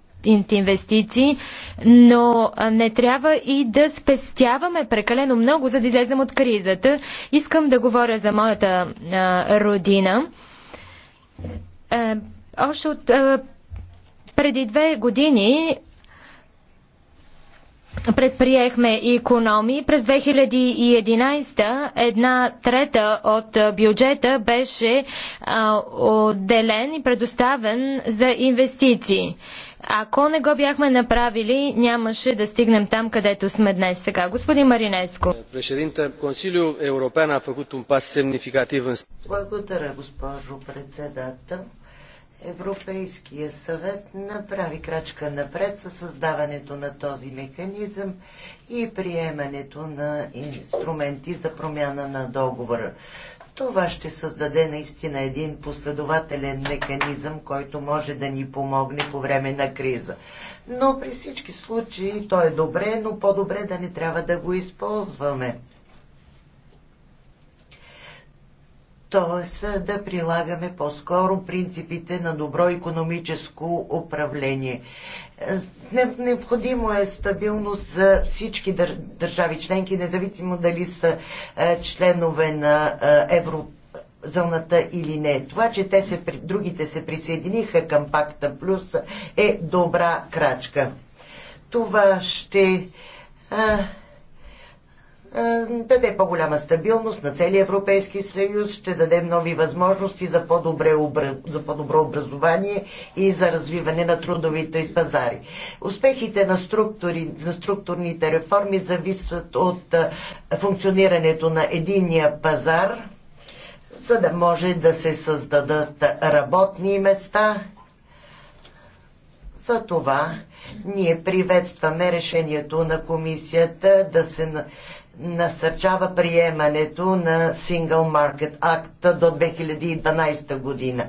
инвестиции, но не трябва и да спестяваме прекалено много, за да излезем от кризата. Искам да говоря за моята а, родина. А, още от а, преди две години предприехме економии. През 2011 една трета от бюджета беше а, отделен и предоставен за инвестиции. Ако не го бяхме направили, нямаше да стигнем там, където сме днес сега. Господин Маринеско. Благодаря, госпожо председател. Европейския съвет направи крачка напред със създаването на този механизъм и приемането на инструменти за промяна на договора. Това ще създаде наистина един последователен механизъм, който може да ни помогне по време на криза. Но при всички случаи то е добре, но по-добре да не трябва да го използваме. Тоест, да прилагаме по-скоро принципите на добро економическо управление. Е, е, необходимо е стабилност за всички държави членки, независимо дали са е, членове на е, еврозоната или не. Това, че те се, другите се присъединиха към пакта плюс е добра крачка. Това ще а, е, даде по-голяма стабилност на целия Европейски съюз, ще дадем нови възможности за, по-добре, за по-добро образование и за развиване на трудовите пазари. Успехите на, структури, на структурните реформи зависят от е, функционирането на единния пазар, за да може да се създадат работни места за това ние приветстваме решението на комисията да се насърчава приемането на Single Market Act до 2012 година.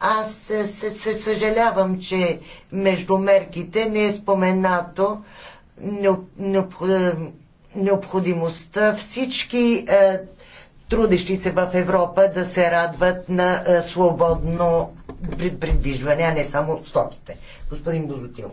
Аз се, се съжалявам, че между мерките не е споменато необходимостта всички е, трудещи се в Европа да се радват на е, свободно придвижване, а не само стоките. Господин Бозотилов.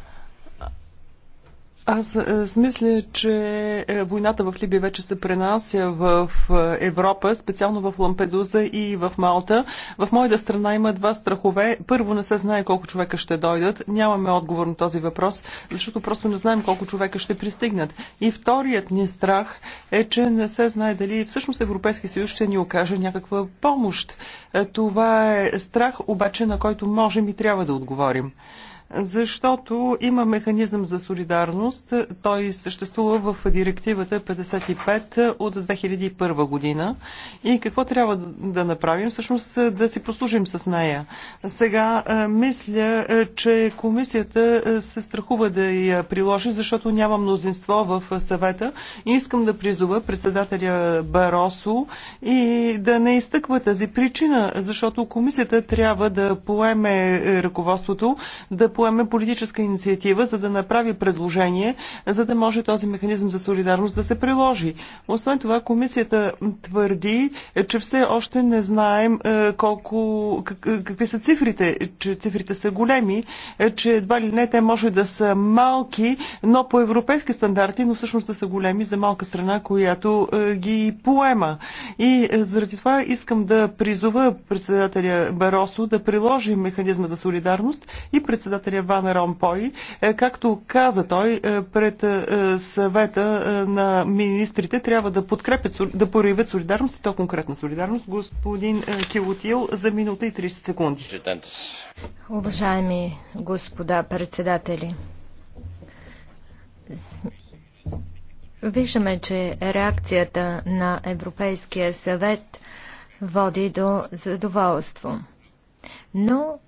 Аз, е, аз мисля, че е, войната в Либия вече се пренася в е, Европа, специално в Лампедуза и в Малта. В моята страна има два страхове. Първо, не се знае колко човека ще дойдат. Нямаме отговор на този въпрос, защото просто не знаем колко човека ще пристигнат. И вторият ни страх е, че не се знае дали всъщност Европейски съюз ще ни окаже някаква помощ. Това е страх, обаче на който можем и трябва да отговорим защото има механизъм за солидарност. Той съществува в директивата 55 от 2001 година. И какво трябва да направим? Всъщност да си послужим с нея. Сега е, мисля, е, че комисията е, се страхува да я приложи, защото няма мнозинство в съвета. И искам да призова председателя Баросо и да не изтъква тази причина, защото комисията трябва да поеме ръководството, да поеме политическа инициатива, за да направи предложение, за да може този механизъм за солидарност да се приложи. Освен това, комисията твърди, че все още не знаем е, колко, е, какви са цифрите, че цифрите са големи, е, че едва ли не те може да са малки, но по европейски стандарти, но всъщност да са големи за малка страна, която ги поема. И заради това искам да призова председателя Баросо да приложи механизма за солидарност и председателя министрия Ван Ромпой. Е, както каза той, е, пред е, съвета на министрите трябва да подкрепят, да проявят солидарност и то конкретна солидарност. Господин Килотил за минута и 30 секунди. Уважаеми господа председатели, Виждаме, че реакцията на Европейския съвет води до задоволство. Но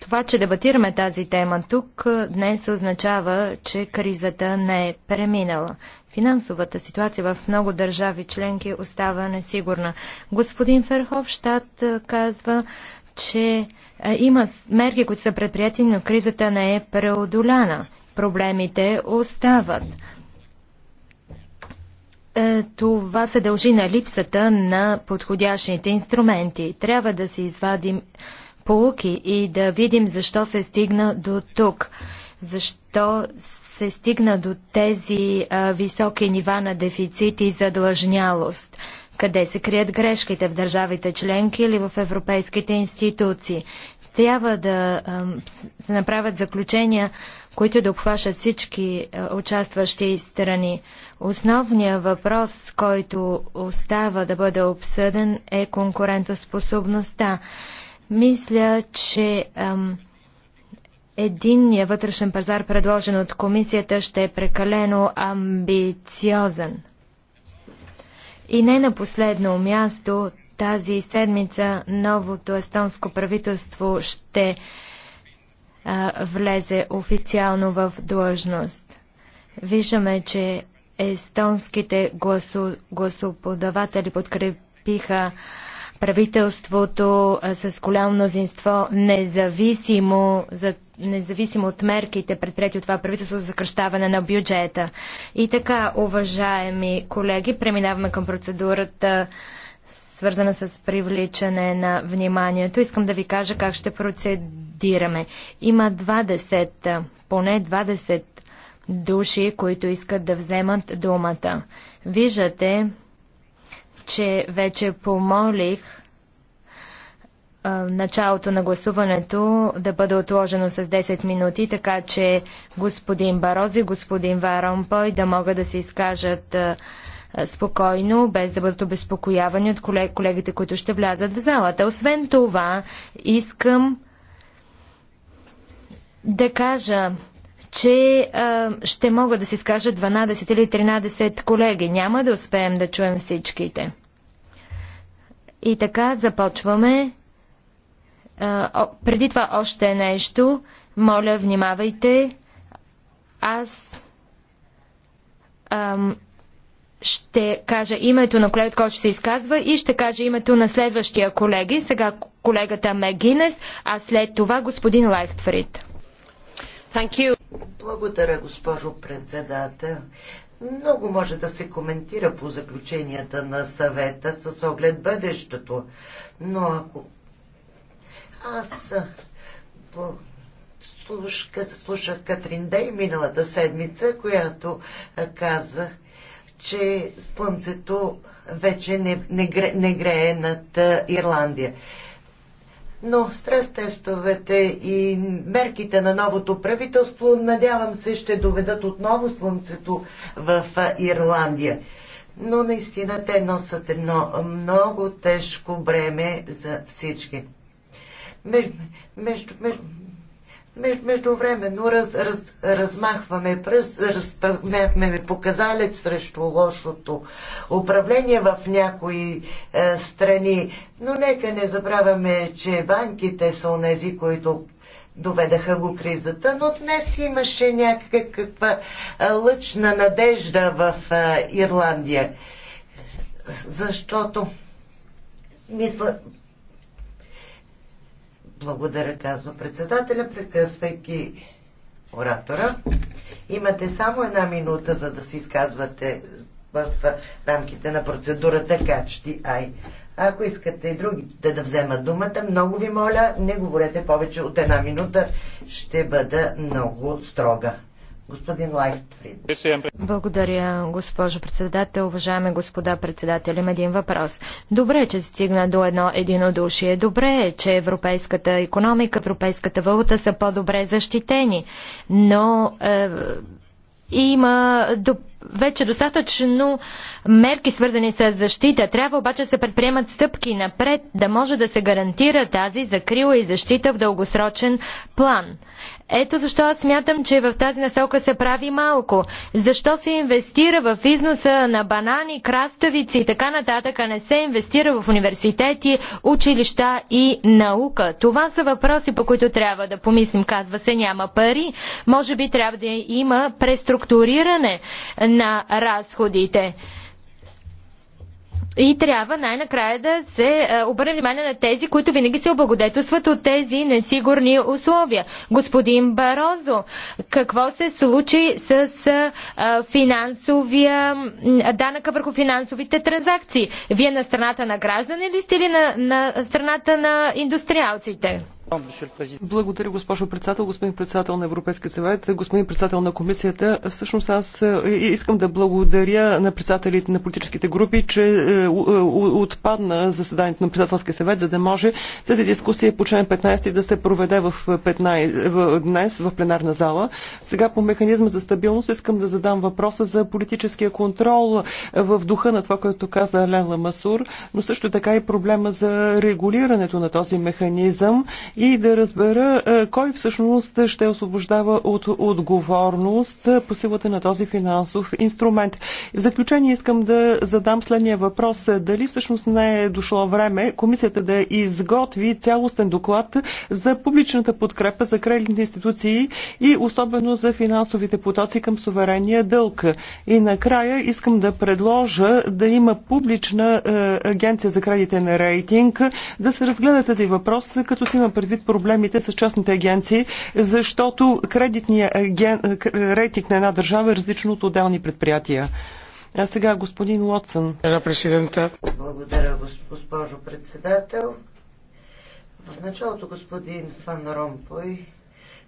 това, че дебатираме тази тема тук днес означава, че кризата не е преминала. Финансовата ситуация в много държави членки остава несигурна. Господин Ферховщад казва, че има мерки, които са предприяти, но кризата не е преодоляна. Проблемите остават. Е, това се дължи на липсата на подходящите инструменти. Трябва да се извадим полуки и да видим защо се стигна до тук. Защо се стигна до тези а, високи нива на дефицит и задлъжнялост? Къде се крият грешките в държавите членки или в европейските институции? Трябва да а, се направят заключения, които да обхващат всички а, участващи страни. Основният въпрос, който остава да бъде обсъден е конкурентоспособността. Мисля, че ам, единния вътрешен пазар, предложен от комисията, ще е прекалено амбициозен. И не на последно място, тази седмица новото естонско правителство ще а, влезе официално в длъжност. Виждаме, че естонските гласо, гласоподаватели подкрепиха а, правителството с голямо мнозинство, независимо, за, независимо от мерките, предприяти от това правителство за съкръщаване на бюджета. И така, уважаеми колеги, преминаваме към процедурата свързана с привличане на вниманието. Искам да ви кажа как ще процедираме. Има 20, поне 20 души, които искат да вземат думата. Виждате, че вече помолих началото на гласуването да бъде отложено с 10 минути, така че господин Бароз и господин Варомпой да могат да се изкажат спокойно, без да бъдат обезпокоявани от колег, колегите, които ще влязат в залата. Освен това, искам да кажа че а, ще могат да се изкажат 12 или 13 колеги. Няма да успеем да чуем всичките. И така започваме. А, о, преди това още нещо. Моля, внимавайте. Аз ам, ще кажа името на колегата, който ще се изказва и ще кажа името на следващия колеги. Сега колегата Мегинес, а след това господин Лайхтфрид. Благодаря, госпожо председател. Много може да се коментира по заключенията на съвета с оглед бъдещето, но ако аз слушах Катрин Дей миналата седмица, която каза, че слънцето вече не, не, гре, не грее над Ирландия но стрес-тестовете и мерките на новото правителство, надявам се, ще доведат отново слънцето в Ирландия. Но наистина те носят едно много тежко бреме за всички. Между, между, между, Междувременно раз, раз, размахваме пръст, размахваме показалец срещу лошото управление в някои е, страни, но нека не забравяме, че банките са онези, които доведаха го кризата, но днес имаше някаква е, лъчна надежда в е, Ирландия. Защото мисля, благодаря, казва председателя, прекъсвайки оратора. Имате само една минута, за да се изказвате в рамките на процедурата качти ай. Ако искате и другите да вземат думата, много ви моля, не говорете повече от една минута. Ще бъда много строга. Господин Лайтфрид. Благодаря, госпожо председател. Уважаеми господа председател, има един въпрос. Добре, е, че стигна до едно единодушие. Добре е, че европейската економика, европейската валута са по-добре защитени. Но е, има до, вече достатъчно мерки, свързани с защита. Трябва обаче да се предприемат стъпки напред, да може да се гарантира тази закрила и защита в дългосрочен план. Ето защо аз смятам, че в тази насока се прави малко. Защо се инвестира в износа на банани, краставици и така нататък, а не се инвестира в университети, училища и наука? Това са въпроси, по които трябва да помислим. Казва се, няма пари. Може би трябва да има преструктуриране на разходите. И трябва най-накрая да се е, обърне внимание на тези, които винаги се облагодетелстват от тези несигурни условия. Господин Барозо, какво се случи с е, финансовия данъка върху финансовите транзакции? Вие на страната на граждани ли сте или на, на страната на индустриалците? Благодаря, госпожо председател, господин председател на Европейския съвет, господин председател на комисията. Всъщност аз е, искам да благодаря на председателите на политическите групи, че е, е, отпадна заседанието на председателския съвет, за да може тази дискусия по член 15 да се проведе в 15, в, днес в пленарна зала. Сега по механизма за стабилност искам да задам въпроса за политическия контрол в духа на това, което каза Лела Масур, но също така и проблема за регулирането на този механизъм и да разбера е, кой всъщност ще освобождава от отговорност е, по силата на този финансов инструмент. В заключение искам да задам следния въпрос. Дали всъщност не е дошло време комисията да изготви цялостен доклад за публичната подкрепа за кредитните институции и особено за финансовите потоци към суверения дълг. И накрая искам да предложа да има публична е, агенция за кредитен рейтинг, да се разгледа тази въпрос, като си има предвид предвид проблемите с частните агенции, защото кредитният аген... рейтинг на една държава е различно от отделни предприятия. А сега господин Уотсън. Благодаря, госпожо председател. В началото господин Фан Ромпой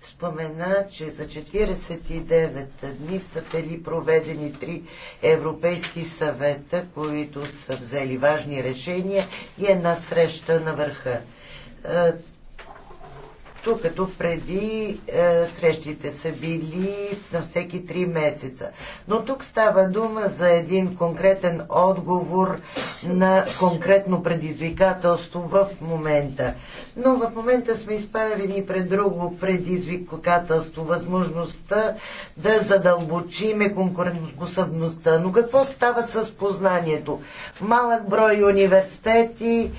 спомена, че за 49 дни са били проведени три европейски съвета, които са взели важни решения и една среща на върха. Е, тук като преди е, срещите са били на всеки три месеца. Но тук става дума за един конкретен отговор на конкретно предизвикателство в момента. Но в момента сме изправени пред друго предизвикателство, възможността да задълбочиме конкурентоспособността. Но какво става с познанието? Малък брой университети,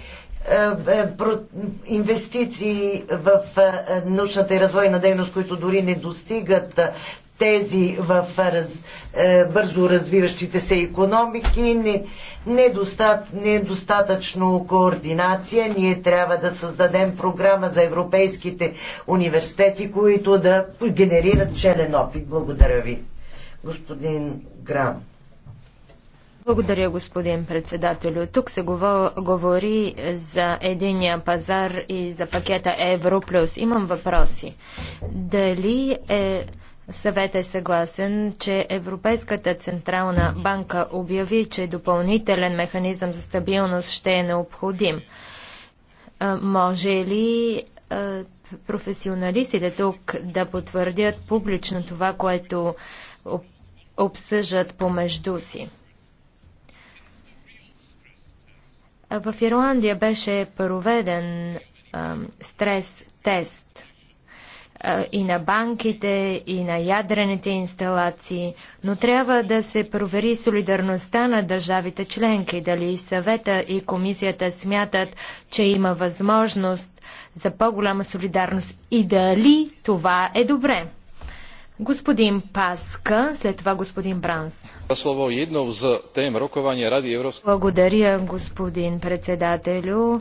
е, е, инвестиции в е, научната и развойна дейност, които дори не достигат тези в раз, бързо развиващите се економики, не, недостат, недостатъчно координация. Ние трябва да създадем програма за европейските университети, които да генерират челен опит. Благодаря ви, господин Грам. Благодаря, господин председателю. Тук се говори за единия пазар и за пакета Евро плюс Имам въпроси. Дали е Съвет е съгласен, че Европейската Централна банка обяви, че допълнителен механизъм за стабилност ще е необходим. Може ли професионалистите тук да потвърдят публично това, което обсъждат помежду си? В Ирландия беше проведен стрес-тест и на банките, и на ядрените инсталации, но трябва да се провери солидарността на държавите членки, дали и съвета и комисията смятат, че има възможност за по-голяма солидарност и дали това е добре. Господин Паска, след това господин Бранс. Слово едно за тем рокование Ради Европска. Благодаря, господин председателю.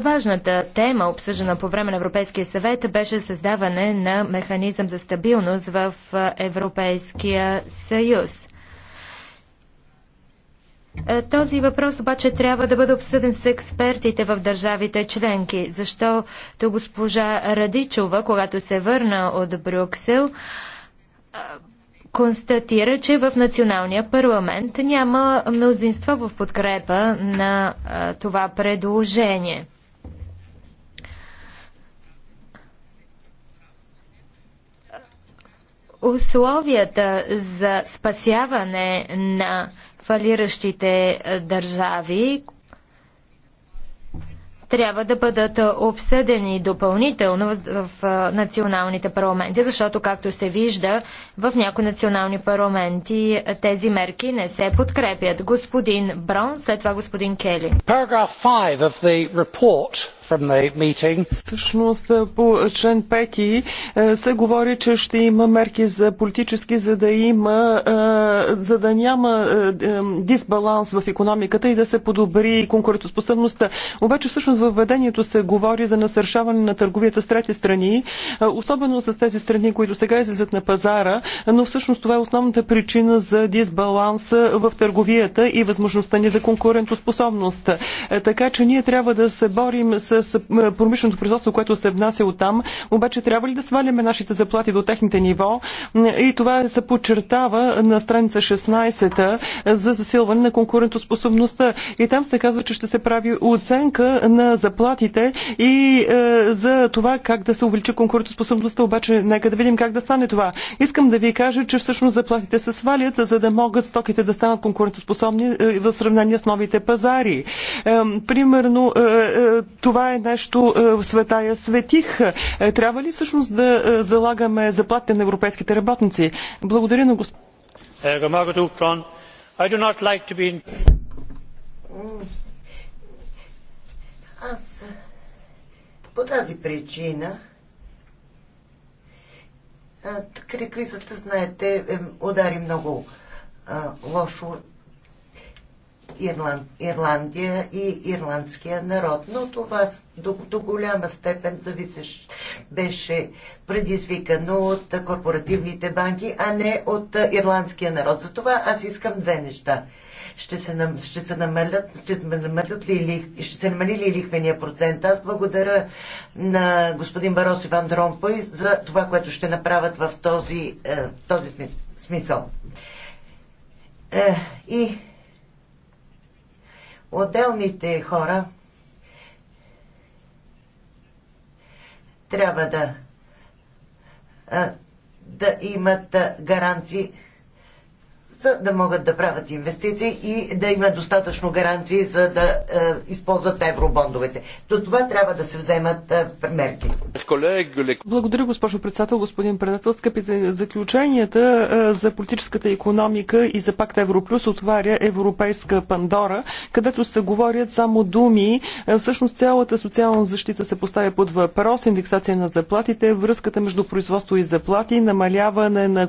Важната тема, обсъждана по време на Европейския съвет, беше създаване на механизъм за стабилност в Европейския съюз. Е, този въпрос обаче трябва да бъде обсъден с експертите в държавите членки, защото госпожа Радичова, когато се върна от Брюксел, е, констатира, че в националния парламент няма мнозинство в подкрепа на е, това предложение. Условията за спасяване на фалиращите е, държави трябва да бъдат е, обсъдени допълнително в е, националните парламенти, защото, както се вижда, в някои национални парламенти тези мерки не се подкрепят. Господин Брон, след това господин Кели. 5 Всъщност по член 5 се говори, че ще има мерки за политически, за да има, за да няма дисбаланс в економиката и да се подобри конкурентоспособността. Обаче всъщност въведението се говори за насършаване на търговията с трети страни, особено с тези страни, които сега излизат на пазара, но всъщност това е основната причина за дисбаланс в търговията и възможността ни за конкурентоспособност. Е, така че ние трябва да се борим с с е, промишленото производство, което се внася от там. Обаче трябва ли да сваляме нашите заплати до техните ниво? И това се подчертава на страница 16 за засилване на конкурентоспособността. И там се казва, че ще се прави оценка на заплатите и е, за това как да се увеличи конкурентоспособността. Обаче нека да видим как да стане това. Искам да ви кажа, че всъщност заплатите се свалят, за да могат стоките да станат конкурентоспособни е, в сравнение с новите пазари. Примерно това е нещо е, света я светих. Е, трябва ли всъщност да е, залагаме заплатите на европейските работници? Благодаря на господин. Аз по тази причина кризата, знаете, удари много лошо Ирланд, Ирландия и ирландския народ. Но това до, до голяма степен зависеш, беше предизвикано от корпоративните банки, а не от ирландския народ. Затова аз искам две неща. Ще се, нам, ще се намалят, ще намалят ли, ли, ще се намали ли лихвения процент? Аз благодаря на господин Барос Иван Ван Дромпой за това, което ще направят в този, е, в този смисъл. Е, и отделните хора трябва да, да имат гаранции за да могат да правят инвестиции и да има достатъчно гаранции, за да е, използват евробондовете. До това трябва да се вземат е, мерки. Благодаря, госпожо председател, господин председател. Скъпите заключенията е, за политическата економика и за пакт Европлюс отваря европейска пандора, където се говорят само думи. Е, всъщност цялата социална защита се поставя под въпрос, индексация на заплатите, връзката между производство и заплати, намаляване на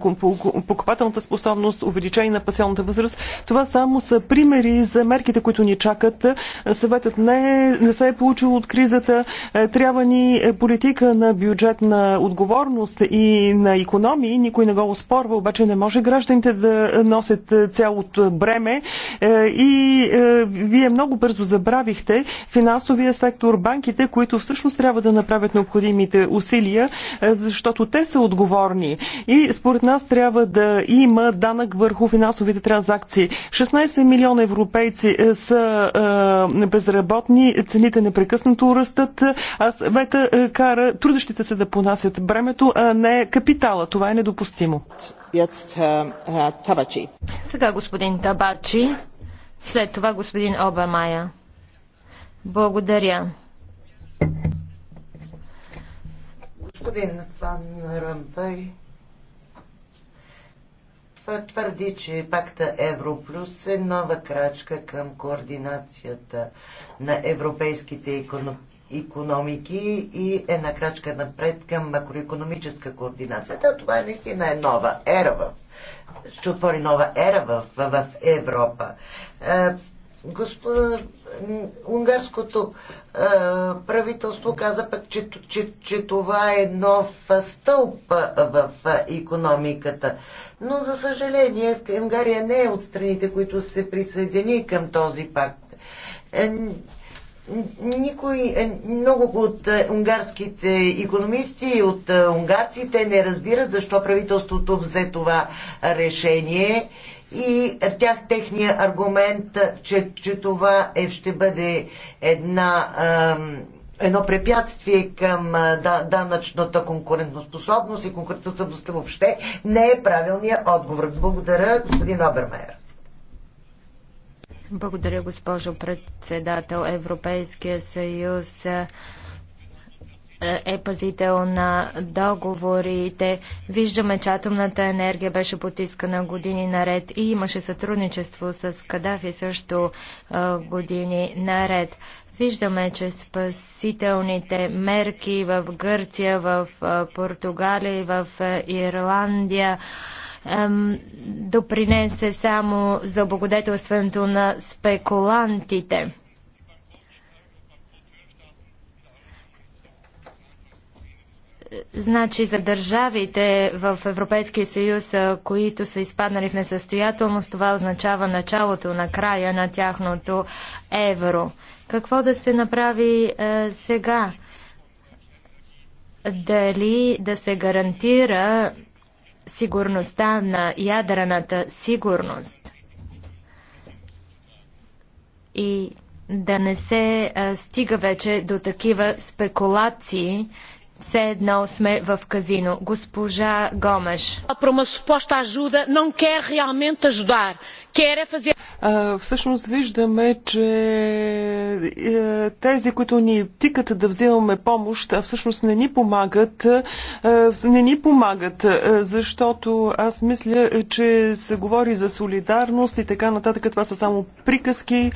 покупателната способност, увеличаване увеличение на пасионната възраст. Това само са примери за мерките, които ни чакат. Съветът не, не се е получил от кризата. Е, трябва ни е, политика на бюджетна отговорност и на економии. Никой не го оспорва, обаче не може гражданите да носят е, цялото бреме. И вие много бързо забравихте финансовия сектор, банките, които всъщност трябва да направят необходимите усилия, защото те са отговорни. И според нас трябва да има данък върху финансовите транзакции. 16 милиона европейци е, са е, безработни, цените непрекъснато растат, а съвета е, кара трудещите се да понасят бремето, а не капитала. Това е недопустимо. Сега господин Табачи, след това господин Обамая. Благодаря. Господин Фан Рампей, твърди, че пакта Европлюс е нова крачка към координацията на европейските економики економики и една крачка напред към макроекономическа координация. Да, това е наистина е нова ера в... Ще отвори нова ера в, в Европа. Е, Господа Унгарското а, правителство каза пък, че, че, че това е нов стълб в економиката. Но, за съжаление, Унгария не е от страните, които се присъедини към този пакт. Е, никой, е, много от е, унгарските економисти и от унгарците не разбират защо правителството взе това решение и тях, техния аргумент, че, че това е, ще бъде една, е, едно препятствие към да, данъчната конкурентоспособност и конкурентоспособността въобще, не е правилният отговор. Благодаря, господин Обермайер. Благодаря, госпожо председател. Европейския съюз е, е пазител на договорите. Виждаме, че атомната енергия беше потискана години наред и имаше сътрудничество с Кадафи също е, години наред. Виждаме, че спасителните мерки в Гърция, в е, Португалия и в Ирландия допринесе само за облагодетелстването на спекулантите. Значи за държавите в Европейския съюз, които са изпаднали в несъстоятелност, това означава началото на края на тяхното евро. Какво да се направи е, сега? Дали да се гарантира сигурността на ядрената сигурност? И да не се е, стига вече до такива спекулации, все едно сме в казино. Госпожа Гомеш. Е всъщност виждаме, че е, тези, които ни тикат да взимаме помощ, всъщност не ни помагат. Е, не ни помагат, защото аз мисля, че се говори за солидарност и така нататък. Това са само приказки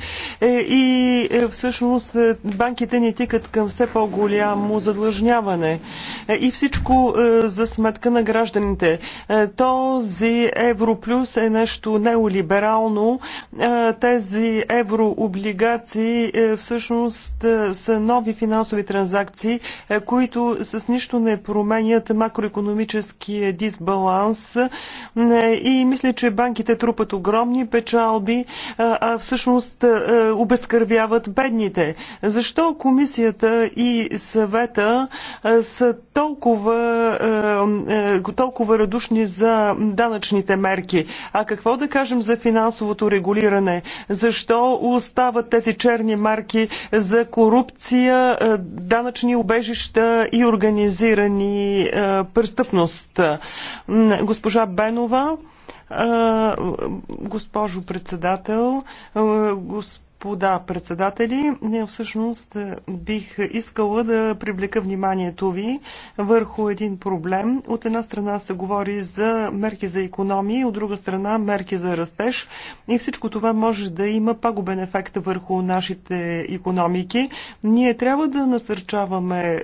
и всъщност банките ни тикат към все по-голямо задлъжняване. Е, и всичко е, за сметка на гражданите. Е, този Европлюс е нещо неолиберално. Тези еврооблигации всъщност са нови финансови транзакции, които с нищо не променят макроекономическия дисбаланс и мисля, че банките трупат огромни печалби, а всъщност обезкървяват бедните. Защо комисията и съвета са толкова, е, е, толкова радушни за данъчните мерки. А какво да кажем за финансовото регулиране? Защо остават тези черни марки за корупция, е, данъчни убежища и организирани престъпност? Госпожа Бенова, госпожо председател, госпожо господа председатели, е, всъщност е, бих искала да привлека вниманието ви върху един проблем. От една страна се говори за мерки за економии, от друга страна мерки за растеж и всичко това може да има пагубен ефект върху нашите економики. Ние трябва да насърчаваме е,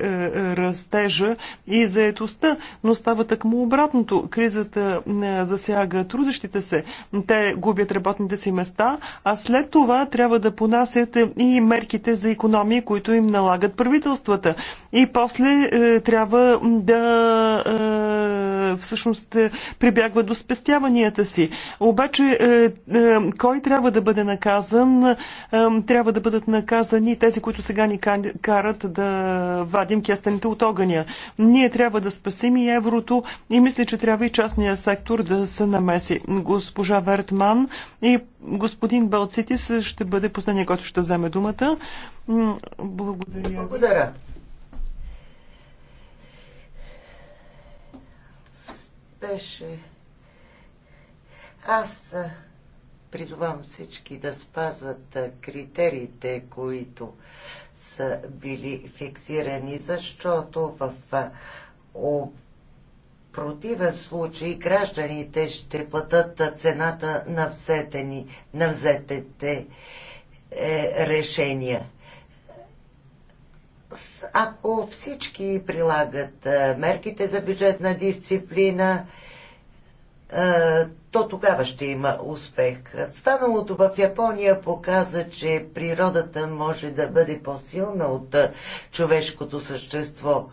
растежа и заетостта, но става так му обратното. Кризата засяга трудещите се. Те губят работните си места, а след това трябва да да понасят е, и мерките за економии, които им налагат правителствата. И после е, трябва да е, всъщност е, прибягва до спестяванията си. Обаче, е, е, кой трябва да бъде наказан? Е, трябва да бъдат наказани тези, които сега ни карат да вадим кестените от огъня. Ние трябва да спасим и еврото и мисля, че трябва и частния сектор да се намеси. Госпожа Вертман и господин Балцитис ще бъде последния, който ще вземе думата. Благодаря. Благодаря. Беше. Аз призовам всички да спазват критериите, които са били фиксирани, защото в противен случай гражданите ще платят цената на, взетени, на взетите е, решения. Ако всички прилагат е, мерките за бюджетна дисциплина, е, то тогава ще има успех. Станалото в Япония показа, че природата може да бъде по-силна от е, човешкото същество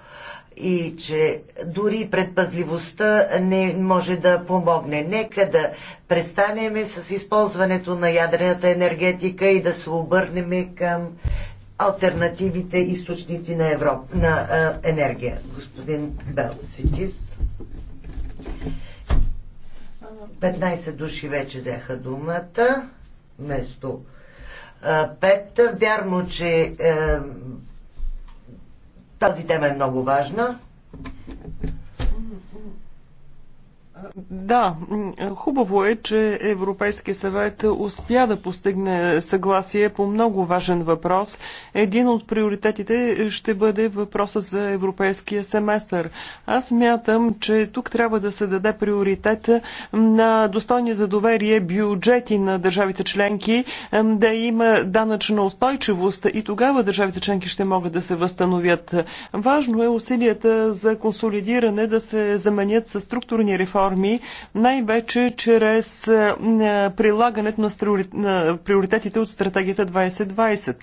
и че дори предпазливостта не може да помогне. Нека да престанеме с използването на ядрената енергетика и да се обърнем към альтернативите източници на, Европа, на а, енергия. Господин Белситис. 15 души вече взеха думата, Место 5. Вярно, че е, тази тема е много важна. Да, хубаво е, че Европейския съвет успя да постигне съгласие по много важен въпрос. Един от приоритетите ще бъде въпроса за европейския семестър. Аз мятам, че тук трябва да се даде приоритет на достойни за доверие бюджети на държавите членки, да има данъчна устойчивост и тогава държавите членки ще могат да се възстановят. Важно е усилията за консолидиране да се заменят с структурни реформи реформи, най-вече чрез е, е, прилагането на, приоритетите от стратегията 2020.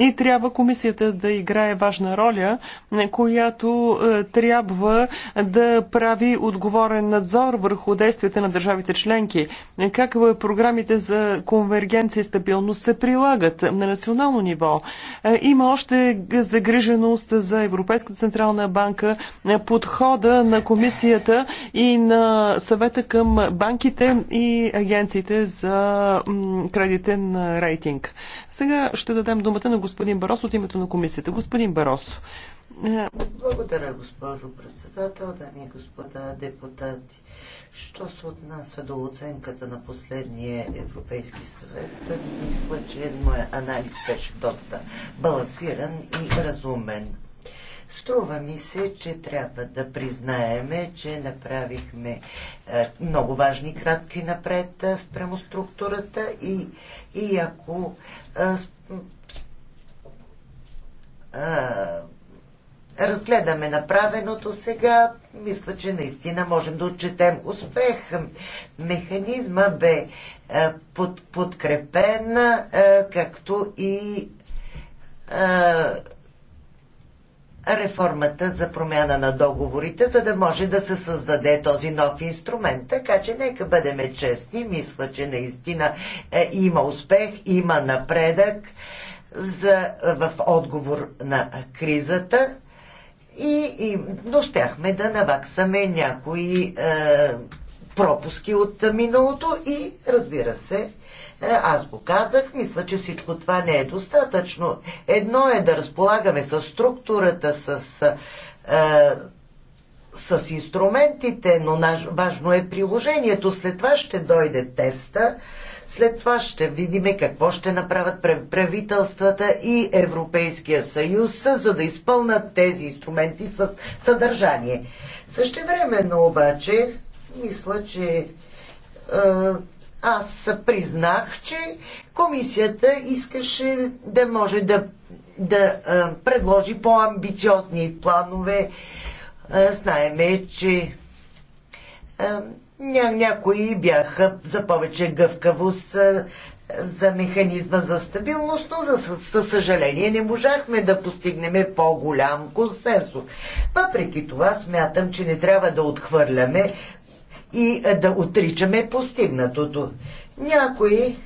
И трябва комисията да играе важна роля, е, която трябва да прави отговорен надзор върху действията на държавите членки. Как програмите за конвергенция и стабилност се прилагат на национално ниво? Има още загриженост за Европейската централна банка, подхода на комисията и на съвета към банките и агенциите за кредитен рейтинг. Сега ще дадем думата на господин Барос от името на комисията. Господин Барос. Е, Благодаря, госпожо председател, дами и господа депутати. Що се отнася до оценката на последния Европейски съвет, мисля, че моят анализ беше доста балансиран и разумен. Струва ми се, че трябва да признаеме, че направихме е, много важни кратки напред е, спрямо структурата и, и ако е, разгледаме направеното сега, мисля, че наистина можем да отчетем успех. Механизма бе под, подкрепен, както и реформата за промяна на договорите, за да може да се създаде този нов инструмент. Така че нека бъдем честни. Мисля, че наистина е, има успех, има напредък за, в отговор на кризата. И, и успяхме да наваксаме някои е, пропуски от миналото и, разбира се, е, аз го казах, мисля, че всичко това не е достатъчно. Едно е да разполагаме с структурата, с, е, с инструментите, но наш, важно е приложението. След това ще дойде теста, след това ще видим какво ще направят правителствата и Европейския съюз, за да изпълнат тези инструменти с съдържание. Същевременно обаче, мисля, че е, аз признах, че комисията искаше да може да, да а, предложи по-амбициозни планове. А, знаеме, че а, ня, някои бяха за повече гъвкавост а, за механизма за стабилност, но за, със съжаление не можахме да постигнем по-голям консенсус. Въпреки това смятам, че не трябва да отхвърляме и е, да отричаме постигнатото. Някои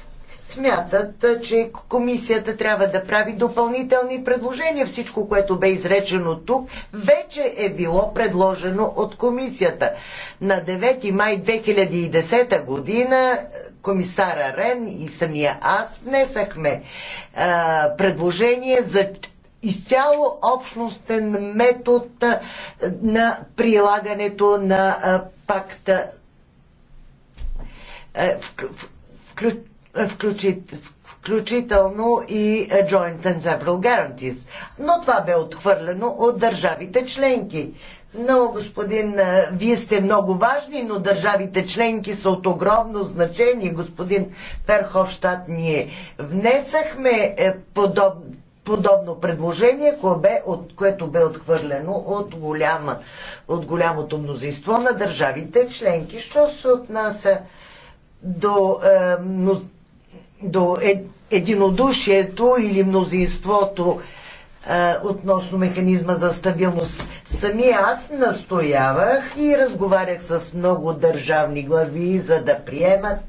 смятат, е, че комисията трябва да прави допълнителни предложения. Всичко, което бе изречено тук, вече е било предложено от комисията. На 9 май 2010 година е, комисара Рен и самия аз внесахме а, предложение за изцяло общностен метод на прилагането на пакта. Е, е, включително и е, Joint and Several Guarantees. Но това бе отхвърлено от държавите членки. Но, господин, вие сте много важни, но държавите членки са от огромно значение. Господин Перховщад, ние внесахме подобно подобно предложение, което бе отхвърлено от, голяма, от голямото мнозинство на държавите членки. Що се отнася до, е, до е- единодушието или мнозинството е, относно механизма за стабилност. Сами аз настоявах и разговарях с много държавни глави, за да приемат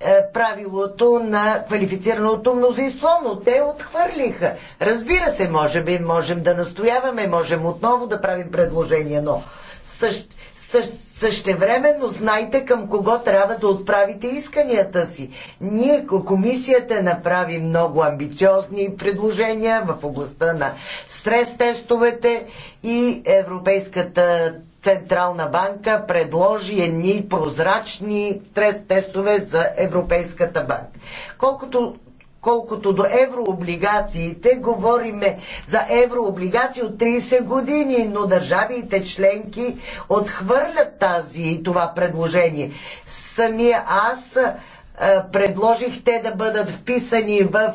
е, правилото на квалифицираното мнозинство, но те отхвърлиха. Разбира се, може би можем да настояваме, можем отново да правим предложение, но същ, същ, същевременно знайте към кого трябва да отправите исканията си. Ние, комисията, направи много амбициозни предложения в областта на стрес-тестовете и Европейската Централна банка предложи едни прозрачни стрес тестове за Европейската банка. Колкото колкото до еврооблигациите, говориме за еврооблигации от 30 години, но държавите членки отхвърлят тази и това предложение. Самия аз Предложихте да бъдат вписани в,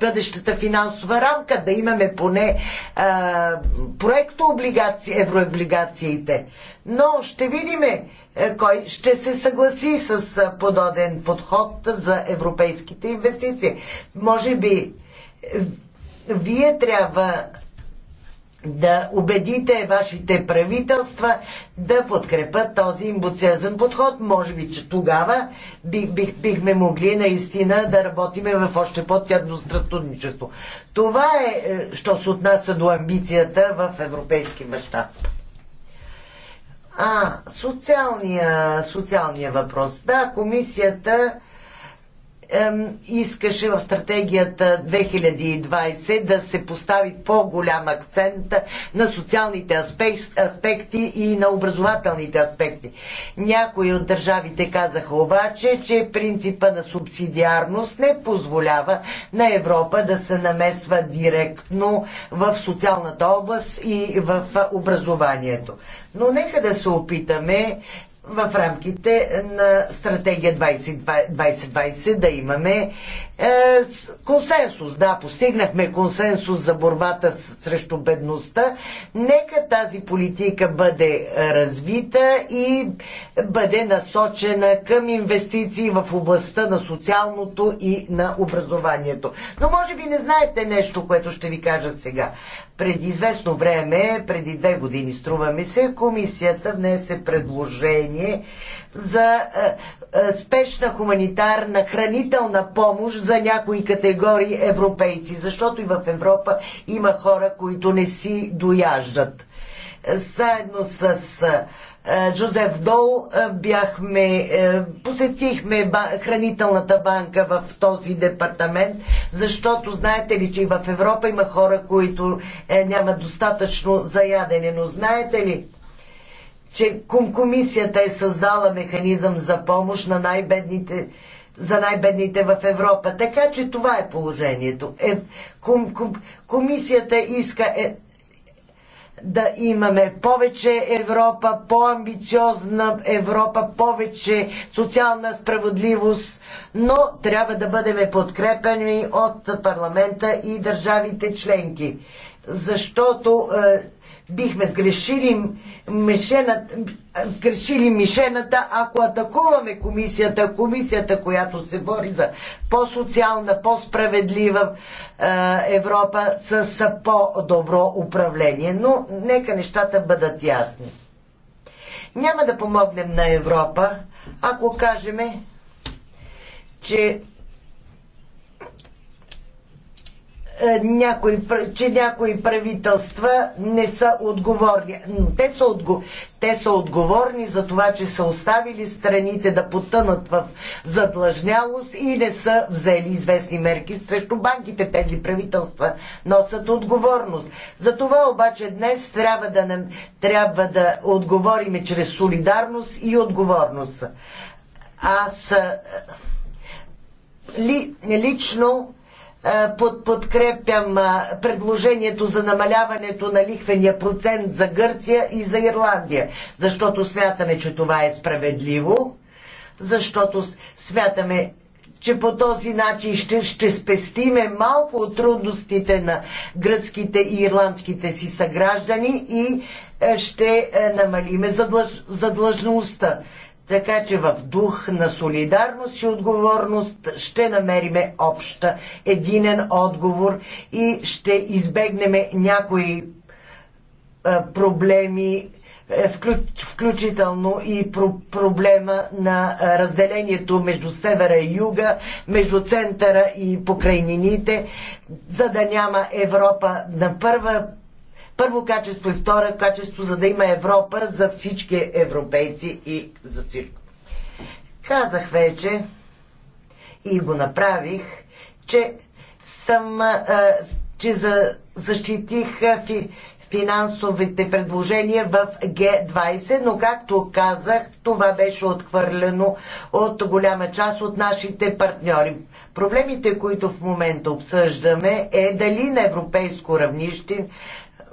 бъдещата финансова рамка, да имаме поне а, проектооблигации, еврооблигациите. Но ще видиме кой ще се съгласи с подобен подход за европейските инвестиции. Може би е, вие трябва да убедите вашите правителства да подкрепят този имбуциозен подход. Може би, че тогава бих, бих, бихме могли наистина да работиме в още по тядно сътрудничество. Това е, е, що се отнася до амбицията в европейски мащаб. А, социалния, социалния въпрос. Да, комисията искаше в стратегията 2020 да се постави по-голям акцент на социалните аспекти и на образователните аспекти. Някои от държавите казаха обаче, че принципа на субсидиарност не позволява на Европа да се намесва директно в социалната област и в образованието. Но нека да се опитаме в рамките на стратегия 2020 да имаме е, консенсус, да, постигнахме консенсус за борбата срещу бедността. Нека тази политика бъде е, развита и бъде насочена към инвестиции в областта на социалното и на образованието. Но може би не знаете нещо, което ще ви кажа сега. Преди известно време, преди две години, струваме се, комисията внесе предложение за е, е, спешна хуманитарна хранителна помощ за някои категории европейци, защото и в Европа има хора, които не си дояждат. Е, заедно с Джозеф Дол бяхме, посетихме хранителната банка в този департамент, защото знаете ли, че и в Европа има хора, които нямат достатъчно заядене, но знаете ли, че комисията е създала механизъм за помощ на най-бедните за най-бедните в Европа. Така че това е положението. Е, ком, ком, комисията иска е, да имаме повече Европа, по-амбициозна Европа, повече социална справедливост, но трябва да бъдем подкрепени от парламента и държавите членки. Защото е, бихме сгрешили мишената, сгрешили мишената, ако атакуваме комисията, комисията, която се бори за по-социална, по-справедлива е, Европа с, с по-добро управление. Но нека нещата бъдат ясни. Няма да помогнем на Европа, ако кажеме, че Е, някои, че някои правителства не са отговорни. Те са, отго... Те са отговорни за това, че са оставили страните да потънат в задлъжнялост и не са взели известни мерки срещу банките. Тези правителства носят отговорност. За това обаче днес трябва да, не... трябва да отговориме чрез солидарност и отговорност. Аз е, ли, лично е, под, подкрепям предложението за намаляването на лихвения процент за Гърция и за Ирландия, защото смятаме, че това е справедливо, защото смятаме, че по този начин ще, ще спестиме малко от трудностите на гръцките и ирландските си съграждани и е, ще е, намалиме задлъж, задлъжността. Така че в дух на солидарност и отговорност ще намериме обща, единен отговор и ще избегнем някои е, проблеми, е, включително и проблема на разделението между севера и юга, между центъра и покрайнините, за да няма Европа на първа първо качество и второ качество, за да има Европа за всички европейци и за всичко. Казах вече и го направих, че съм, а, че за, защитих фи, финансовите предложения в Г20, но както казах, това беше отхвърлено от голяма част от нашите партньори. Проблемите, които в момента обсъждаме е дали на европейско равнище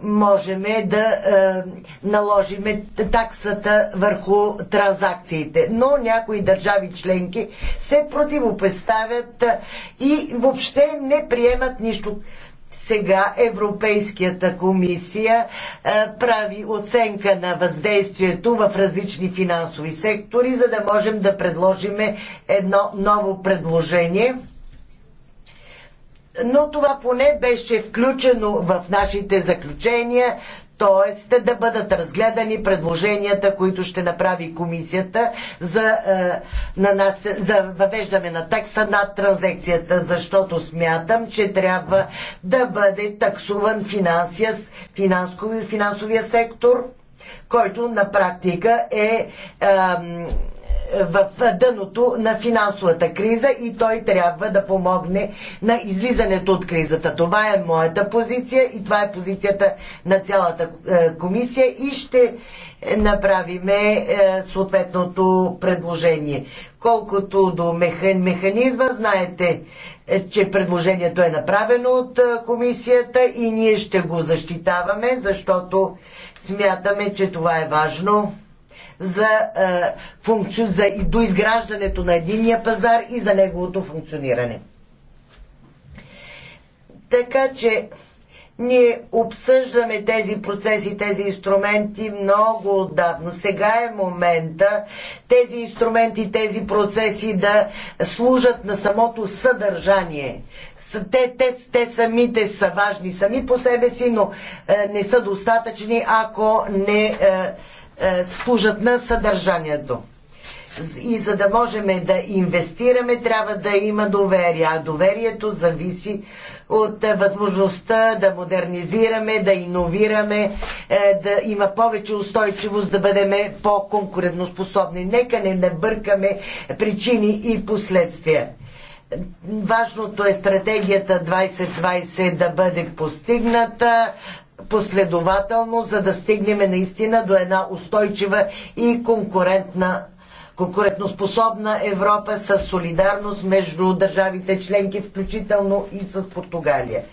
можем да е, наложим таксата върху транзакциите. Но някои държави членки се противопоставят е, и въобще не приемат нищо. Сега Европейската комисия е, прави оценка на въздействието в различни финансови сектори, за да можем да предложим едно ново предложение но това поне беше включено в нашите заключения, т.е. да бъдат разгледани предложенията, които ще направи комисията за, е, на нас, за въвеждане на такса над транзекцията, защото смятам, че трябва да бъде таксуван финансия, финансовия сектор, който на практика е, е в дъното на финансовата криза и той трябва да помогне на излизането от кризата. Това е моята позиция и това е позицията на цялата е, комисия и ще направиме е, съответното предложение. Колкото до механизма, знаете, е, че предложението е направено от комисията и ние ще го защитаваме, защото смятаме, че това е важно за, е, функци... за доизграждането на единния пазар и за неговото функциониране. Така че ние обсъждаме тези процеси, тези инструменти много отдавно. Сега е момента тези инструменти, тези процеси да служат на самото съдържание. Те, те, те самите са важни сами по себе си, но е, не са достатъчни, ако не. Е, е, служат на съдържанието. И за да можем да инвестираме, трябва да има доверие. А доверието зависи от е, възможността да модернизираме, да иновираме, е, да има повече устойчивост, да бъдем по-конкурентоспособни. Нека не набъркаме причини и последствия. Важното е стратегията 2020 да бъде постигната, последователно, за да стигнем наистина до една устойчива и конкурентна конкурентоспособна Европа с солидарност между държавите членки, включително и с Португалия.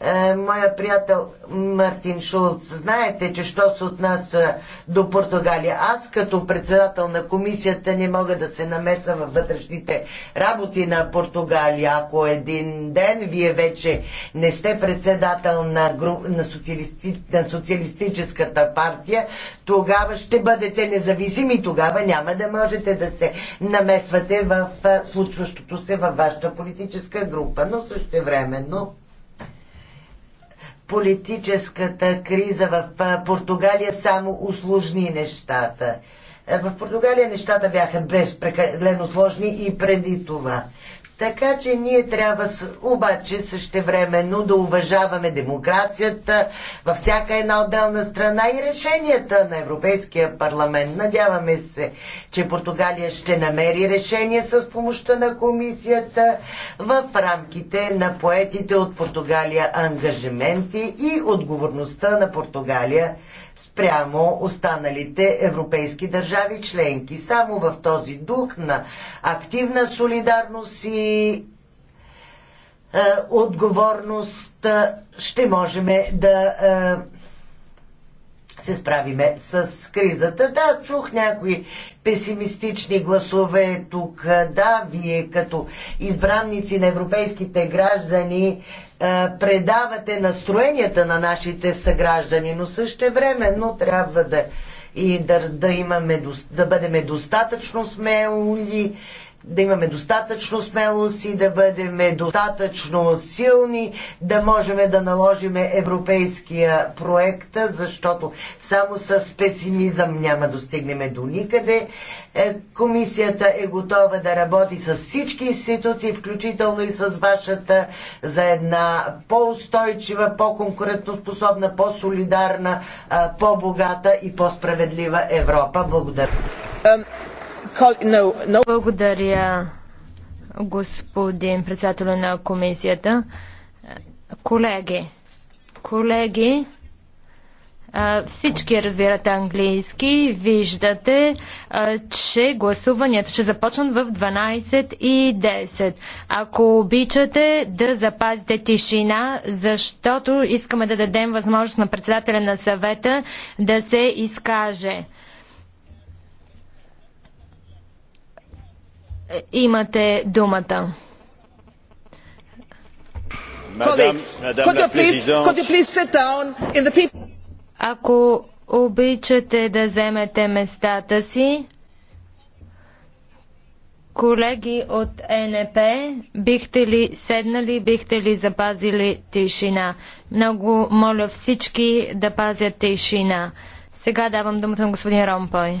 Е, моя приятел Мартин Шулц. Знаете, че що се отнася до Португалия. Аз като председател на комисията не мога да се намеса във вътрешните работи на Португалия. Ако един ден вие вече не сте председател на, груп, на, социалисти, на социалистическата партия, тогава ще бъдете независими и тогава няма да можете да се намесвате в случващото се във вашата политическа група. Но също времено политическата криза в Португалия само усложни нещата. Е, в Португалия нещата бяха безпрекалено сложни и преди това. Така че ние трябва обаче същевременно да уважаваме демокрацията във всяка една отделна страна и решенията на Европейския парламент. Надяваме се, че Португалия ще намери решение с помощта на комисията в рамките на поетите от Португалия ангажименти и отговорността на Португалия спрямо останалите европейски държави членки. Само в този дух на активна солидарност и е, отговорност е, ще можем да е, се справиме с кризата. Да, чух някои песимистични гласове тук. Да, вие като избранници на европейските граждани е, предавате настроенията на нашите съграждани, но също времено трябва да и да, да имаме да бъдем достатъчно смели, да имаме достатъчно смелост и да бъдем достатъчно силни, да можем да наложим европейския проект, защото само с песимизъм няма да стигнем до никъде. Е, комисията е готова да работи с всички институции, включително и с вашата, за една по-устойчива, по-конкурентоспособна, по-солидарна, е, по-богата и по-справедлива Европа. Благодаря. Благодаря, господин председател на комисията. Колеги, колеги, всички разбират английски. Виждате, че гласуванията ще започнат в 12 и 10. Ако обичате да запазите тишина, защото искаме да дадем възможност на председателя на съвета да се изкаже. Е, имате думата. Ако обичате да вземете местата си, колеги от НП, бихте ли седнали, бихте ли запазили тишина? Много моля всички да пазят тишина. Сега давам думата на господин Ромпой.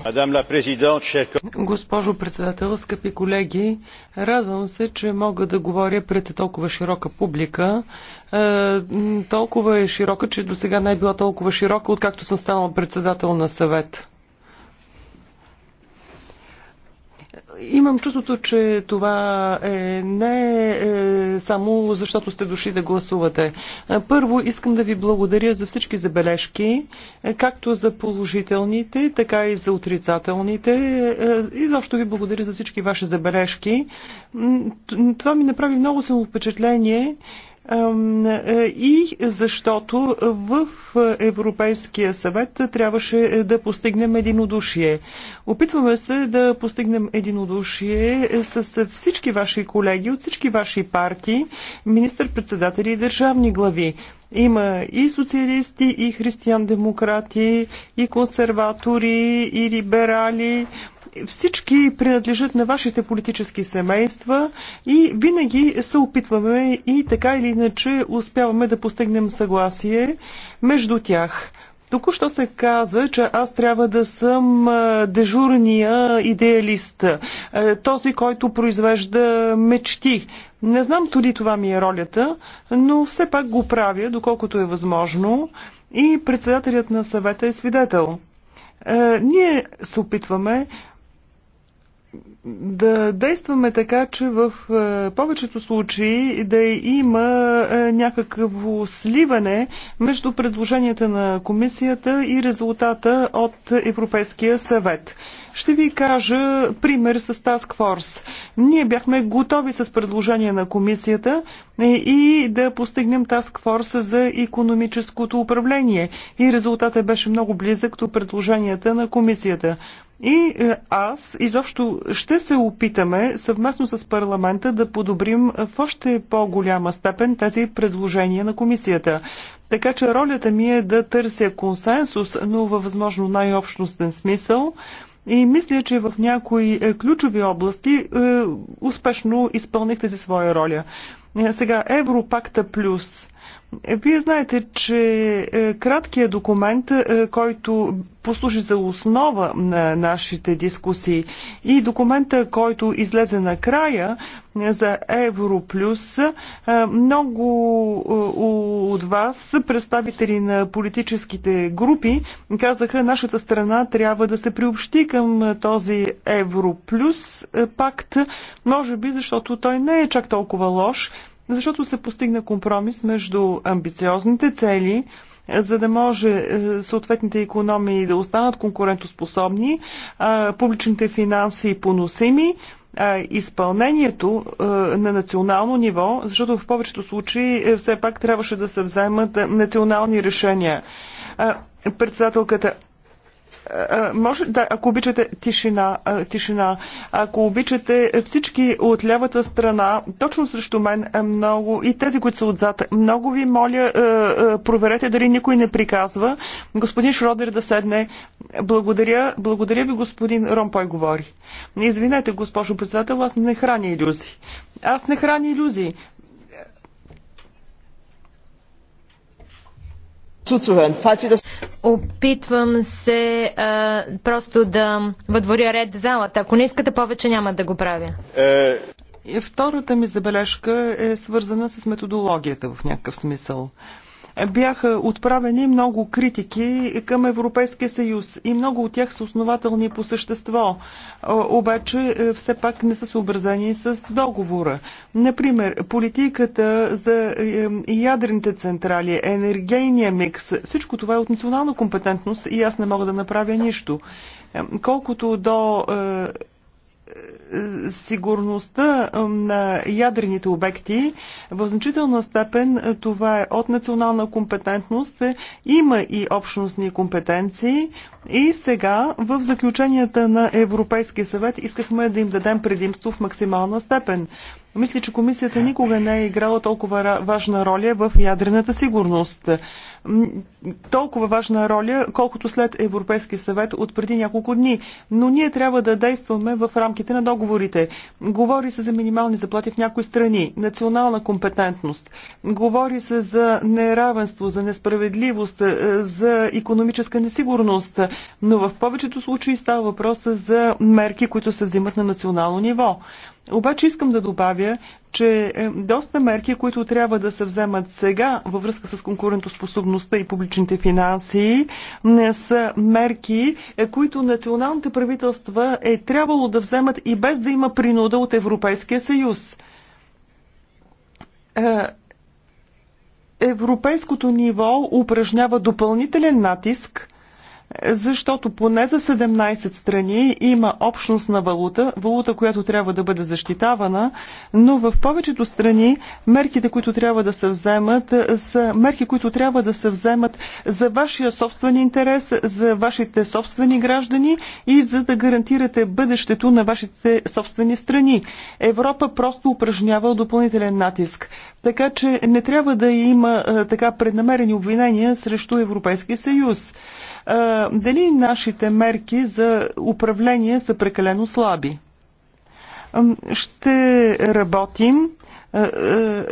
Госпожо председател, скъпи колеги, радвам се, че мога да говоря пред толкова широка публика. Е, толкова е широка, че до сега не е била толкова широка, откакто съм станала председател на съвет. Имам чувството, че това е не е само защото сте дошли да гласувате. Е, първо искам да ви благодаря за всички забележки, е, както за положителните, така и за отрицателните. Е, и защо ви благодаря за всички ваши забележки. Това ми направи много само впечатление е, и защото в Европейския съвет трябваше да постигнем единодушие. Опитваме се да постигнем единодушие с всички ваши колеги от всички ваши партии, министър-председатели и държавни глави. Има и социалисти, и християн-демократи, и консерватори, и либерали, всички принадлежат на вашите политически семейства и винаги се опитваме и така или иначе успяваме да постигнем съгласие между тях. Току-що се каза, че аз трябва да съм дежурния идеалист, този, който произвежда мечти. Не знам дали това ми е ролята, но все пак го правя, доколкото е възможно, и председателят на съвета е свидетел. Е, ние се опитваме да действаме така, че в е, повечето случаи да има е, някакво сливане между предложенията на комисията и резултата от Европейския съвет. Ще ви кажа пример с Task Force. Ние бяхме готови с предложение на комисията е, и да постигнем Task Force за економическото управление. И резултатът беше много близък до предложенията на комисията. И е, аз изобщо ще се опитаме съвместно с парламента да подобрим в още по-голяма степен тези предложения на комисията. Така че ролята ми е да търся консенсус, но във възможно най-общностен смисъл. И мисля, че в някои е, ключови области е, успешно изпълних си своя роля. Е, сега Европакта плюс вие знаете, че е, краткият документ, е, който послужи за основа на нашите дискусии и документа, който излезе накрая е, за Европлюс, много от вас, представители на политическите групи, казаха, нашата страна трябва да се приобщи към този Европлюс пакт, може би защото той не е чак толкова лош, защото се постигна компромис между амбициозните цели, за да може е, съответните економии да останат конкурентоспособни, е, публичните финанси поносими, е, изпълнението на национално ниво, защото в повечето случаи все пак трябваше да се вземат национални решения. Председателката, е, е, може да, ако обичате тишина, е, тишина, ако обичате всички от лявата страна, точно срещу мен е много и тези, които са отзад, много ви моля, проверете дали никой не приказва. Господин Шродер да седне. Благодаря, благодаря ви, господин Ромпой говори. Извинете, госпожо председател, аз не храня иллюзии. Аз не храня иллюзии. Опитвам се а, просто да въдворя ред в залата. Ако не искате повече, няма да го правя. Е, втората ми забележка е свързана с методологията в някакъв смисъл бяха отправени много критики към Европейския съюз и много от тях са основателни по същество, обаче е, все пак не са съобразени с договора. Например, политиката за е, ядрените централи, енергийния микс, всичко това е от национална компетентност и аз не мога да направя нищо. Е, колкото до сигурността на ядрените обекти. В значителна степен е, това е от национална компетентност. Е, има и общностни компетенции. И сега в заключенията на Европейския съвет искахме да им дадем предимство в максимална степен. Мисля, че комисията никога не е играла толкова важна роля в ядрената сигурност толкова важна роля, колкото след Европейски съвет от преди няколко дни. Но ние трябва да действаме в рамките на договорите. Говори се за минимални заплати в някои страни, национална компетентност. Говори се за неравенство, за несправедливост, е, за економическа несигурност. Но в повечето случаи става въпрос за мерки, които се взимат на национално ниво. Обаче искам да добавя, че е, доста мерки, които трябва да се вземат сега във връзка с конкурентоспособността и публичните финанси, не са мерки, е, които националните правителства е трябвало да вземат и без да има принуда от Европейския съюз. Е, европейското ниво упражнява допълнителен натиск – защото поне за 17 страни има общност на валута, валута, която трябва да бъде защитавана, но в повечето страни мерките, които трябва да се вземат, са мерки, които трябва да се вземат за вашия собствен интерес, за вашите собствени граждани и за да гарантирате бъдещето на вашите собствени страни. Европа просто упражнява допълнителен натиск. Така че не трябва да има така преднамерени обвинения срещу Европейския съюз дали нашите мерки за управление са прекалено слаби. Ще работим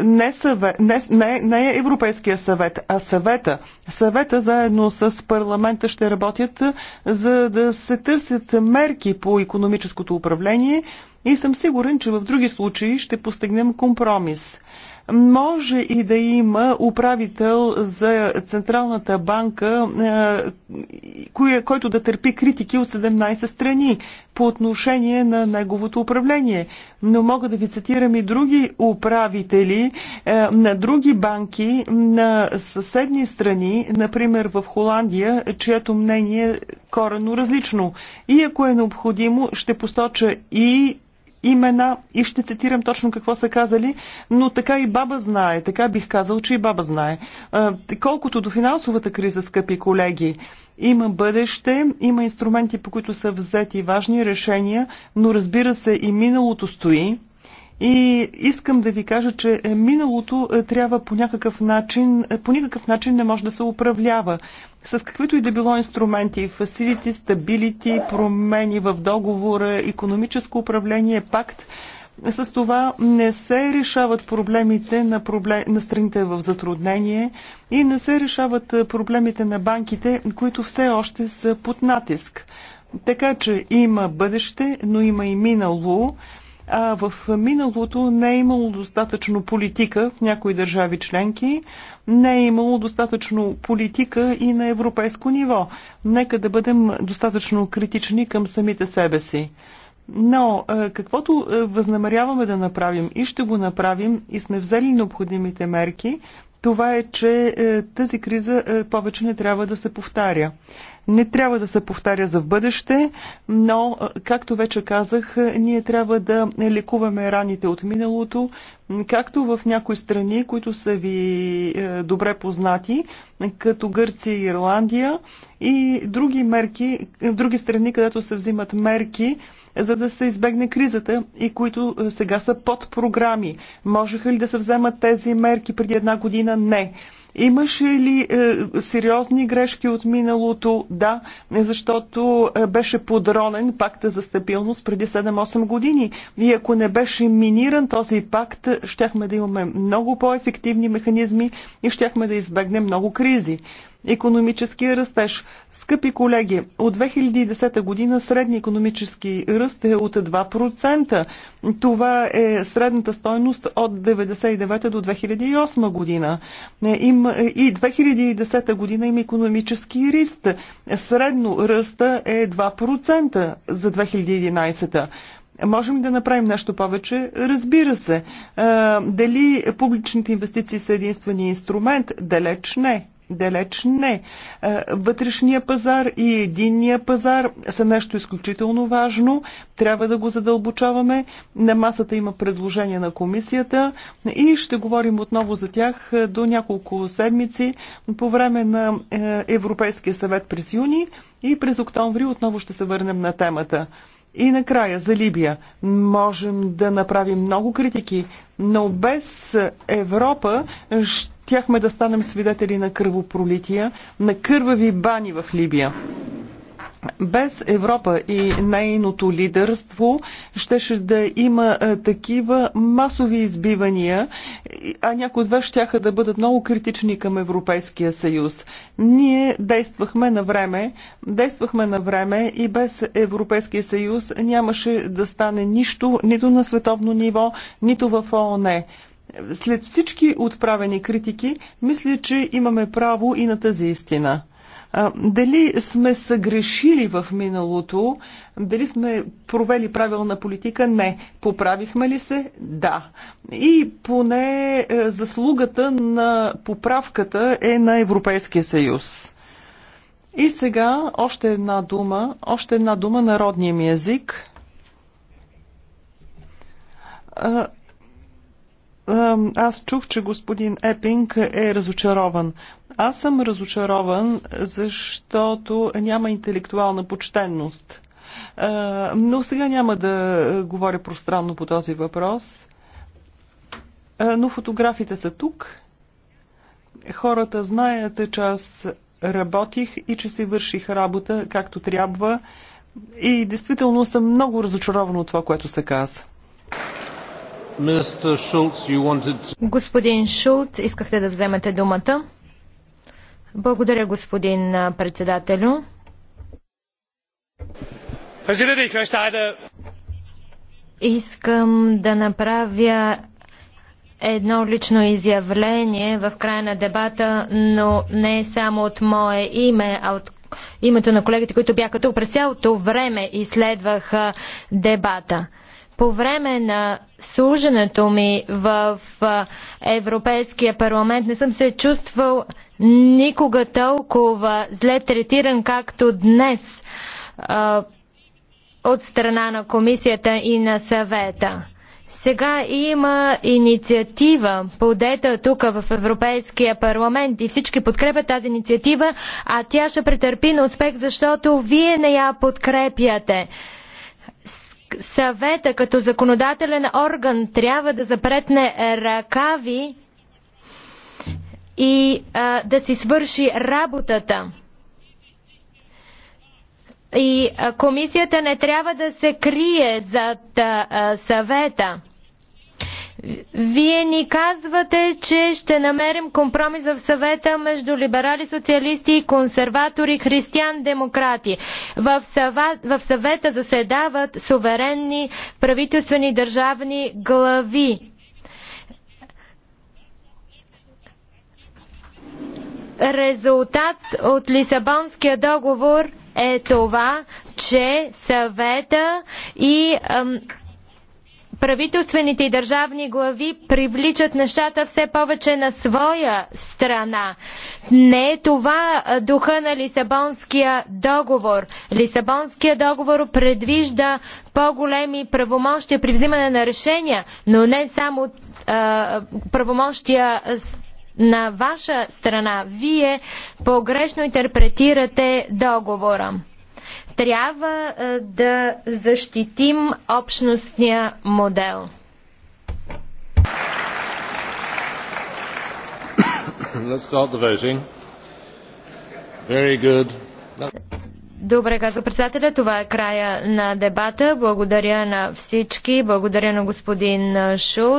не, съвет, не, не, не Европейския съвет, а съвета. Съвета заедно с парламента ще работят за да се търсят мерки по економическото управление и съм сигурен, че в други случаи ще постигнем компромис. Може и да има управител за Централната банка, е, който да търпи критики от 17 страни по отношение на неговото управление. Но мога да ви цитирам и други управители е, на други банки на съседни страни, например в Холандия, чието мнение е коренно различно. И ако е необходимо, ще посоча и имена и ще цитирам точно какво са казали, но така и баба знае, така бих казал, че и баба знае. Колкото до финансовата криза, скъпи колеги, има бъдеще, има инструменти, по които са взети важни решения, но разбира се и миналото стои. И искам да ви кажа, че е, миналото е, трябва по някакъв начин, е, по никакъв начин не може да се управлява. С каквито и да било инструменти, фасилити, стабилити, промени в договора, економическо управление, пакт, с това не се решават проблемите на, проблем, на страните в затруднение и не се решават проблемите на банките, които все още са под натиск. Така че има бъдеще, но има и минало. А в миналото не е имало достатъчно политика в някои държави членки, не е имало достатъчно политика и на европейско ниво. Нека да бъдем достатъчно критични към самите себе си. Но каквото възнамеряваме да направим и ще го направим и сме взели необходимите мерки, това е, че тази криза повече не трябва да се повтаря не трябва да се повтаря за в бъдеще, но, както вече казах, ние трябва да лекуваме раните от миналото, както в някои страни, които са ви е, добре познати, като Гърция и Ирландия и други мерки, други страни, където се взимат мерки, за да се избегне кризата и които е, сега са под програми. Можеха ли да се вземат тези мерки преди една година? Не. Имаше ли е, сериозни грешки от миналото? Да, защото е, беше подронен пакта за стабилност преди 7-8 години. И ако не беше миниран този пакт, щяхме да имаме много по-ефективни механизми и щяхме да избегнем много кризи економическия растеж. Скъпи колеги, от 2010 година средния економически ръст е от 2%. Това е средната стойност от 1999 до 2008 година. Е, им, е, и 2010 година има економически ръст. Средно ръста е 2% за 2011. -та. Можем да направим нещо повече? Разбира се. Е, дали публичните инвестиции са единствения инструмент? Далеч не. Далеч не. Е, вътрешния пазар и единния пазар са нещо изключително важно. Трябва да го задълбочаваме. На масата има предложения на комисията и ще говорим отново за тях е, до няколко седмици по време на е, Европейския съвет през юни и през октомври отново ще се върнем на темата. И накрая за Либия. Можем да направим много критики, но без Европа ще щяхме да станем свидетели на кръвопролития, на кървави бани в Либия. Без Европа и нейното лидерство щеше да има а, е, такива масови избивания, а някои от вас щяха да бъдат много критични към Европейския съюз. Ние действахме на време, действахме на време и без Европейския съюз нямаше да стане нищо нито на световно ниво, нито в ООН. След всички отправени критики, мисля, че имаме право и на тази истина. Дали сме съгрешили в миналото, дали сме провели правилна политика? Не. Поправихме ли се? Да. И поне е, заслугата на поправката е на Европейския съюз. И сега още една дума, още една дума народния ми език. Аз чух, че господин Епинг е разочарован. Аз съм разочарован, защото няма интелектуална почтенност. Но сега няма да говоря пространно по този въпрос. Но фотографите са тук. Хората знаят, че аз работих и че си върших работа както трябва. И действително съм много разочарован от това, което се каза. Господин Шулт, искахте да вземете думата. Благодаря, господин председателю. Искам да направя едно лично изявление в края на дебата, но не само от мое име, а от името на колегите, които бяха тук през цялото време и следваха дебата. По време на служенето ми в Европейския парламент не съм се чувствал никога толкова зле третиран, както днес от страна на комисията и на съвета. Сега има инициатива, подета тук в Европейския парламент и всички подкрепят тази инициатива, а тя ще претърпи на успех, защото вие не я подкрепяте съвета като законодателен орган трябва да запретне ръкави и а, да си свърши работата. И а, комисията не трябва да се крие зад а, съвета. Вие ни казвате, че ще намерим компромис в съвета между либерали, социалисти, консерватори, християн-демократи. В, в съвета заседават суверенни правителствени държавни глави. Резултат от Лисабонския договор е това, че съвета и. Ам, правителствените и държавни глави привличат нещата все повече на своя страна. Не е това духа на Лисабонския договор. Лисабонския договор предвижда по-големи правомощия при взимане на решения, но не само а, правомощия на ваша страна. Вие погрешно интерпретирате договора. Трябва е, да защитим общностния модел. Let's start the voting. Very good. Добре, каза председателя. Това е края на дебата. Благодаря на всички. Благодаря на господин Шул.